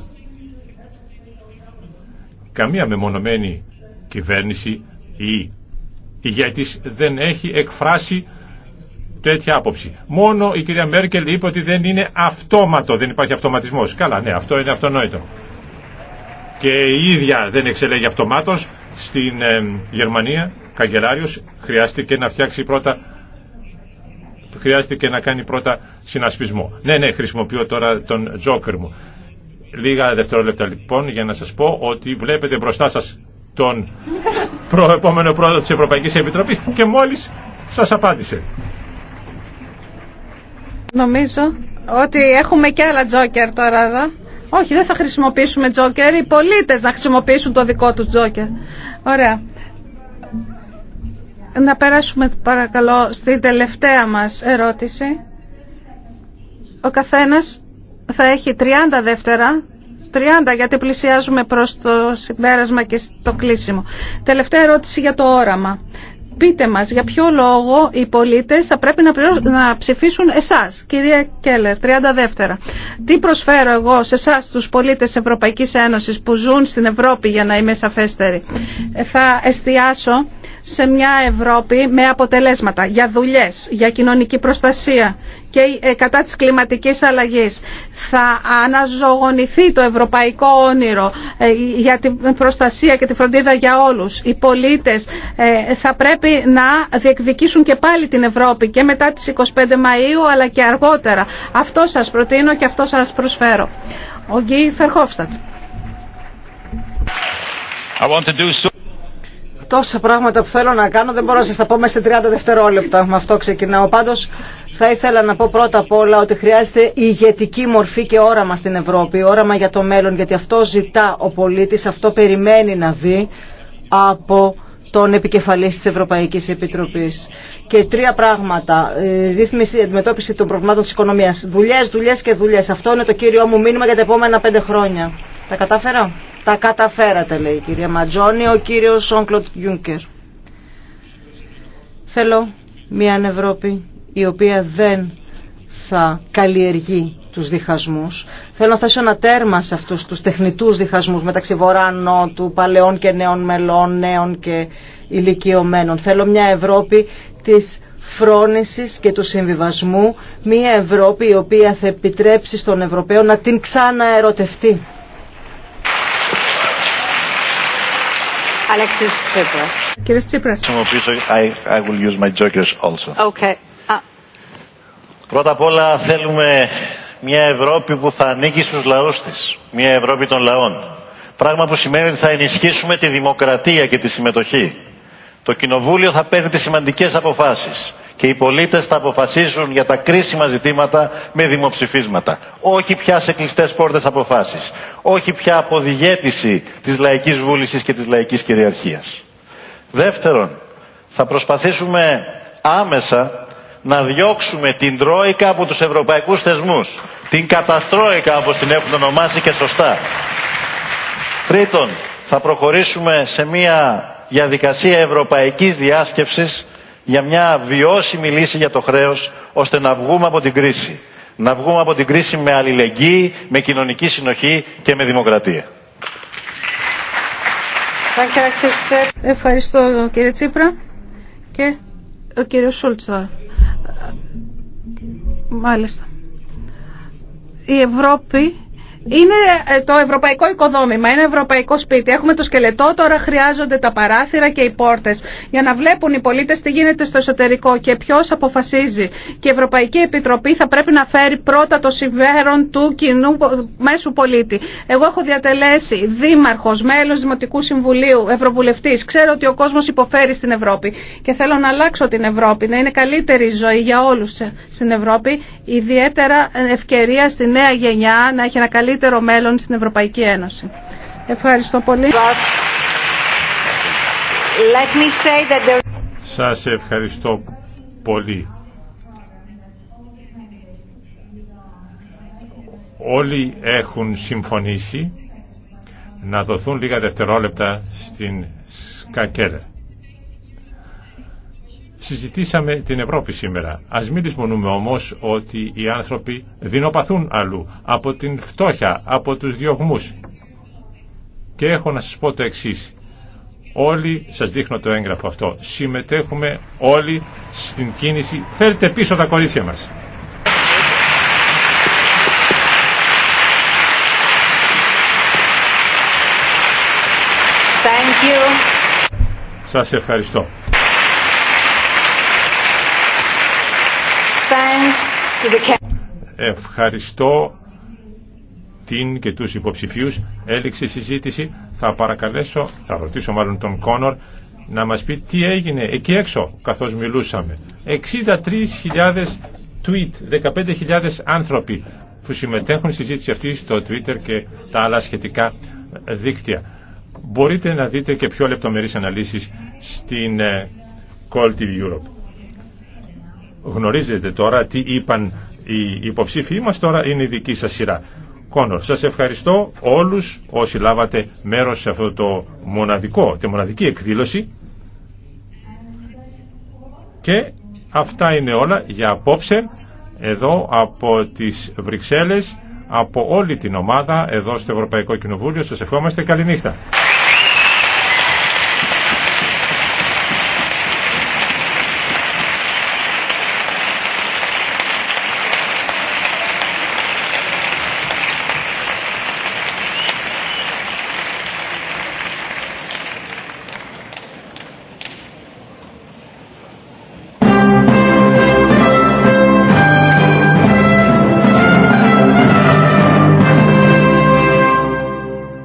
Καμία μεμονωμένη κυβέρνηση ή ηγέτης δεν έχει εκφράσει τέτοια άποψη. Μόνο η κυρία Μέρκελ είπε ότι δεν είναι αυτόματο, δεν υπάρχει αυτοματισμός. Καλά, ναι, αυτό είναι αυτονόητο. Και η ίδια δεν εξελέγει αυτομάτως στην Γερμανία, καγκελάριος, χρειάστηκε να φτιάξει πρώτα χρειάζεται και να κάνει πρώτα συνασπισμό. Ναι, ναι, χρησιμοποιώ τώρα τον τζόκερ μου. Λίγα δευτερόλεπτα λοιπόν για να σας πω ότι βλέπετε μπροστά σας τον προεπόμενο πρόεδρο της Ευρωπαϊκής Επιτροπής και μόλις σας απάντησε. Νομίζω ότι έχουμε και άλλα τζόκερ τώρα εδώ. Όχι, δεν θα χρησιμοποιήσουμε τζόκερ. Οι πολίτες να χρησιμοποιήσουν το δικό τους τζόκερ. Ωραία. Να περάσουμε παρακαλώ στην τελευταία μας ερώτηση. Ο καθένας θα έχει 30 δεύτερα 30 γιατί πλησιάζουμε προς το συμπέρασμα και το κλείσιμο. Τελευταία ερώτηση για το όραμα. Πείτε μας για ποιο λόγο οι πολίτες θα πρέπει να, ψηφίσουν εσάς, κυρία Κέλλερ, 30 δεύτερα. Τι προσφέρω εγώ σε εσά τους πολίτες Ευρωπαϊκής Ένωσης που ζουν στην Ευρώπη για να είμαι σαφέστερη. Ε, θα εστιάσω σε μια Ευρώπη με αποτελέσματα για δουλειές, για κοινωνική προστασία και ε, κατά της κλιματικής αλλαγής. Θα αναζωογονηθεί το ευρωπαϊκό όνειρο ε, για την προστασία και τη φροντίδα για όλους. Οι πολίτες ε, θα πρέπει να διεκδικήσουν και πάλι την Ευρώπη και μετά τις 25 Μαΐου αλλά και αργότερα. Αυτό σας προτείνω και αυτό σας προσφέρω. Ο Γκί Φερχόφστατ τόσα πράγματα που θέλω να κάνω δεν μπορώ να σα τα πω μέσα σε 30 δευτερόλεπτα. Με αυτό ξεκινάω. Πάντως θα ήθελα να πω πρώτα απ' όλα ότι χρειάζεται ηγετική μορφή και όραμα στην Ευρώπη, όραμα για το μέλλον, γιατί αυτό ζητά ο πολίτη, αυτό περιμένει να δει από τον επικεφαλή τη Ευρωπαϊκή Επιτροπή. Και τρία πράγματα. Ε, ρύθμιση, αντιμετώπιση των προβλημάτων τη οικονομία. Δουλειέ, δουλειέ και δουλειέ. Αυτό είναι το κύριο μου μήνυμα για τα επόμενα πέντε χρόνια. Τα κατάφερα. Τα καταφέρατε, λέει η κυρία Ματζόνη, ο κύριος Σόνκλοντ Γιούνκερ. Θέλω μια Ευρώπη η οποία δεν θα καλλιεργεί τους διχασμούς. Θέλω να θέσω ένα τέρμα σε αυτούς τους τεχνητούς διχασμούς μεταξύ βορρά του παλαιών και νέων μελών, νέων και ηλικιωμένων. Θέλω μια Ευρώπη της φρόνησης και του συμβιβασμού, μια Ευρώπη η οποία θα επιτρέψει στον Ευρωπαίο να την ξαναερωτευτεί. Alexis Tsipras. Κύριε Τσίπρας. I, I will use my jokers also. Okay. Ah. Πρώτα απ' όλα θέλουμε μια Ευρώπη που θα ανήκει στους λαούς της. Μια Ευρώπη των λαών. Πράγμα που σημαίνει ότι θα ενισχύσουμε τη δημοκρατία και τη συμμετοχή. Το Κοινοβούλιο θα παίρνει τις σημαντικές αποφάσεις και οι πολίτες θα αποφασίσουν για τα κρίσιμα ζητήματα με δημοψηφίσματα. Όχι πια σε κλειστές πόρτες αποφάσεις. Όχι πια αποδιγέτηση της λαϊκής βούλησης και της λαϊκής κυριαρχίας. Δεύτερον, θα προσπαθήσουμε άμεσα να διώξουμε την Τρόικα από τους ευρωπαϊκούς θεσμούς. Την καταστρόικα όπως την έχουν ονομάσει και σωστά. Τρίτον, θα προχωρήσουμε σε μια διαδικασία ευρωπαϊκής διάσκεψης για μια βιώσιμη λύση για το χρέος ώστε να βγούμε από την κρίση. Να βγούμε από την κρίση με αλληλεγγύη, με κοινωνική συνοχή και με δημοκρατία. Ευχαριστώ κύριε Τσίπρα και ο κύριος Σούλτσα. Μάλιστα. Η Ευρώπη είναι ε, το ευρωπαϊκό οικοδόμημα, είναι ευρωπαϊκό σπίτι. Έχουμε το σκελετό, τώρα χρειάζονται τα παράθυρα και οι πόρτε για να βλέπουν οι πολίτε τι γίνεται στο εσωτερικό και ποιο αποφασίζει. Και η Ευρωπαϊκή Επιτροπή θα πρέπει να φέρει πρώτα το συμφέρον του κοινού μέσου πολίτη. Εγώ έχω διατελέσει δήμαρχο, μέλο Δημοτικού Συμβουλίου, Ευρωβουλευτή. Ξέρω ότι ο κόσμο υποφέρει στην Ευρώπη και θέλω να αλλάξω την Ευρώπη, να είναι καλύτερη ζωή για όλου στην Ευρώπη, ιδιαίτερα ευκαιρία στη νέα γενιά να έχει ένα καλύτερο καλύτερο μέλλον στην Ευρωπαϊκή Ένωση. Ευχαριστώ πολύ. Let me say that Σας ευχαριστώ πολύ. Όλοι έχουν συμφωνήσει να δοθούν λίγα δευτερόλεπτα στην Σκακέλα. Συζητήσαμε την Ευρώπη σήμερα. Ας μην λησμονούμε όμως ότι οι άνθρωποι δεινοπαθούν αλλού, από την φτώχεια, από τους διωγμούς. Και έχω να σας πω το εξή. Όλοι, σας δείχνω το έγγραφο αυτό, συμμετέχουμε όλοι στην κίνηση «Φέρτε πίσω τα κορίτσια μας». Thank Σας ευχαριστώ. Ευχαριστώ την και τους υποψηφίους. Έληξε η συζήτηση. Θα παρακαλέσω, θα ρωτήσω μάλλον τον Κόνορ, να μας πει τι έγινε εκεί έξω καθώς μιλούσαμε. 63.000 tweet, 15.000 άνθρωποι που συμμετέχουν στη συζήτηση αυτή στο Twitter και τα άλλα σχετικά δίκτυα. Μπορείτε να δείτε και πιο λεπτομερείς αναλύσεις στην ε, Call TV Europe. Γνωρίζετε τώρα τι είπαν οι υποψήφοι μας, τώρα είναι η δική σας σειρά. Κόνορ, σας ευχαριστώ όλους όσοι λάβατε μέρος σε αυτό το μοναδικό, τη μοναδική εκδήλωση και αυτά είναι όλα για απόψε εδώ από τις Βρυξέλλες από όλη την ομάδα εδώ στο Ευρωπαϊκό Κοινοβούλιο. Σας ευχόμαστε καληνύχτα.